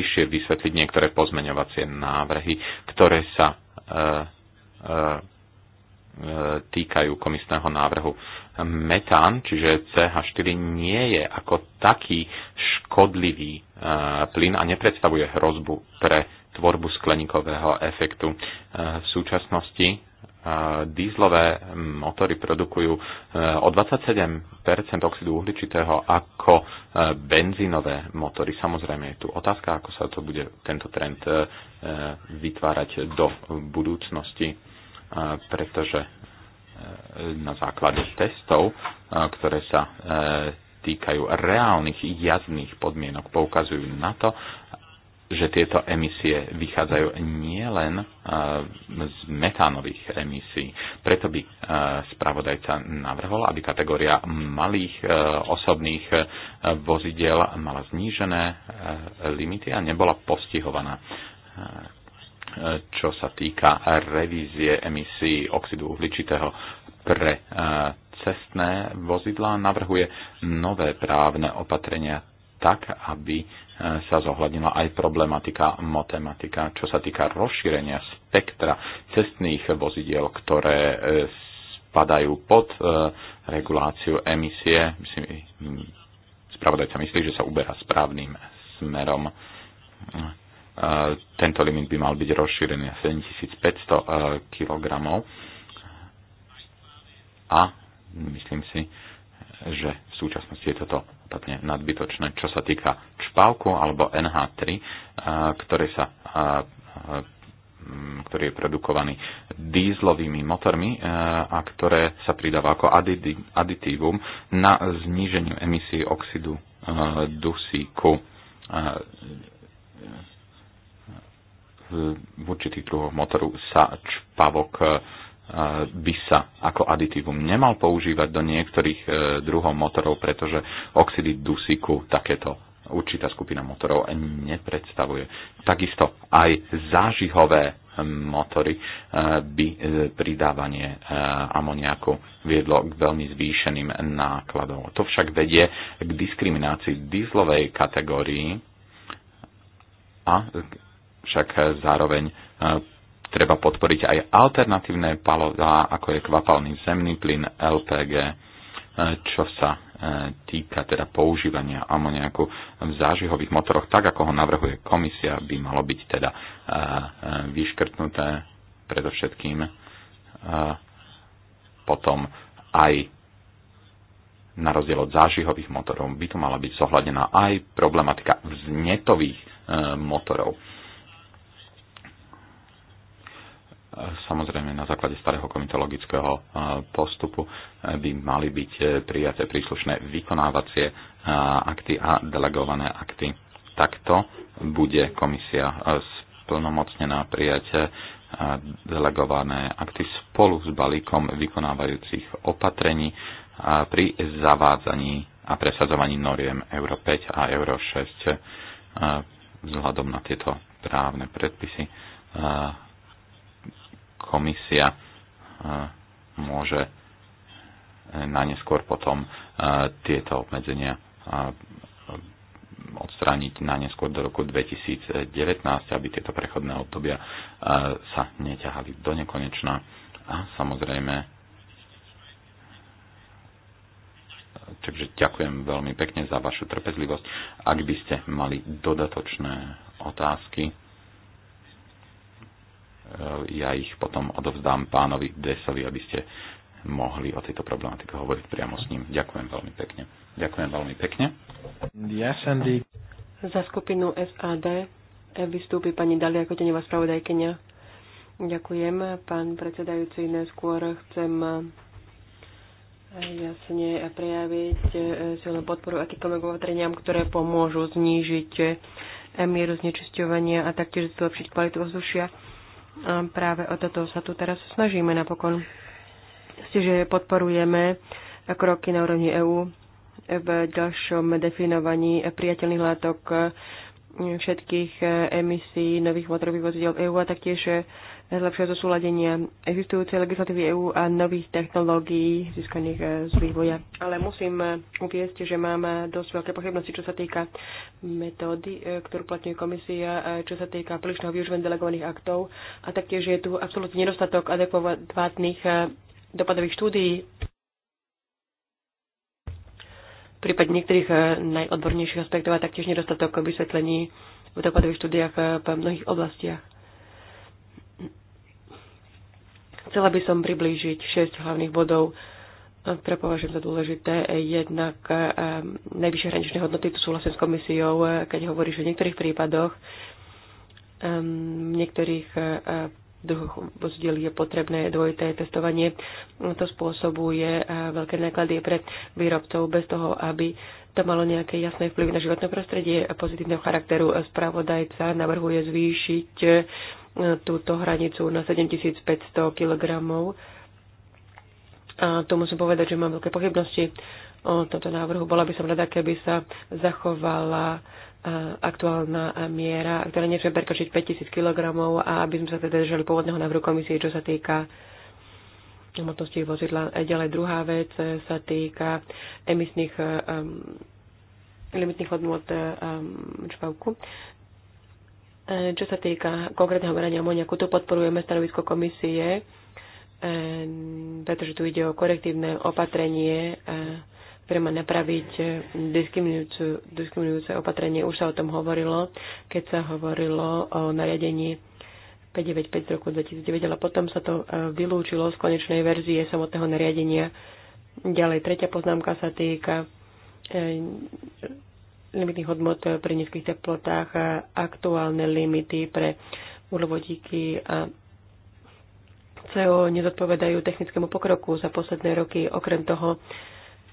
bližšie vysvetliť niektoré pozmeňovacie návrhy, ktoré sa týkajú komisného návrhu metán, čiže CH4, nie je ako taký škodlivý e, plyn a nepredstavuje hrozbu pre tvorbu skleníkového efektu. E, v súčasnosti e, dízlové motory produkujú o 27 oxidu uhličitého ako benzínové motory. Samozrejme je tu otázka, ako sa to bude tento trend vytvárať do budúcnosti, pretože na základe testov, e, ktoré sa e, týkajú reálnych jazdných podmienok, poukazujú na to, že tieto emisie vychádzajú nielen e, z metánových emisí. Preto by spravodajca navrhol, aby kategória malých osobných vozidel mala znížené limity a nebola postihovaná čo sa týka revízie emisí oxidu uhličitého pre e, cestné vozidlá, navrhuje nové právne opatrenia tak, aby e, sa zohľadnila aj problematika matematika, čo sa týka rozšírenia spektra cestných vozidiel, ktoré e, spadajú pod reguláciu emisie. Myslím, mm, spravodajca myslí, že sa uberá správnym smerom tento limit by mal byť rozšírený na 7500 eh, kg a myslím si, že v súčasnosti je toto opatrne nadbytočné. Čo sa týka čpavku alebo NH3, eh, ktorý, sa eh, mm, ktorý je produkovaný dízlovými motormi a ktoré sa pridáva ako aditívum na zníženiu emisí oxidu dusíku v určitých druhoch motoru sa čpavok e, by sa ako aditívum nemal používať do niektorých e, druhov motorov, pretože oxidy dusíku takéto určitá skupina motorov nepredstavuje. Takisto aj zážihové e, motory by pridávanie amoniaku viedlo k veľmi zvýšeným nákladom. To však vedie k diskriminácii v kategórii a však eh, zároveň eh, treba podporiť aj alternatívne palová, ako je kvapalný zemný plyn LPG, eh, čo sa týka teda používania amoniaku v zážihových motoroch, tak ako ho navrhuje komisia, by malo byť teda vyškrtnuté predovšetkým potom aj na rozdiel od zážihových motorov by tu mala byť zohľadená aj problematika vznetových motorov samozrejme na základe starého komitologického e, postupu e, by mali byť e, prijaté príslušné vykonávacie akty a delegované akty. Takto bude komisia splnomocnená prijať delegované akty spolu s balíkom vykonávajúcich opatrení pri zavádzaní a presadzovaní noriem Euro 5 a Euro 6 vzhľadom na tieto právne predpisy komisia e, môže e, na neskôr potom e, tieto obmedzenia odstrániť na neskôr do roku 2019, aby tieto prechodné obdobia sa neťahali do nekonečna. A samozrejme, takže ďakujem veľmi pekne za vašu trpezlivosť. Ak by ste mali dodatočné otázky, E, ja ich potom odovzdám pánovi Desovi, aby ste mohli o tejto problematike hovoriť priamo s ním. Ďakujem veľmi pekne. Ďakujem veľmi pekne. Za skupinu SAD vystúpi pani Dalia Koteneva, spravodajkenia. Ďakujem, pán predsedajúci. Neskôr chcem jasne prejaviť e, silnú podporu akýkoľvek opatreniam, ktoré pomôžu znížiť e, mieru znečisťovania a taktiež zlepšiť kvalitu ovzdušia. A práve o toto sa tu teraz snažíme napokon. Čiže podporujeme kroky na úrovni EÚ v ďalšom definovaní priateľných látok všetkých emisí nových motorových vozidel EÚ a taktiež lepšieho zosúladenia existujúcej legislatívy EÚ a nových technológií získaných e, z vývoja. Ale musím e, uviesť, že mám e, dosť veľké pochybnosti, čo sa týka metódy, ktorú platňuje komisia, čo sa týka prílišného využívania delegovaných aktov a taktiež je tu absolútny nedostatok adekvátnych dopadových štúdií v prípade niektorých najodbornejších aspektov a taktiež nedostatok vysvetlení v dopadových štúdiách v mnohých oblastiach. Chcela by som priblížiť 6 hlavných bodov, ktoré považujem za dôležité. Jednak ehm, najvyššie hraničné hodnoty, tu súhlasím s komisiou, eh, keď hovorí, že ehm, v niektorých prípadoch eh, v niektorých druhom vozidiel je potrebné dvojité testovanie. To spôsobuje eh, veľké náklady pre výrobcov bez toho, aby to malo nejaké jasné vplyvy na životné prostredie pozitívneho charakteru. Spravodajca navrhuje zvýšiť eh, túto hranicu na 7500 kg. A tu musím povedať, že mám veľké pochybnosti o tomto návrhu. Bola by som rada, keby sa zachovala aktuálna miera, ktorá nechce prekročiť 5000 kg a aby sme sa teda držali pôvodného návrhu komisie, čo sa týka hmotnosti vozidla. E, ďalej druhá vec e, sa týka emisných um, limitných hodnot um, čpavku. Čo sa týka konkrétneho merania amoniaku, tu podporujeme stanovisko komisie, pretože tu ide o korektívne opatrenie treba napraviť diskriminujúce, eh, diskriminujúce opatrenie. Už sa o tom hovorilo, keď sa hovorilo o nariadení 595 z roku 2009, ale potom sa to eh, vylúčilo z konečnej verzie samotného nariadenia. Ďalej, tretia poznámka sa týka eh, limitných hodnot pri nízkych teplotách a aktuálne limity pre uhlovodíky a CO nezodpovedajú technickému pokroku za posledné roky. Okrem toho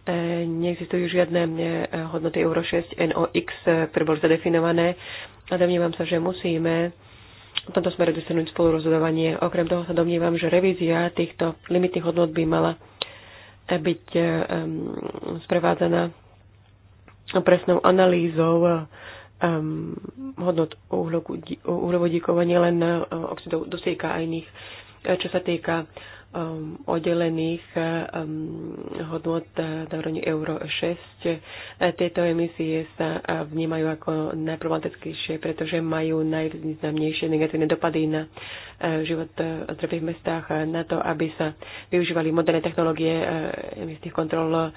E, neexistujú žiadne e, hodnoty Euro 6 NOx, e, ktoré boli zadefinované a domnívam sa, že musíme v tomto smere dosiahnuť spolurozhodovanie. Okrem toho sa domnívam, že revízia týchto limitných hodnot by mala byť um, sprevádzana presnou analýzou um, hodnot uhlovodíkov a nielen uh, oxidov dusíka a iných. Čo sa týka um, oddelených um, hodnot eh, na úrovni Euro 6. Eh, tieto emisie sa eh, vnímajú ako najproblematickejšie, pretože majú najvýznamnejšie negatívne dopady na život v zdravých mestách, na to, aby sa využívali moderné technológie emisných kontrol.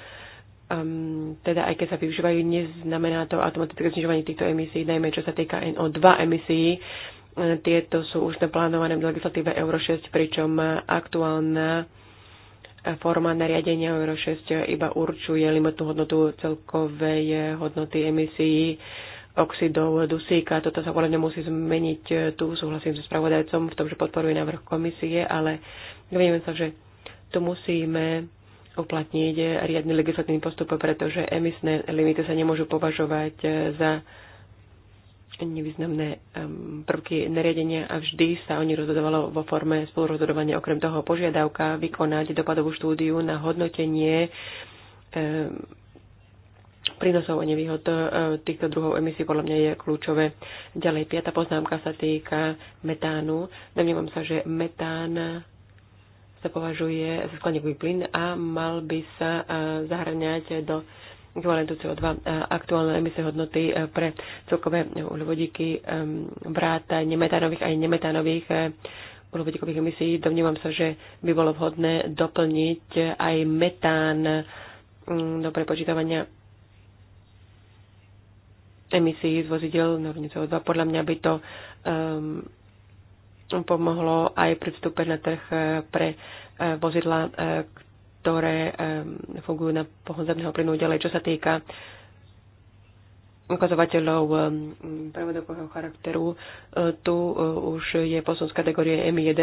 Um, teda aj keď sa využívajú, neznamená to automatické znižovanie týchto emisí, najmä čo sa týka NO2 emisí. Um, tieto sú už naplánované v legislatíve Euro 6, pričom aktuálna forma nariadenia Euro 6 iba určuje limitnú hodnotu celkovej hodnoty emisií oxidov dusíka. Toto sa podľa musí zmeniť. Tu súhlasím so spravodajcom v tom, že podporuje návrh komisie, ale vidíme sa, že tu musíme uplatniť riadny legislatívny postup, pretože emisné limity sa nemôžu považovať za nevýznamné prvky nariadenia a vždy sa o nich rozhodovalo vo forme spolurozhodovania. Okrem toho požiadavka vykonať dopadovú štúdiu na hodnotenie prínosov a nevýhod e, týchto druhov emisí podľa mňa je kľúčové. Ďalej, piata poznámka sa týka metánu. Domnievam sa, že metán sa považuje za skleníkový plyn a mal by sa e, zahrňať do ekvivalentu CO2 e, aktuálne emisie hodnoty e, pre celkové uhľovodíky e, vráta nemetánových aj nemetánových uhľovodíkových emisí. Domnívam sa, že by bolo vhodné doplniť aj metán mm, do prepočítavania emisí z vozidel na rovni CO2. Podľa mňa by to um, pomohlo aj pri vstupe na trh pre vozidla, ktoré fungujú na pohľadného plynu ďalej, čo sa týka ukazovateľov prevodokového charakteru. E, tu e, už je posun z kategórie M1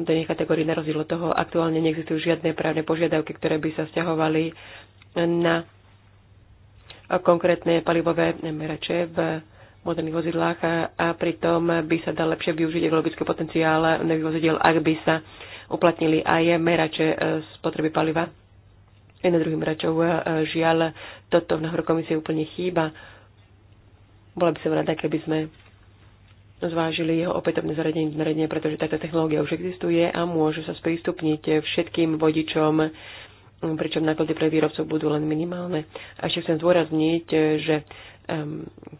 do iných kategórií na rozdiel od toho. Aktuálne neexistujú žiadne právne požiadavky, ktoré by sa vzťahovali na konkrétne palivové merače v moderných vozidlách a pritom by sa dal lepšie využiť ekologický potenciál nových vozidel, ak by sa uplatnili aj merače e, spotreby paliva. Aj na druhým meračov e, žiaľ, toto v návrhu komisie úplne chýba. Bola by som rada, keby sme zvážili jeho opätovné zaradenie do pretože táto technológia už existuje a môže sa sprístupniť všetkým vodičom, pričom náklady pre výrobcov budú len minimálne. A ešte chcem zdôrazniť, že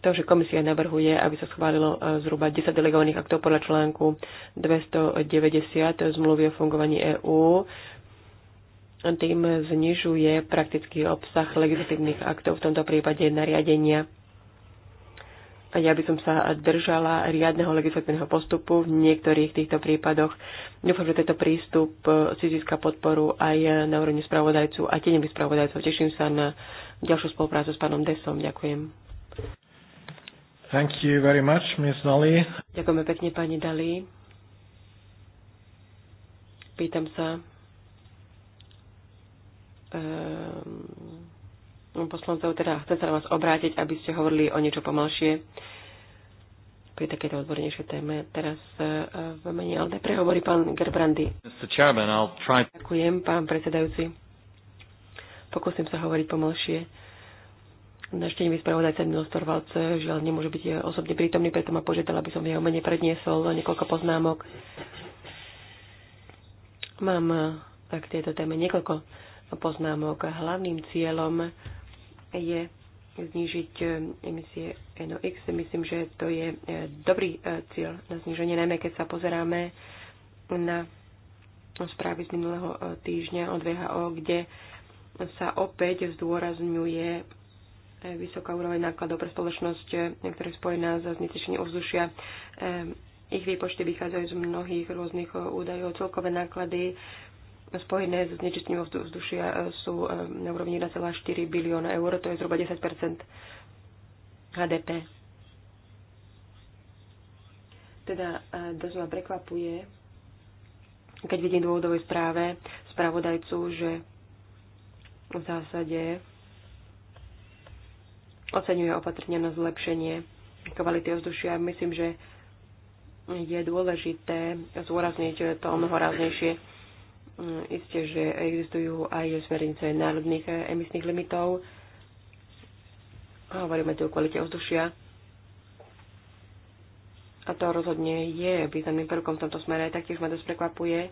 to, že komisia navrhuje, aby sa schválilo e, zhruba 10 delegovaných aktov podľa článku 290 zmluvy o fungovaní EÚ, tým znižuje praktický obsah legislatívnych aktov, v tomto prípade nariadenia. A ja by som sa držala riadneho legislatívneho postupu v niektorých týchto prípadoch. Dúfam, že tento prístup e, si získa podporu aj na úrovni spravodajcu a tieňových spravodajcov. Teším sa na ďalšiu spoluprácu s pánom Desom. Ďakujem. Thank you very much, Ms. Dali. Ďakujeme pekne, pani Dali. Pýtam sa um, poslancov, teda chcem sa na vás obrátiť, aby ste hovorili o niečo pomalšie pri takéto odbornejšie téme. Teraz uh, v mene LD prehovorí pán Gerbrandy. Ďakujem, pán predsedajúci. Pokúsim sa hovoriť pomalšie. Naštevný spravodajca Minister Valce žiaľ nemôže byť osobne prítomný, preto ma požiadala, aby som jeho mene predniesol niekoľko poznámok. Mám eh, k tejto téme niekoľko poznámok. Hlavným cieľom je znížiť eh, emisie NOx. Myslím, že to je eh, dobrý cieľ na zniženie, najmä keď sa pozeráme na správy z minulého týždňa od VHO, kde sa opäť zdôrazňuje E, vysoká úroveň nákladov pre spoločnosť, e, ktorá je spojená za znečištením ovzdušia. E, ich výpočty vychádzajú z mnohých rôznych údajov. Celkové náklady spojené s znečistením ovzdušia sú na úrovni 1,4 bilióna eur, to je zhruba 10 HDP. Teda dosť ma prekvapuje, keď vidím dôvodovej správe spravodajcu, že v zásade oceňuje opatrenia na zlepšenie kvality ovzdušia. Myslím, že je dôležité zúrazniť to o mnoho ráznejšie. Mm, Isté, že existujú aj smernice národných emisných limitov. Hovoríme tu o kvalite ovzdušia. A to rozhodne je významným prvkom v tomto smere. Taktiež ma dosť prekvapuje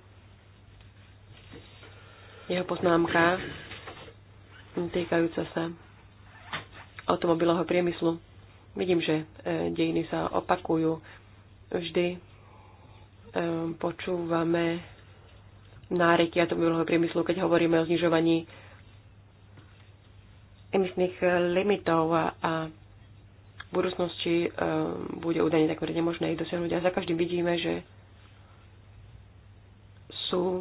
jeho poznámka týkajúca sa automobilového priemyslu. Vidím, že e, dejiny sa opakujú. Vždy e, počúvame náreky automobilového priemyslu, keď hovoríme o znižovaní emisných e, limitov a v budúcnosti bude údajne takmer nemožné ich dosiahnuť. A za každým vidíme, že sú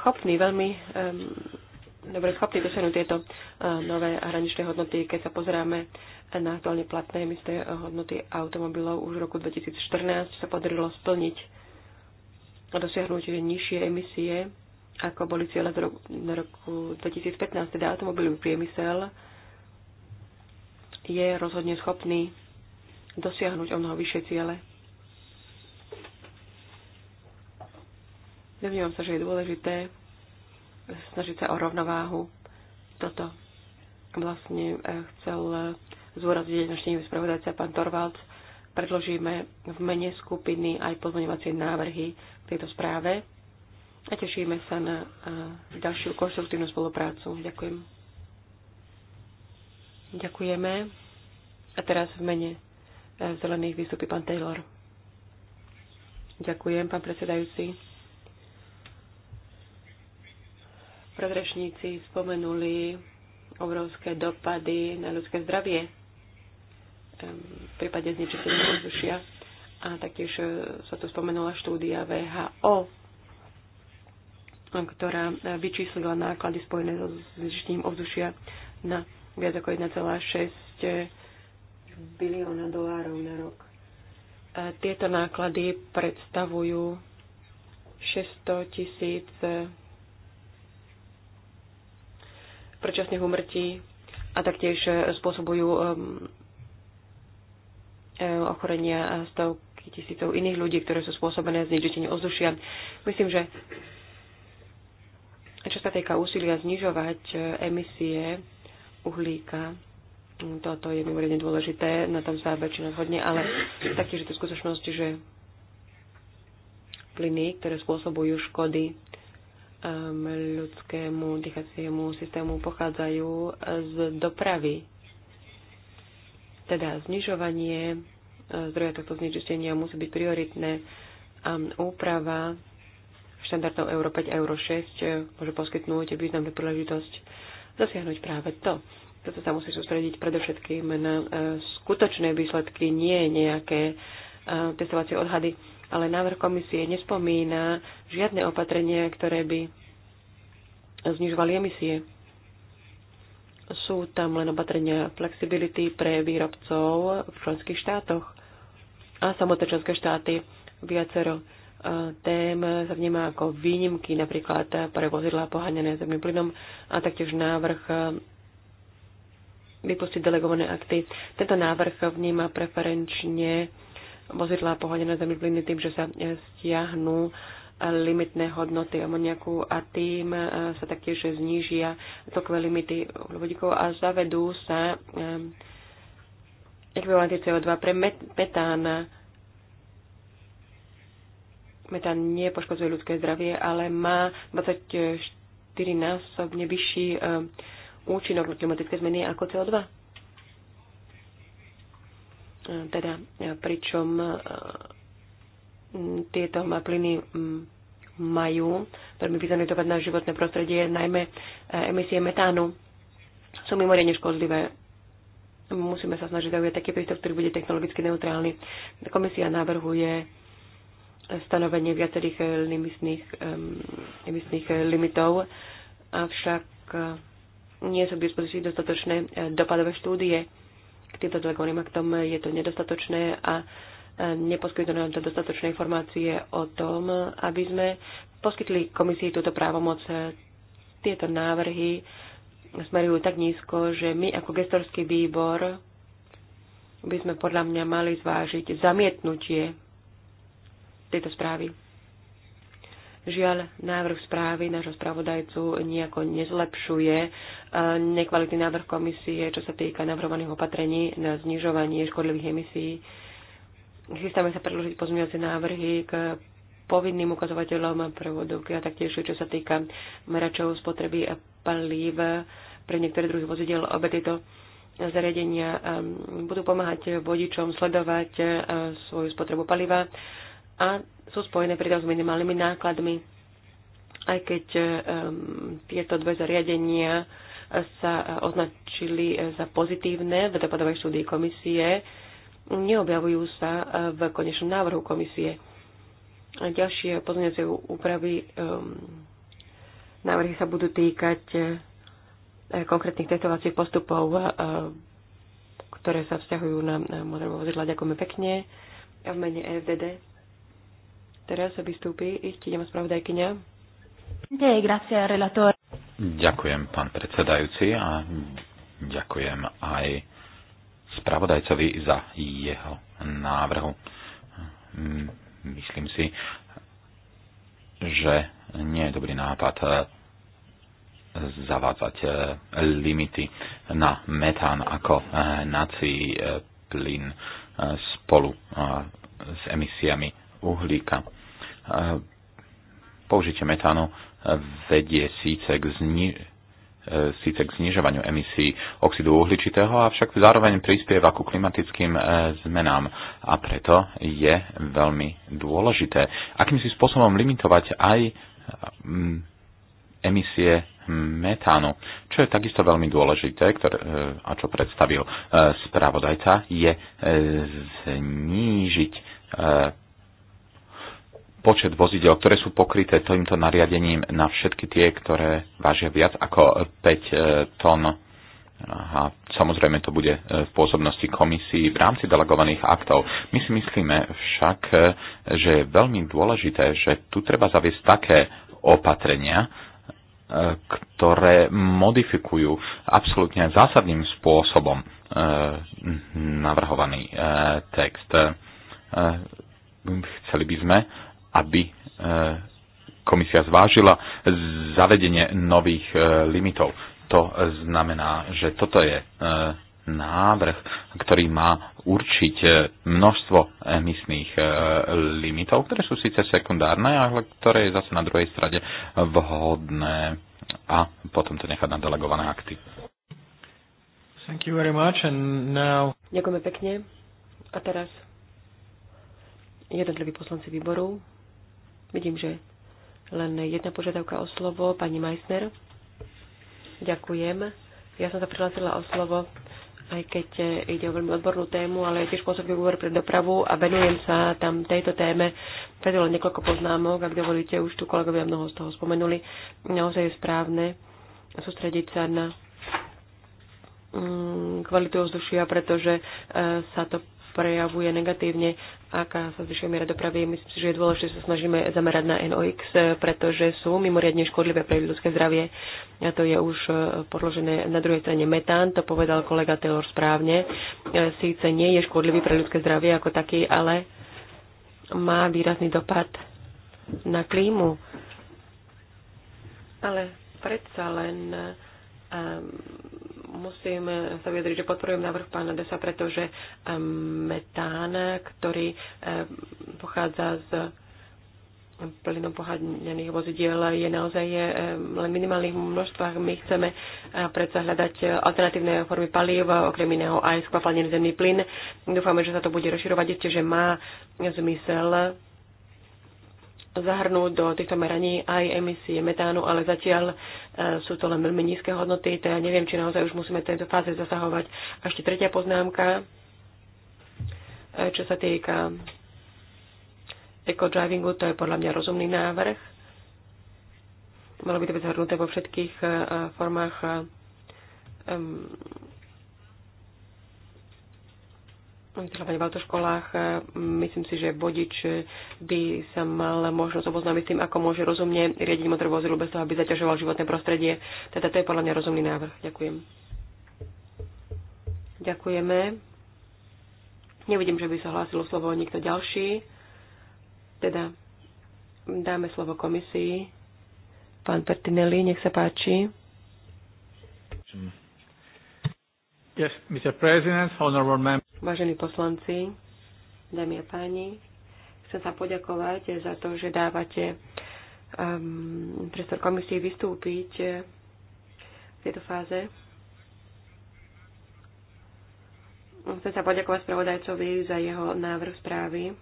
schopní veľmi dobre schopní dosiahnuť tieto e, nové hraničné hodnoty. Keď sa pozeráme na aktuálne platné emisné e, hodnoty automobilov, už v roku 2014 sa podarilo splniť a dosiahnuť nižšie emisie, ako boli cieľe z roku, na roku 2015. Teda automobilový priemysel je rozhodne schopný dosiahnuť o mnoho vyššie ciele. Domnívam sa, že je dôležité snažiť sa o rovnováhu. Toto vlastne eh, chcel eh, zúraziť dnešný spravodajca pán Torvalds. Predložíme v mene skupiny aj pozmeňovacie návrhy k tejto správe a tešíme sa na eh, ďalšiu konstruktívnu spoluprácu. Ďakujem. Ďakujeme. A teraz v mene zelených vystupí pán Taylor. Ďakujem, pán predsedajúci. Predrečníci spomenuli obrovské dopady na ľudské zdravie v prípade znečistenia ovzdušia a taktiež e, sa tu spomenula štúdia VHO, ktorá e, vyčíslila náklady spojené so znečistením ovzdušia na viac ako 1,6 e, bilióna dolárov na rok. Tieto náklady predstavujú 600 tisíc predčasných umrtí a taktiež eh, spôsobujú eh, eh, ochorenia stovky tisícov iných ľudí, ktoré sú spôsobené zničením ozdušia. Myslím, že čo sa týka úsilia znižovať emisie uhlíka, hm, toto je mimoriadne dôležité, na tom sa väčšina zhodne, ale taktiež je to skutočnosť, že plyny, ktoré spôsobujú škody um, ľudskému dýchaciemu systému pochádzajú z dopravy. Teda znižovanie e, zdroja tohto znečistenia musí byť prioritné a úprava štandardov Euro 5 a Euro 6 e, môže poskytnúť významnú príležitosť zasiahnuť práve to. Toto sa musí sústrediť predovšetkým na e, skutočné výsledky, nie nejaké testovacie odhady ale návrh komisie nespomína žiadne opatrenia, ktoré by znižovali emisie. Sú tam len opatrenia flexibility pre výrobcov v členských štátoch a samotné členské štáty viacero e, tém sa vníma ako výnimky, napríklad pre vozidlá poháňané zemným plynom a taktiež návrh e, vypustiť delegované akty. Tento návrh vníma preferenčne vozidla pohodené zemi plyny tým, že sa e, stiahnú e, limitné hodnoty amoniaku a tým e, sa taktiež znížia tokové limity uhlovodíkov a zavedú sa ekvivalenty CO2 pre metán. Metán nie poškodzuje ľudské zdravie, ale má 24-násobne vyšší účinok klimatické zmeny ako CO2. Teda, e, pričom e, tieto plyny majú veľmi významný dopad na životné prostredie, najmä e, emisie metánu sú mimoriadne škodlivé. Musíme sa snažiť zaujať taký prístup, ktorý bude technologicky neutrálny. Komisia navrhuje stanovenie viacerých limitných, limitných limitov, avšak nie sú k dispozícii dostatočné dopadové štúdie k týmto telekomným aktom je to nedostatočné a e, neposkytujú nám to dostatočné informácie o tom, aby sme poskytli komisii túto právomoc. Tieto návrhy smerujú tak nízko, že my ako gestorský výbor by sme podľa mňa mali zvážiť zamietnutie tejto správy. Žiaľ, návrh správy nášho spravodajcu nejako nezlepšuje e, nekvalitný návrh komisie, čo sa týka navrhovaných opatrení na znižovanie škodlivých emisí. Chystáme sa predložiť pozmeňovacie návrhy k povinným ukazovateľom prevodovky a taktiež, čo sa týka meračov spotreby a palív pre niektoré druhy vozidel. Obe tieto zariadenia e, budú pomáhať vodičom sledovať e, svoju spotrebu paliva a sú spojené pritom s minimálnymi nákladmi. Aj keď um, tieto dve zariadenia sa označili za pozitívne v dopadovej štúdii komisie, neobjavujú sa uh, v konečnom návrhu komisie. A ďalšie pozmeňujúce úpravy um, návrhy sa budú týkať uh, konkrétnych testovacích postupov, uh, ktoré sa vzťahujú na motorové vozidla. Ďakujeme pekne. A v mene e FDD Teraz vystúpi ich tieňom Ďakujem, pán predsedajúci, a ďakujem aj spravodajcovi za jeho návrhu. Myslím si, že nie je dobrý nápad zavádzať limity na metán ako nací plyn spolu s emisiami uhlíka. Eh, použitie metánu eh, vedie síce k, zni- eh, síce k znižovaniu emisí oxidu uhličitého, avšak zároveň prispieva ku klimatickým zmenám a preto je veľmi dôležité akýmsi spôsobom limitovať aj mm, emisie metánu, čo je takisto veľmi dôležité, ktoré, a čo predstavil spravodajca, je znížiť počet vozidel, ktoré sú pokryté týmto nariadením na všetky tie, ktoré vážia viac ako 5 e, tón. A samozrejme to bude e, v pôsobnosti komisí v rámci delegovaných aktov. My si myslíme však, e, že je veľmi dôležité, že tu treba zaviesť také opatrenia, ktoré modifikujú absolútne zásadným spôsobom navrhovaný text. Chceli by sme aby e, komisia zvážila zavedenie nových e, limitov. To znamená, že toto je e, návrh, ktorý má určiť množstvo emisných limitov, ktoré sú síce sekundárne, ale ktoré je zase na druhej strade vhodné a potom to nechať na delegované akty. Thank you very much and now... Ďakujeme pekne. A teraz jednotliví poslanci výboru. Vidím, že len jedna požiadavka o slovo, pani Meissner. Ďakujem. Ja som sa prihlásila o slovo, aj keď eh, ide o veľmi odbornú tému, ale tiež pôsobí úver pre dopravu a venujem sa tam tejto téme. Preto len niekoľko poznámok, ak dovolíte, už tu kolegovia mnoho z toho spomenuli. Naozaj je správne sústrediť sa na mm, kvalitu ovzdušia, pretože eh, sa to prejavuje negatívne, aká sa zvyšuje miera dopravy. Myslím si, že je dôležité, že sa snažíme zamerať na NOx, pretože sú mimoriadne škodlivé pre ľudské zdravie. A to je už eh, podložené na druhej strane metán, to povedal kolega Taylor správne. Eh, síce nie je škodlivý pre ľudské zdravie ako taký, ale má výrazný dopad na klímu. Ale predsa len um, musím sa vyjadriť, že podporujem návrh pána Desa, pretože ehm, metán, ktorý ehm, pochádza z plynom pohádnených vozidiel je naozaj ehm, len v minimálnych množstvách. My chceme eh, predsa hľadať alternatívne formy palív, okrem iného aj skvapalnený zemný plyn. Dúfame, že sa to bude rozširovať. Isté, že má zmysel zahrnúť do týchto meraní aj emisie metánu, ale zatiaľ e, sú to len veľmi nízke hodnoty, to ja neviem, či naozaj už musíme tejto fáze zasahovať. A ešte tretia poznámka, e, čo sa týka eco-drivingu, to je podľa mňa rozumný návrh. Malo by to byť zahrnuté vo všetkých e, formách vzdelávanie v autoškolách. E, myslím si, že vodič by sa mal možnosť oboznámiť s tým, ako môže rozumne riadiť motor vozidlo bez toho, aby zaťažoval životné prostredie. Teda to je podľa mňa rozumný návrh. Ďakujem. Ďakujeme. Nevidím, že by sa hlásilo slovo nikto ďalší. Teda dáme slovo komisii. Pán Pertinelli, nech sa páči. Yes, Mr. President, honorable members. Vážení poslanci, dámy a páni, chcem sa poďakovať za to, že dávate um, priestor komisii vystúpiť v tejto fáze. Chcem sa poďakovať spravodajcovi za jeho návrh správy,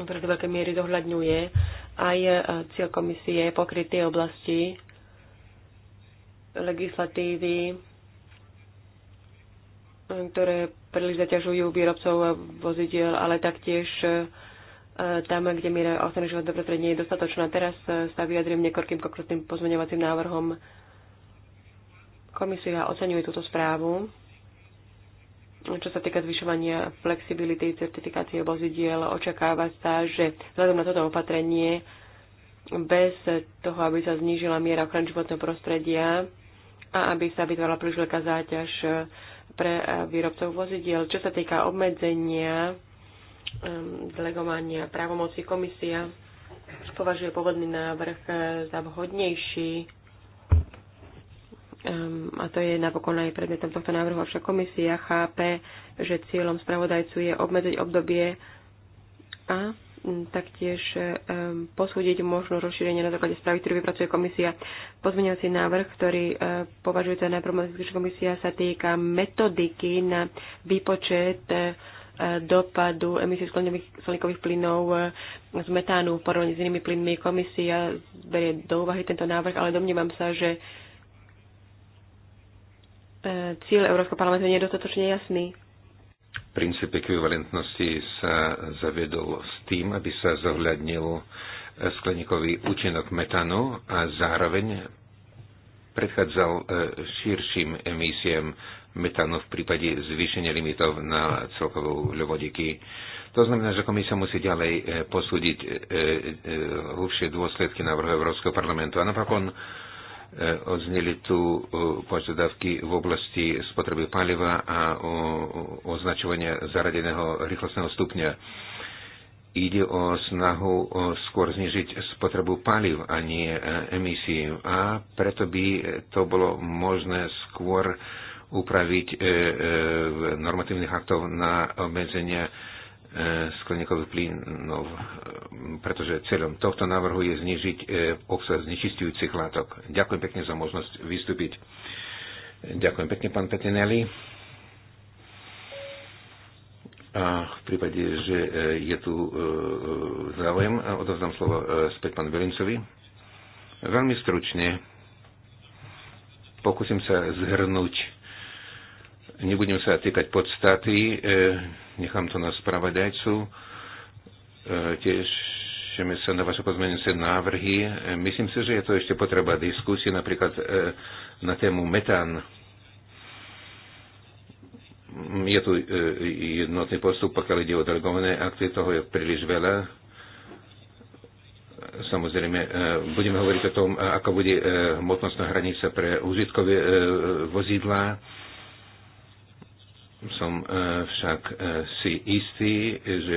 ktorý do veľkej miery zohľadňuje aj e, cieľ komisie pokryť oblasti legislatívy, e, ktoré príliš zaťažujú výrobcov vozidiel, ale taktiež e, tam, kde miera ochrany životného prostredia je dostatočná. Teraz e, sa vyjadrím niekoľkým konkrétnym pozmeňovacím návrhom. Komisia oceňuje túto správu, čo sa týka zvyšovania flexibility certifikácie vozidiel. Očakáva sa, že vzhľadom na toto opatrenie, bez toho, aby sa znížila miera ochrany životného prostredia a aby sa vytvorila príliš veľká záťaž, pre eh, výrobcov vozidiel. Čo sa týka obmedzenia ehm, delegovania právomocí komisia považuje pôvodný návrh eh, za vhodnejší ehm, a to je napokon aj predmetom tohto návrhu, avšak komisia chápe, že cieľom spravodajcu je obmedziť obdobie a taktiež e, posúdiť možno rozšírenie na základe správy, ktorú vypracuje komisia. Pozmeňovací návrh, ktorý e, považuje za najproblematickejší komisia, sa týka metodiky na výpočet e, dopadu emisí skleníkových plynov z metánu v porovnaní s inými plynmi. Komisia berie do úvahy tento návrh, ale domnívam sa, že cieľ Európskeho parlamentu nie je dostatočne jasný Princíp ekvivalentnosti sa zaviedol s tým, aby sa zohľadnil skleníkový účinok metanu a zároveň predchádzal e, širším emisiem metanu v prípade zvýšenia limitov na celkovú ľovodiky. To znamená, že komisia musí ďalej e, posúdiť e, hlubšie dôsledky návrhu Európskeho parlamentu. A napokon odzneli tu e, požiadavky v oblasti spotreby paliva a označovania zaradeného rýchlostného stupňa. Ide o snahu skôr znižiť spotrebu paliv a nie e, emisí. A preto by to bolo možné skôr upraviť e, normatívnych aktov na obmedzenie E, skleníkových plynov, e, pretože cieľom tohto návrhu je znižiť e, obsah znečistujúcich látok. Ďakujem pekne za možnosť vystúpiť. Ďakujem pekne, pán Petinelli. A v prípade, že je tu záujem, odovzdám slovo späť pán Velincovi. Veľmi stručne pokúsim sa zhrnúť. Nebudem sa týkať podstaty Nechám to na spravodajcu. E, tešíme sa na vaše pozmenujúce návrhy. E, myslím si, že je to ešte potreba diskusie, napríklad e, na tému metán. Je tu jednotný postup, pokiaľ ide o delegované akty, toho je príliš veľa samozrejme budeme hovoriť o tom, ako bude hmotnostná hranica pre užitkové vozidlá. Som e, však e, si istý, že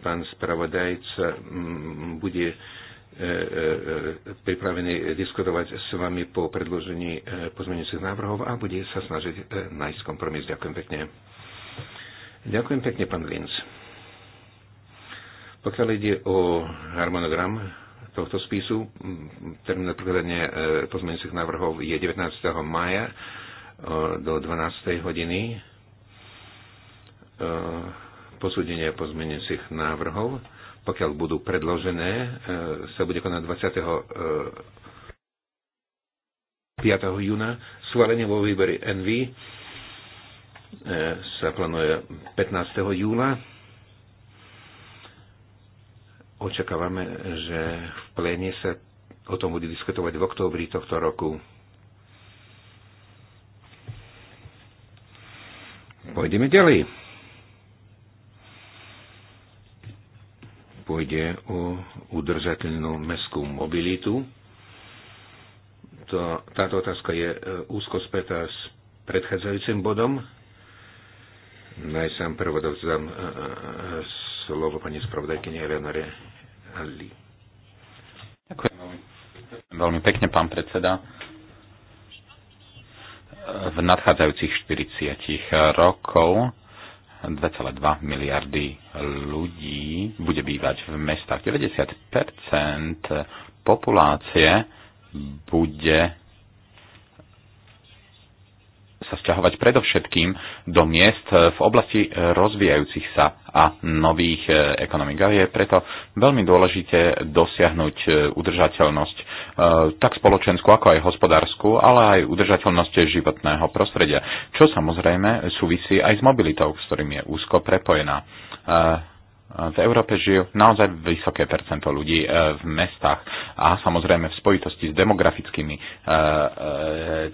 pán spravodajca bude e, pripravený diskutovať s vami po predložení pozmeňujúcich návrhov a bude sa snažiť nájsť kompromis. Ďakujem pekne. Ďakujem pekne, pán Linz. Pokiaľ ide o harmonogram tohto spisu, termín na prekladanie pozmeňujúcich návrhov je 19. maja do 12. hodiny E, posúdenia pozmeniacich návrhov, pokiaľ budú predložené, e, sa bude konať 20. E, júna. Schválenie vo výbere NV sa plánuje 15. júla. Očakávame, že v pléne sa o tom bude diskutovať v októbri tohto roku. Pôjdeme ďalej. pôjde o udržateľnú mestskú mobilitu. To, táto otázka je e, úzko spätá s predchádzajúcim bodom. Najsám prvodovzdám e, e, slovo pani spravodajkyne Eleonore Ali. Ďakujem veľmi, veľmi pekne, pán predseda. V nadchádzajúcich 40 rokov 2,2 miliardy ľudí bude bývať v mestách. 90 populácie bude sa sťahovať predovšetkým do miest eh, v oblasti eh, rozvíjajúcich sa a nových eh, ekonomik. A je preto veľmi dôležité dosiahnuť udržateľnosť tak spoločenskú, ako aj hospodárskú, ale aj udržateľnosť životného prostredia, čo samozrejme súvisí aj s mobilitou, s ktorým je úzko prepojená v Európe žijú naozaj vysoké percento ľudí e, v mestách a samozrejme v spojitosti s demografickými e, e,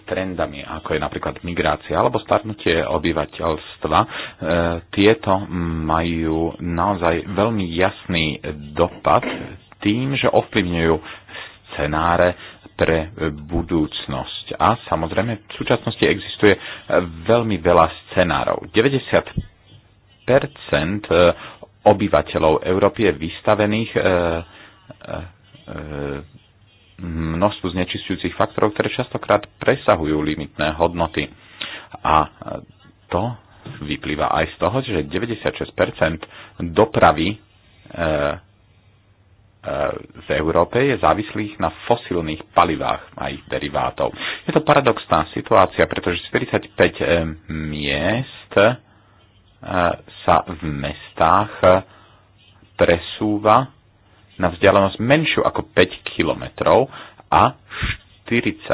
trendami, ako je napríklad migrácia alebo starnutie obyvateľstva, tieto majú naozaj veľmi jasný dopad tým, že ovplyvňujú scenáre pre budúcnosť. A samozrejme v súčasnosti existuje veľmi veľa scenárov. 90% obyvateľov Európy je vystavených e, e, e, množstvu znečistujúcich faktorov, ktoré častokrát presahujú limitné hodnoty. A to vyplýva aj z toho, že 96% dopravy e, v e, Európe je závislých na fosilných palivách a ich derivátov. Je to paradoxná situácia, pretože 45 e, miest E, sa v mestách presúva na vzdialenosť menšiu ako 5 kilometrov a 40 e,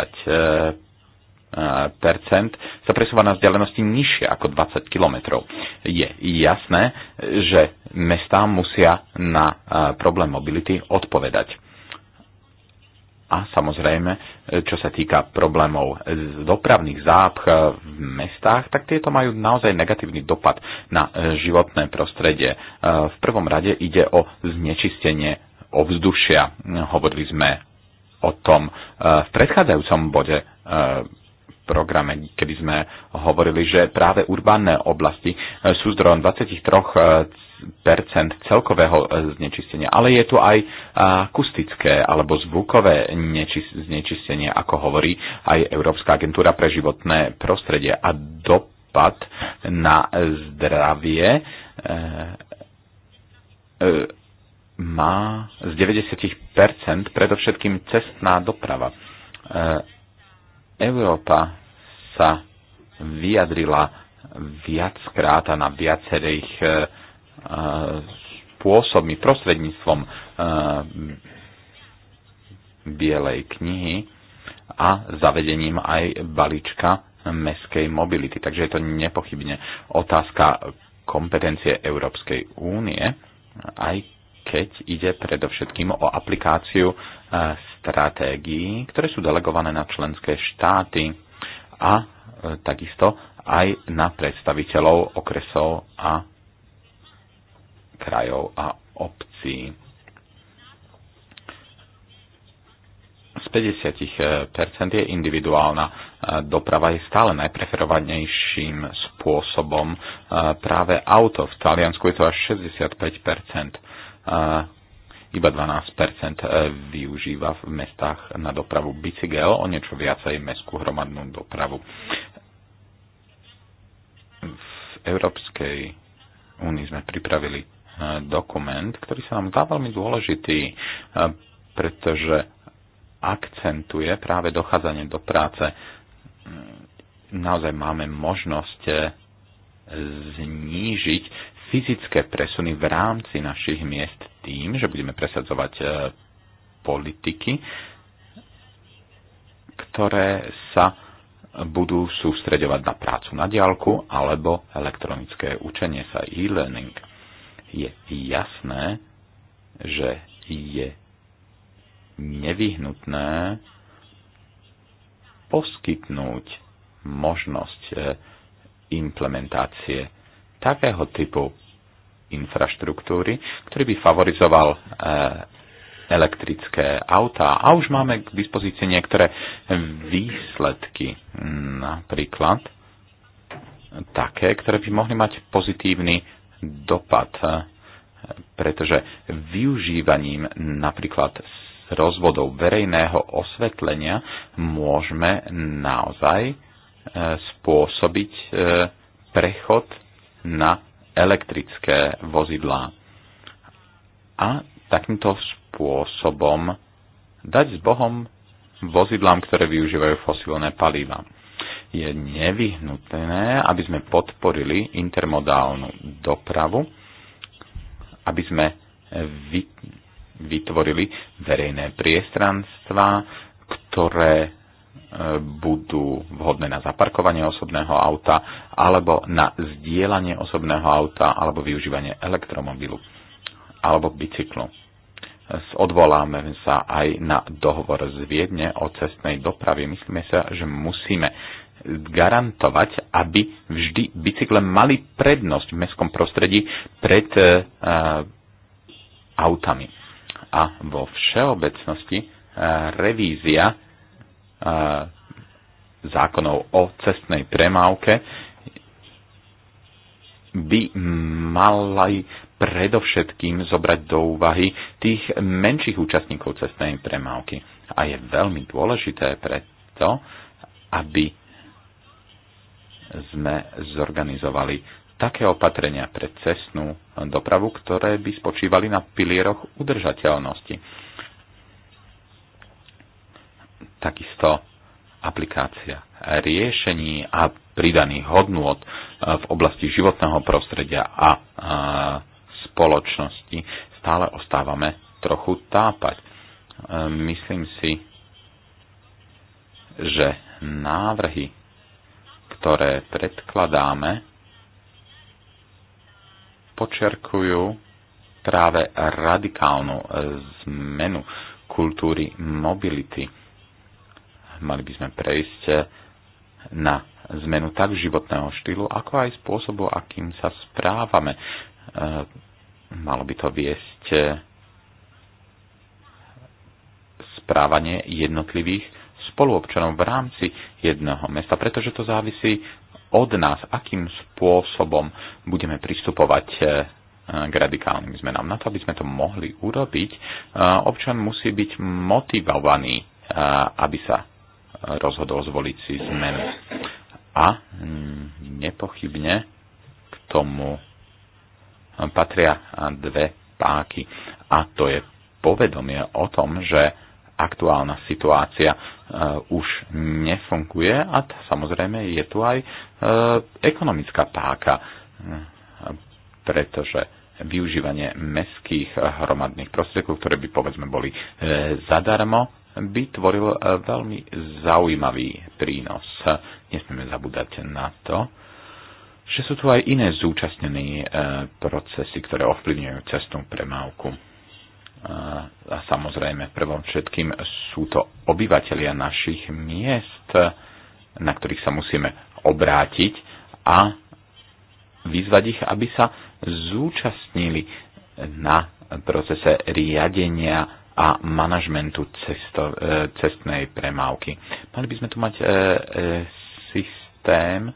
sa presúva na vzdialenosti nižšie ako 20 kilometrov. Je jasné, že mestá musia na e, problém mobility odpovedať. A samozrejme, čo sa týka problémov z dopravných zápch v mestách, tak tieto majú naozaj negatívny dopad na e, životné prostredie. E, v prvom rade ide o znečistenie ovzdušia. Hovorili sme o tom e, v predchádzajúcom bode programe, kedy sme hovorili, že práve urbánne oblasti sú zdrojom 23 celkového e, znečistenia, ale je tu aj e, akustické alebo zvukové znečistenie, ako hovorí aj Európska agentúra pre životné prostredie a dopad na zdravie e, má z 90% predovšetkým cestná doprava. Európa sa vyjadrila viackrát a na viacerých spôsobmi, prostredníctvom eh, Bielej knihy a zavedením aj balíčka meskej mobility. Takže je to nepochybne otázka kompetencie Európskej únie, aj keď ide predovšetkým o aplikáciu eh, stratégií, ktoré sú delegované na členské štáty a eh, takisto aj na predstaviteľov okresov a krajov a obcí. Z 50 je individuálna doprava je stále najpreferovanejším spôsobom práve auto. V Taliansku je to až 65 iba 12 e, využíva v mestách na dopravu bicykel, o niečo viacej mestskú hromadnú dopravu. V Európskej únii sme pripravili dokument, ktorý sa nám dá veľmi dôležitý, e, pretože akcentuje práve dochádzanie do práce. Mm, naozaj máme možnosť e, znížiť fyzické presuny v rámci našich miest tým, že budeme presadzovať e, politiky, ktoré sa budú sústreďovať na prácu na diálku alebo elektronické učenie sa e-learning je jasné, že je nevyhnutné poskytnúť možnosť e, implementácie takého typu infraštruktúry, ktorý by favorizoval e, elektrické autá. A už máme k dispozícii niektoré výsledky, napríklad také, ktoré by mohli mať pozitívny dopad, e, pretože využívaním napríklad rozvodov verejného osvetlenia môžeme naozaj e, spôsobiť e, prechod na elektrické vozidlá. A takýmto spôsobom dať s Bohom vozidlám, ktoré využívajú fosílne paliva je nevyhnutné, aby sme podporili intermodálnu dopravu, aby sme vytvorili verejné priestranstva, ktoré e, budú vhodné na zaparkovanie osobného auta alebo na zdieľanie osobného auta alebo využívanie elektromobilu alebo bicyklu. Odvoláme sa aj na dohovor z Viedne o cestnej doprave. Myslíme sa, že musíme garantovať, aby vždy bicykle mali prednosť v mestskom prostredí pred eh, eh, autami. A vo všeobecnosti eh, revízia zákonov o cestnej premávke by mala predovšetkým zobrať do úvahy tých menších účastníkov cestnej premávky. A je veľmi dôležité preto, aby sme zorganizovali také opatrenia pre cestnú dopravu, ktoré by spočívali na pilieroch udržateľnosti. Takisto aplikácia riešení a pridaných hodnôt e, v oblasti životného prostredia a e, spoločnosti stále ostávame trochu tápať. E, myslím si, že návrhy ktoré predkladáme, počerkujú práve radikálnu e, zmenu kultúry mobility. Mali by sme prejsť na zmenu tak životného štýlu, ako aj spôsobu, akým sa správame. E, malo by to viesť e, správanie jednotlivých spoluobčanov v rámci jedného mesta, pretože to závisí od nás, akým spôsobom budeme pristupovať eh, k radikálnym zmenám. Na to, aby sme to mohli urobiť, eh, občan musí byť motivovaný, eh, aby sa rozhodol zvoliť si zmenu. A mm, nepochybne k tomu patria dve páky. A to je povedomie o tom, že aktuálna situácia Eh, už nefunguje a samozrejme je tu aj eh, ekonomická páka, eh, pretože využívanie mestských hromadných prostriedkov, ktoré by povedzme boli zadarmo, by tvoril veľmi zaujímavý prínos. Nesmieme zabúdať na to, že sú tu aj iné zúčastnené procesy, ktoré ovplyvňujú cestnú premávku a samozrejme prvom všetkým sú to obyvateľia našich miest, na ktorých sa musíme obrátiť a vyzvať ich, aby sa zúčastnili na procese riadenia a manažmentu cesto, e, cestnej premávky. Mali by sme tu mať e, e, systém,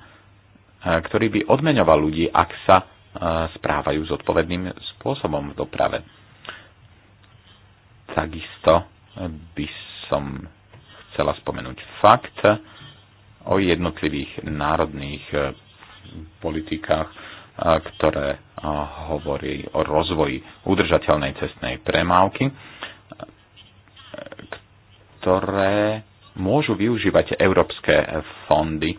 ktorý by odmeňoval ľudí, ak sa správajú zodpovedným spôsobom v doprave Takisto by som chcela spomenúť fakt o jednotlivých národných eh, politikách, eh, ktoré eh, hovorí o rozvoji udržateľnej cestnej premávky, ktoré môžu využívať európske fondy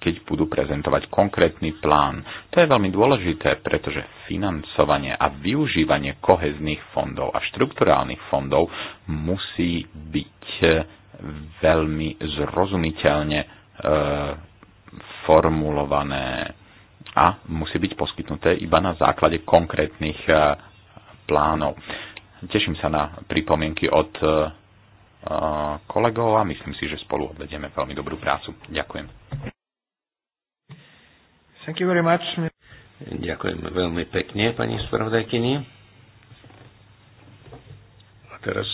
keď budú prezentovať konkrétny plán. To je veľmi dôležité, pretože financovanie a využívanie kohezných fondov a štrukturálnych fondov musí byť e, veľmi zrozumiteľne e, formulované a musí byť poskytnuté iba na základe konkrétnych e, plánov. Teším sa na pripomienky od Eh, kolegov a myslím si, že spolu odvedieme veľmi dobrú prácu. Ďakujem. Thank you very much. Ďakujem veľmi pekne, pani spravodajkyni. A teraz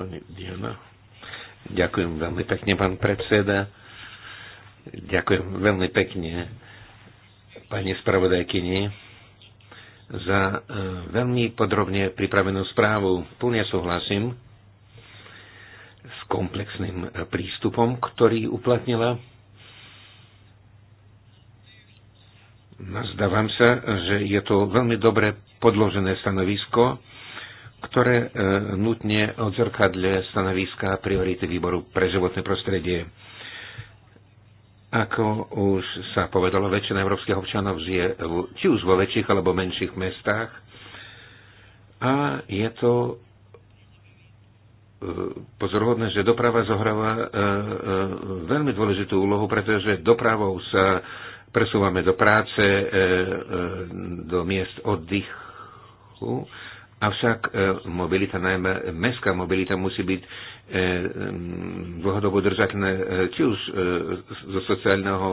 pani Diana. Ďakujem veľmi pekne, pán predseda. Ďakujem veľmi pekne, pani spravodajkyni za e, veľmi podrobne pripravenú správu. Plne súhlasím s komplexným e, prístupom, ktorý uplatnila. Nazdávam sa, že je to veľmi dobre podložené stanovisko, ktoré e, nutne odzrkadľuje stanoviska a priority výboru pre životné prostredie. Ako už sa povedalo, väčšina európskych občanov žije či už vo väčších alebo menších mestách a je to e, pozorhodné, že doprava zohráva e, e, veľmi dôležitú úlohu, pretože dopravou sa presúvame do práce, do miest oddychu Avšak e, mobilita, najmä mestská mobilita, musí byť e, dlhodobo držateľná e, či už zo sociálneho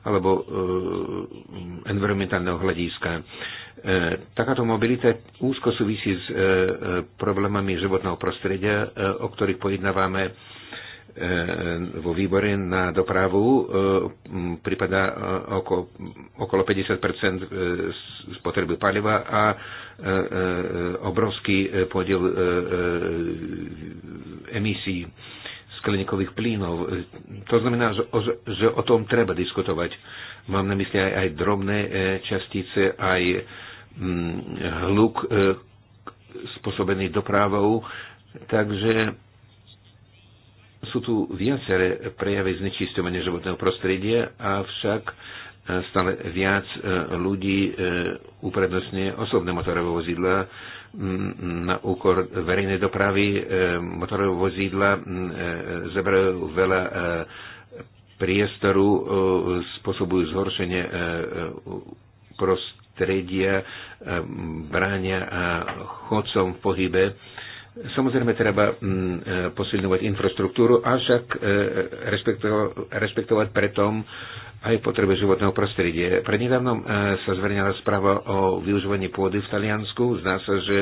alebo environmentálneho hľadiska. Takáto mobilita úzko súvisí s problémami životného prostredia, o ktorých pojednávame E, vo výbore na dopravu e, pripadá e, oko, okolo 50 spotreby paliva a obrovský podiel emisí skleníkových plynov. To znamená, že o tom treba diskutovať. Mám na mysli aj, aj drobné častice, aj hluk spôsobený dopravou. Takže sú tu viaceré prejavy znečistovania životného prostredia, avšak e, stále viac e, ľudí e, uprednostňuje osobné motorové vozidla na úkor verejnej dopravy. Motorové vozidla zaberajú veľa priestoru, spôsobujú zhoršenie prostredia, a chodcom v pohybe Samozrejme, treba mm, e, posilňovať infraštruktúru, avšak e, rešpektovať pretom aj potreby životného prostredie. Prednedávnom e, sa zverejnila správa o využívaní pôdy v Taliansku. Zdá sa, že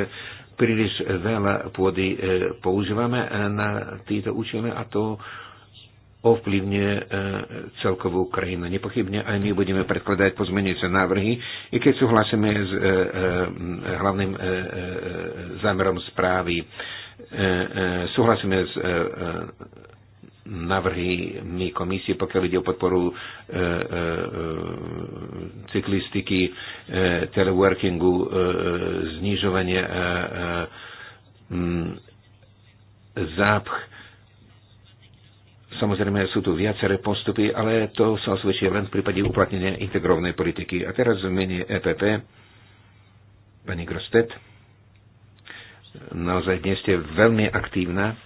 príliš veľa pôdy používame na tieto účely a to ovplyvňuje e, celkovú krajinu. Nepochybne aj my budeme predkladať pozmenujúce návrhy, i keď súhlasíme s e, e, hlavným zámerom správy. Súhlasíme s návrhmi komisie, pokiaľ ide o podporu cyklistiky, teleworkingu, znižovanie znižovania zápch. Samozrejme, sú tu viaceré postupy, ale to sa osvedčuje len v prípade uplatnenia integrovnej politiky. A teraz v mene EPP, pani Grostet, naozaj dnes ste veľmi aktívna.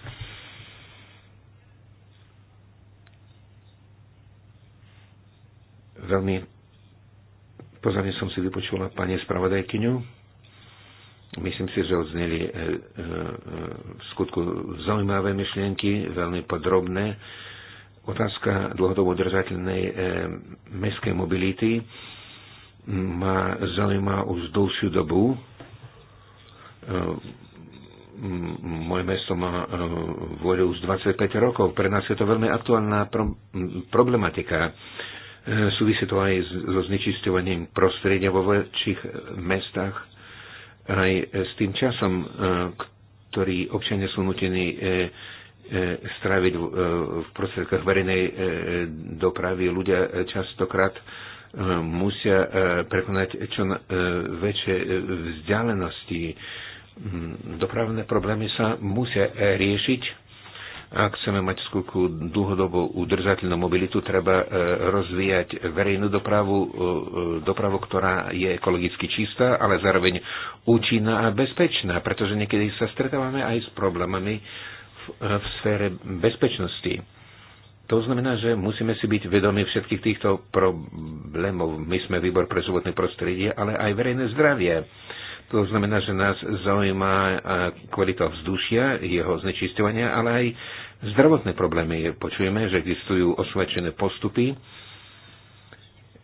Veľmi pozorne som si vypočula pani spravodajkyňu Myslím si, že odzneli e, e, v skutku zaujímavé myšlienky, veľmi podrobné. Otázka dlhodobo udržateľnej e, mestskej mobility ma zaujíma už dlhšiu dobu. Moje mesto má vôľu už 25 rokov. Pre nás je to veľmi aktuálna problematika. Súvisí to aj so znečisťovaním prostredia vo väčších mestách aj e, s tým časom, e, ktorý občania sú nutení e, stráviť v prostriedkách verejnej dopravy. Ľudia častokrát musia prekonať čo väčšie vzdialenosti. Dopravné problémy sa musia riešiť ak chceme mať skúku dlhodobú udržateľnú mobilitu, treba e, rozvíjať verejnú dopravu, e, e, dopravu, ktorá je ekologicky čistá, ale zároveň účinná a bezpečná, pretože niekedy sa stretávame aj s problémami v, v sfére bezpečnosti. To znamená, že musíme si byť vedomi všetkých týchto problémov. My sme výbor pre životné prostredie, ale aj verejné zdravie. To znamená, že nás zaujíma kvalita vzdušia, jeho znečisťovania, ale aj zdravotné problémy. Počujeme, že existujú osvedčené postupy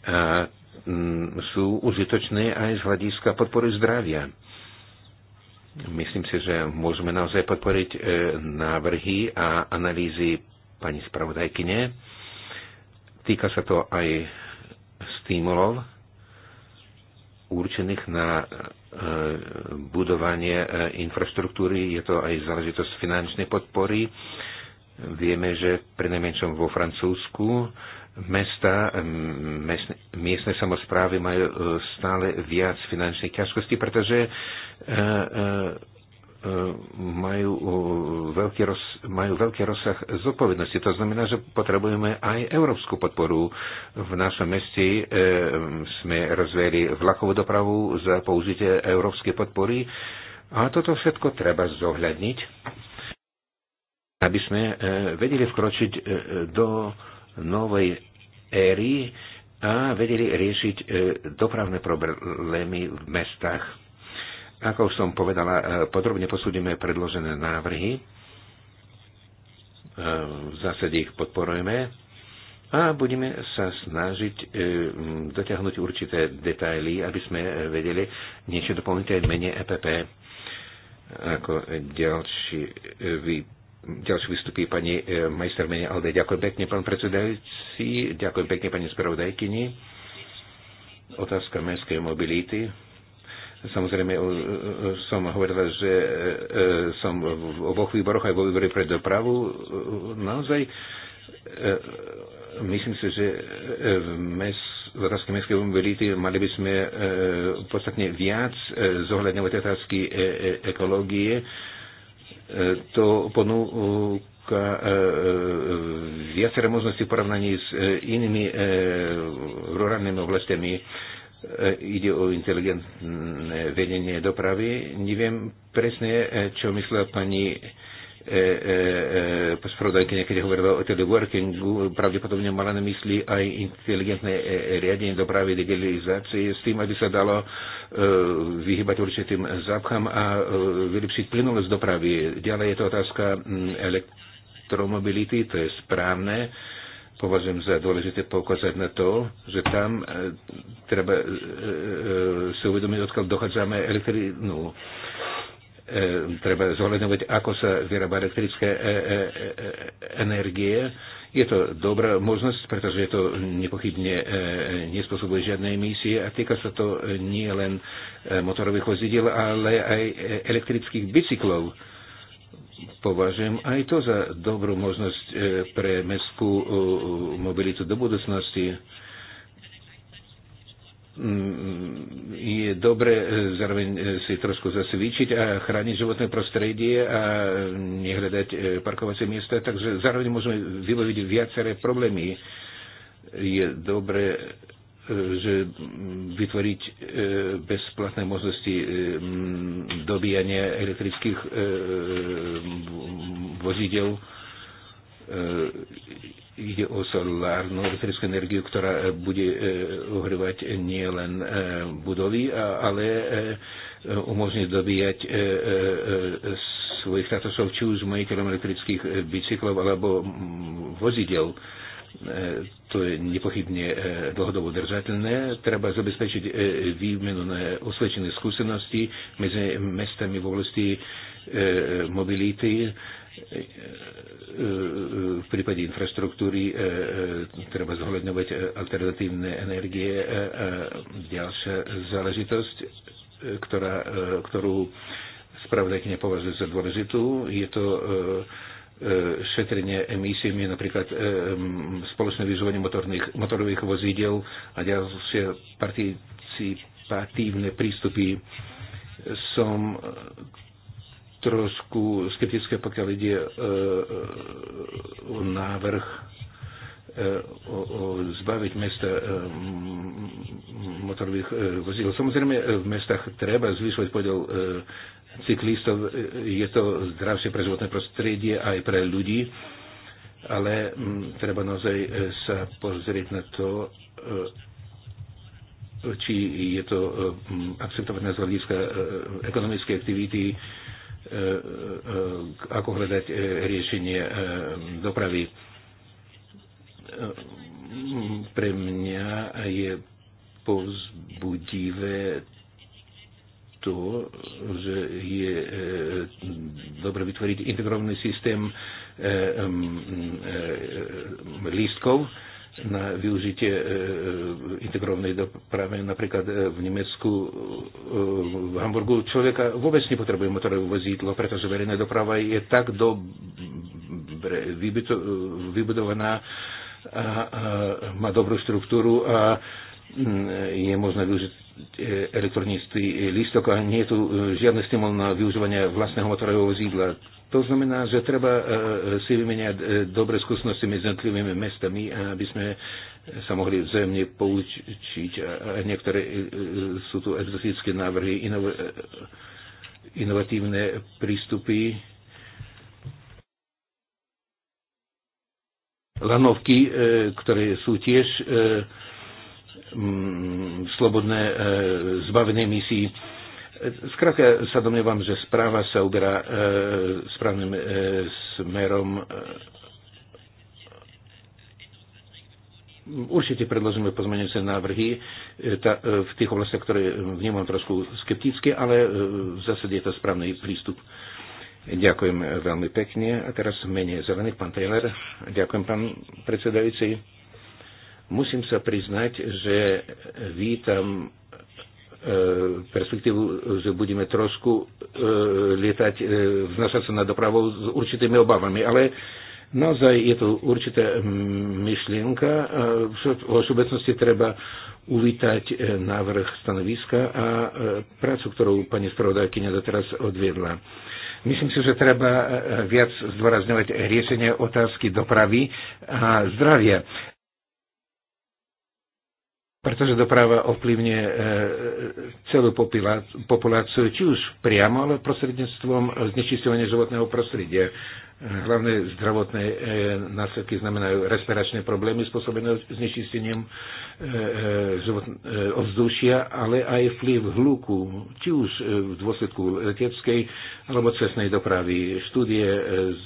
a mm, sú užitočné aj z hľadiska podpory zdravia. Myslím si, že môžeme naozaj podporiť e, návrhy a analýzy pani spravodajkyne. Týka sa to aj stimulov určených na e, budovanie e, infraštruktúry, je to aj záležitosť finančnej podpory Vieme, že pre najmenšom vo Francúzsku mesta, mestne, miestne samozprávy majú e, stále viac finančných ťažkostí, pretože e, e, majú veľký, roz, majú veľký rozsah zodpovednosti. To znamená, že potrebujeme aj európsku podporu. V našom meste e, sme rozveli vlakovú dopravu za použitie európskej podpory a toto všetko treba zohľadniť aby sme e, vedeli vkročiť e, do novej éry a vedeli riešiť e, dopravné problémy v mestách. Ako už som povedala, podrobne posúdime predložené návrhy. V zásade ich podporujeme a budeme sa snažiť dotiahnuť určité detaily, aby sme vedeli niečo doplniť aj mene EPP ako ďalší vy ďalší vystupí pani e, majster mene Alde. Ďakujem pekne, pán predsedajúci. Ďakujem pekne, pani spravodajkyni. Otázka mestskej mobility. Samozrejme, e, e, som hovorila, že som v oboch výboroch aj vo výbore pre dopravu. Naozaj myslím si, že v, mes, v otázke mestskej mobility mali by sme podstatne viac zohľadňovať otázky ekológie to ponúka e, e, viaceré možnosti v porovnaní s e, inými rurálnymi oblastiami. Ide o inteligentné vedenie dopravy. Neviem presne, čo myslela pani E, e, e, spravodajkynia, keď hovorila o teleworkingu, pravdepodobne mala na mysli aj inteligentné riadenie dopravy, digitalizácie s tým, aby sa dalo vyhybať určitým zápchám a vylepšiť plynulosť dopravy. Ďalej je to otázka elektromobility, to je správne považujem za dôležité poukázať na to, že tam treba e, si uvedomiť, odkiaľ dochádzame elektrinu. No, E, treba zohľadňovať, ako sa vyrába elektrická e, e, energie. Je to dobrá možnosť, pretože to nepochybne nespôsobuje žiadne emisie a týka sa to nie len motorových vozidiel, ale aj elektrických bicyklov. Považujem aj to za dobrú možnosť pre mestskú mobilitu do budúcnosti Mm, je dobre zároveň e, si trošku zasvičiť a chrániť životné prostredie a nehľadať e, parkovacie miesta, takže zároveň môžeme vyloviť viaceré problémy. Je dobre že vytvoriť e, bezplatné možnosti dobíjania elektrických vozidel ide o solárnu elektrickú energiu, ktorá e, bude ohrievať e, nielen e, budovy, ale umožní dobíjať svojich statusov či už majiteľom elektrických bicyklov alebo vozidel. To je nepochybne dlhodobo držateľné. Treba zabezpečiť výmenu na osvedčené skúsenosti medzi mestami v oblasti mobility v prípade infraštruktúry e, e, treba zohľadňovať alternatívne energie. E, ďalšia záležitosť, ktorá, ktorú spravodajkynia považuje za dôležitú, je to šetrenie emisiami, napríklad spoločné vyžovanie motorných, motorových vozidel a ďalšie participatívne prístupy. Som trošku skeptické, pokiaľ ide e, e, o návrh e, o, o zbaviť mesta motorových vozidel. Samozrejme, v mestách treba zvyšovať podiel cyklistov. Je to zdravšie pre životné prostredie aj pre ľudí, ale treba naozaj sa pozrieť na to, či je to akceptované z hľadiska ekonomickej aktivity E, e, e, ako hľadať riešenie dopravy. Pre mňa je povzbudivé to, že je dobre vytvoriť integrovaný systém lístkov, na využitie e, e, integrovnej doprave. Napríklad e, v Nemecku, v Hamburgu človeka vôbec nepotrebuje motorové vozidlo, pretože verejná doprava je tak dobre vybudovaná, a, a, má dobrú štruktúru a Mm, je možné využiť e, elektronický listok a nie je tu e, žiadny stimul na využívanie vlastného motorového vozidla. To znamená, že treba e, si vymeniať dobre skúsenosti medzi jednotlivými mestami, aby sme sa mohli vzájomne poučiť. niektoré sú tu exotické návrhy, inov, inovatívne prístupy. Lanovky, ktoré sú tiež Mm, slobodné e, zbavené misii. Skrátka sa domnievam, že správa sa uberá e, správnym e, smerom. Určite predložíme pozmeňujúce návrhy v tých oblastiach, ktoré vnímam trošku skepticky, ale v zásade je to správny prístup. Ďakujem veľmi pekne. A teraz menej zelených, pán Taylor. Ďakujem, pán predsedajúci. Musím sa priznať, že vítam e, perspektívu, že budeme trošku e, lietať, e, vznašať sa na dopravu s určitými obavami, ale naozaj je to určitá myšlienka. v všeobecnosti treba uvítať návrh stanoviska a prácu, ktorú pani spravodajkyňa doteraz odviedla. Myslím si, že treba viac zdôrazňovať riešenie otázky dopravy a zdravia pretože doprava ovplyvňuje e, celú populáciu, či už priamo, ale prostredníctvom znečistovania životného prostredia. E, hlavné zdravotné e, následky znamenajú respiračné problémy spôsobené znečistením ovzdušia, ale aj vplyv hluku, či už v dôsledku leteckej alebo cestnej dopravy. Štúdie z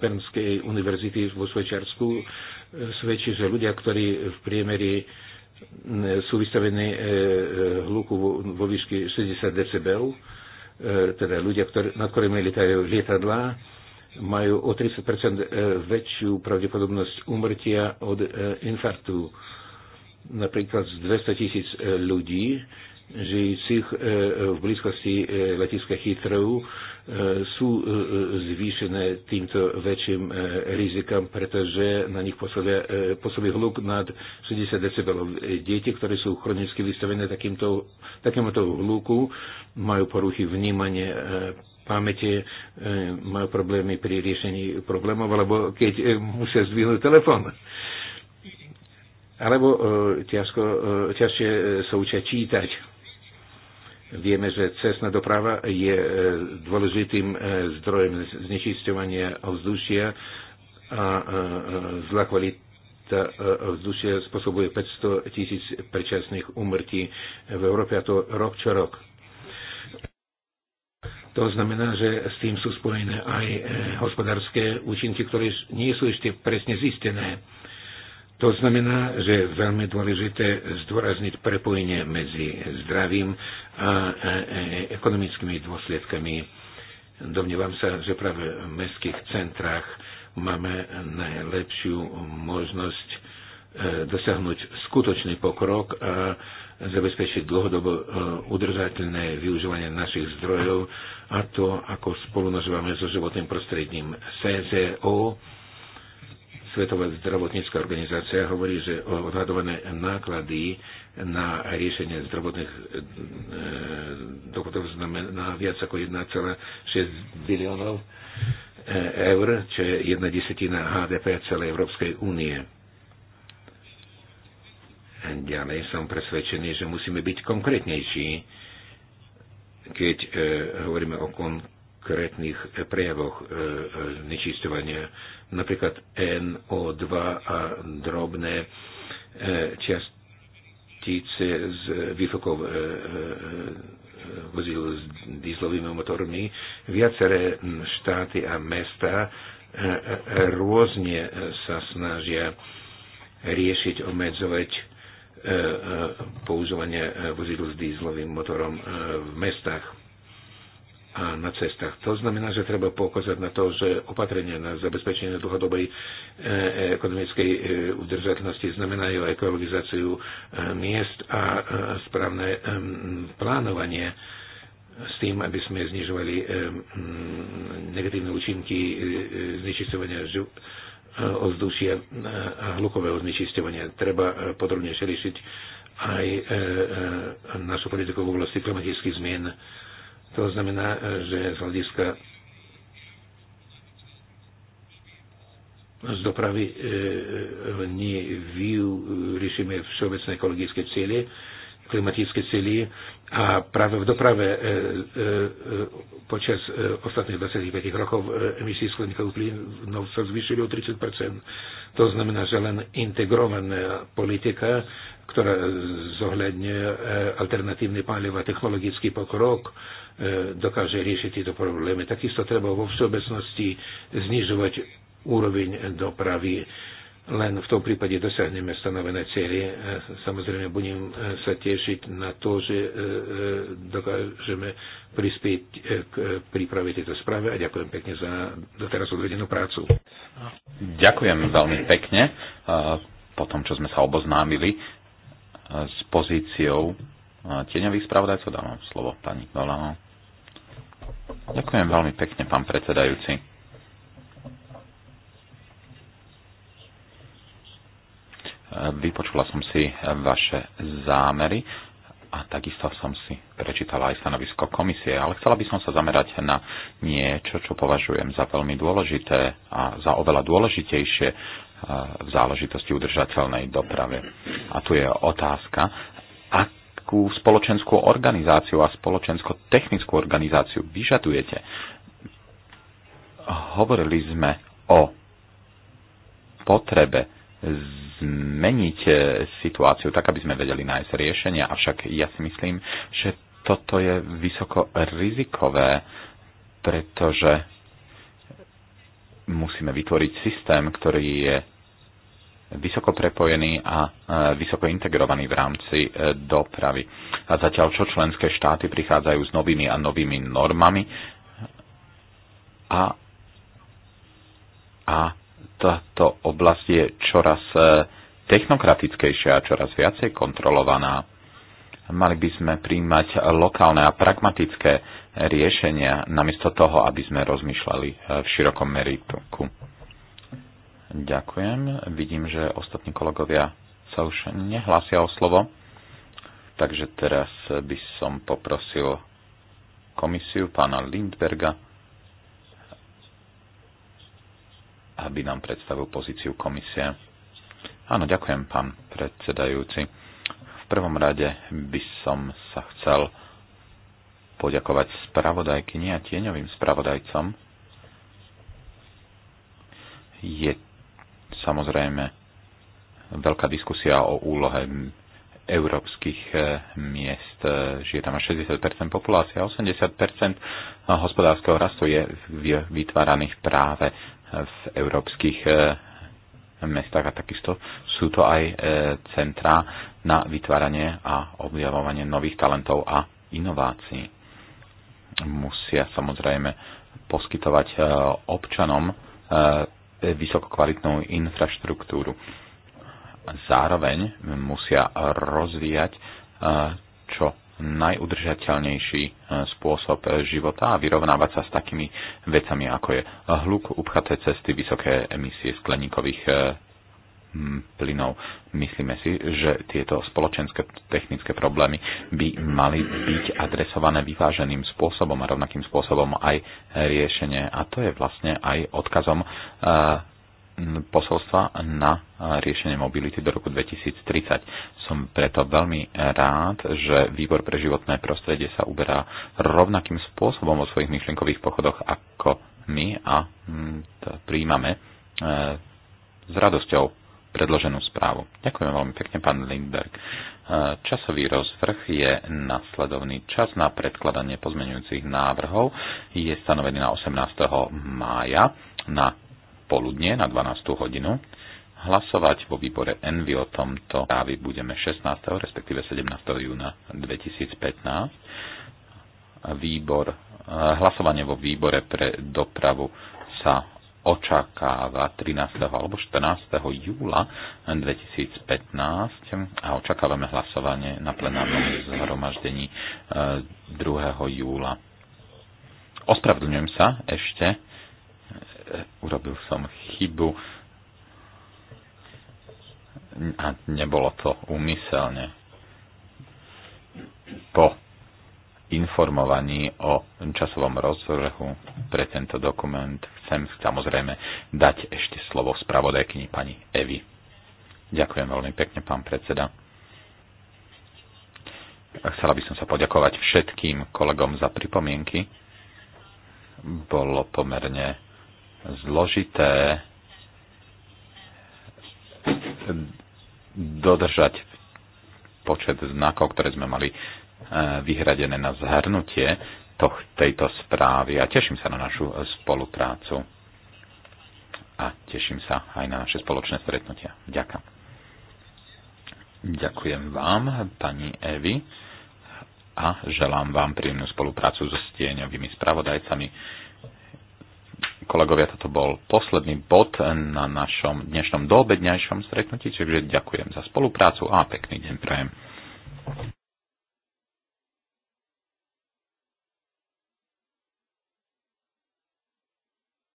Bernskej univerzity vo Švajčiarsku svedčí, že ľudia, ktorí v priemeri sú vystavení e, e, hluku vo výške 60 dB, e, teda ľudia, nad ktorými lietajú lietadlá, majú o 30 väčšiu pravdepodobnosť umrtia od infarktu. Napríklad z 200 tisíc ľudí žijúcich e, e, v blízkosti e, letiska Hitrov sú zvýšené týmto väčším rizikom, pretože na nich pôsobí hluk nad 60 dB. Deti, ktoré sú chronicky vystavené takýmto, takémuto hluku, majú poruchy vnímania, pamäte, majú problémy pri riešení problémov, alebo keď musia zdvihnúť telefón alebo ťažko, ťažšie sa učia čítať Vieme, že cestná doprava je e, dôležitým e, zdrojem znečisťovania ovzdušia a e, zlá kvalita ovzdušia spôsobuje 500 tisíc predčasných úmrtí v Európe a to rok čo rok. To znamená, že s tým sú spojené aj hospodárske účinky, ktoré nie sú ešte presne zistené to znamená, že je veľmi dôležité zdôrazniť prepojenie medzi zdravím a ekonomickými dôsledkami. Domnievam sa, že práve v mestských centrách máme najlepšiu možnosť e, dosiahnuť skutočný pokrok a zabezpečiť dlhodobo e, udržateľné využívanie našich zdrojov a to, ako spolu nažívame so životným prostredím CZO, Svetová zdravotnícká organizácia hovorí, že odhadované náklady na riešenie zdravotných e, dochodov znamená viac ako 1,6 biliónov e, eur, čo je jedna desetina HDP celej Európskej únie. Ďalej som presvedčený, že musíme byť konkrétnejší, keď e, hovoríme o konkrétnych prejavoch nečistovania napríklad NO2 a drobné e, častice z výfokov e, e, vozidel s dieslovými motormi. Viaceré štáty a mesta rôzne sa snažia riešiť, obmedzovať používanie vozidl s dieslovým motorom v mestách a na cestách. To znamená, že treba poukázať na to, že opatrenia na zabezpečenie dlhodobej eh, ekonomickej eh, udržateľnosti znamenajú ekologizáciu eh, miest a správne plánovanie s tým, aby sme znižovali negatívne účinky znečistovania ovzdušia a hlukového znečistovania. Treba podrobnejšie riešiť aj našu politiku v oblasti klimatických zmien to znamená, že z hľadiska z dopravy e, e nie vyriešime všeobecné ekologické cieľe, klimatické cieľy a práve v doprave e, e, e, počas e, ostatných 25 rokov e, emisí skleníkových plynov sa zvýšili o 30 To znamená, že len integrovaná politika, ktorá zohľadňuje e, alternatívne paliva, technologický pokrok, e, dokáže riešiť tieto problémy. Takisto treba vo všeobecnosti znižovať úroveň dopravy len v tom prípade dosiahneme stanovené cieľe. E, samozrejme, budem e, sa tešiť na to, že e, dokážeme prispieť k príprave tejto správy a ďakujem pekne za doteraz odvedenú prácu. Ďakujem veľmi pekne po tom, čo sme sa oboznámili s pozíciou tieňových spravodajcov. Dávam slovo pani Dolano. Ďakujem veľmi pekne, pán predsedajúci Vypočula som si vaše zámery a takisto som si prečítala aj stanovisko komisie, ale chcela by som sa zamerať na niečo, čo považujem za veľmi dôležité a za oveľa dôležitejšie v záležitosti udržateľnej doprave. A tu je otázka, akú spoločenskú organizáciu a spoločensko-technickú organizáciu vyžadujete. Hovorili sme o potrebe zmeniť eh, situáciu tak, aby sme vedeli nájsť riešenie. Avšak ja si myslím, že toto je vysoko rizikové, pretože musíme vytvoriť systém, ktorý je vysoko prepojený a eh, vysoko integrovaný v rámci eh, dopravy. A zatiaľ čo členské štáty prichádzajú s novými a novými normami a, a táto oblasť je čoraz e, technokratickejšia a čoraz viacej kontrolovaná. Mali by sme príjmať lokálne a pragmatické riešenia, namiesto toho, aby sme rozmýšľali e, v širokom meritu. Ďakujem. Vidím, že ostatní kolegovia sa už nehlásia o slovo. Takže teraz by som poprosil komisiu pána Lindberga, aby nám predstavil pozíciu komisie. Áno, ďakujem, pán predsedajúci. V prvom rade by som sa chcel poďakovať spravodajkyni a tieňovým spravodajcom. Je samozrejme veľká diskusia o úlohe európskych eh, miest. Žije tam až 60 populácie a 80 hospodárskeho rastu je vytváraných práve v európskych e, mestách a takisto sú to aj e, centrá na vytváranie a objavovanie nových talentov a inovácií. Musia samozrejme poskytovať e, občanom vysokokvalitnú infraštruktúru. Zároveň musia rozvíjať čo najudržateľnejší e, spôsob e, života a vyrovnávať sa s takými vecami, ako je hluk, upchaté cesty, vysoké emisie skleníkových e, plynov. Myslíme si, že tieto spoločenské technické problémy by mali byť adresované vyváženým spôsobom a rovnakým spôsobom aj riešenie. A to je vlastne aj odkazom posolstva na e, riešenie mobility do roku 2030. Som preto veľmi rád, že Výbor pre životné prostredie sa uberá rovnakým spôsobom o svojich myšlienkových pochodoch ako my a príjmame e, s radosťou predloženú správu. Ďakujem veľmi pekne, pán Lindberg. E, časový rozvrh je nasledovný čas na predkladanie pozmenujúcich návrhov. Je stanovený na 18. mája na popoludne na 12. hodinu. Hlasovať vo výbore Envy o tomto právi budeme 16. respektíve 17. júna 2015. Výbor, eh, hlasovanie vo výbore pre dopravu sa očakáva 13. alebo 14. júla 2015 a očakávame hlasovanie na plenárnom zhromaždení 2. Eh, júla. Ospravedlňujem sa ešte urobil som chybu a nebolo to úmyselne. Po informovaní o časovom rozvrhu pre tento dokument chcem samozrejme dať ešte slovo spravodajkyni pani Evi. Ďakujem veľmi pekne, pán predseda. Chcela by som sa poďakovať všetkým kolegom za pripomienky. Bolo pomerne zložité dodržať počet znakov, ktoré sme mali e, vyhradené na zhrnutie tejto správy a teším sa na našu spoluprácu a teším sa aj na naše spoločné stretnutia. Ďakujem. Ďakujem vám, pani Evi, a želám vám príjemnú spoluprácu so stieňovými spravodajcami kolegovia, toto bol posledný bod na našom dnešnom doobedňajšom stretnutí, čiže ďakujem za spoluprácu a pekný deň prajem.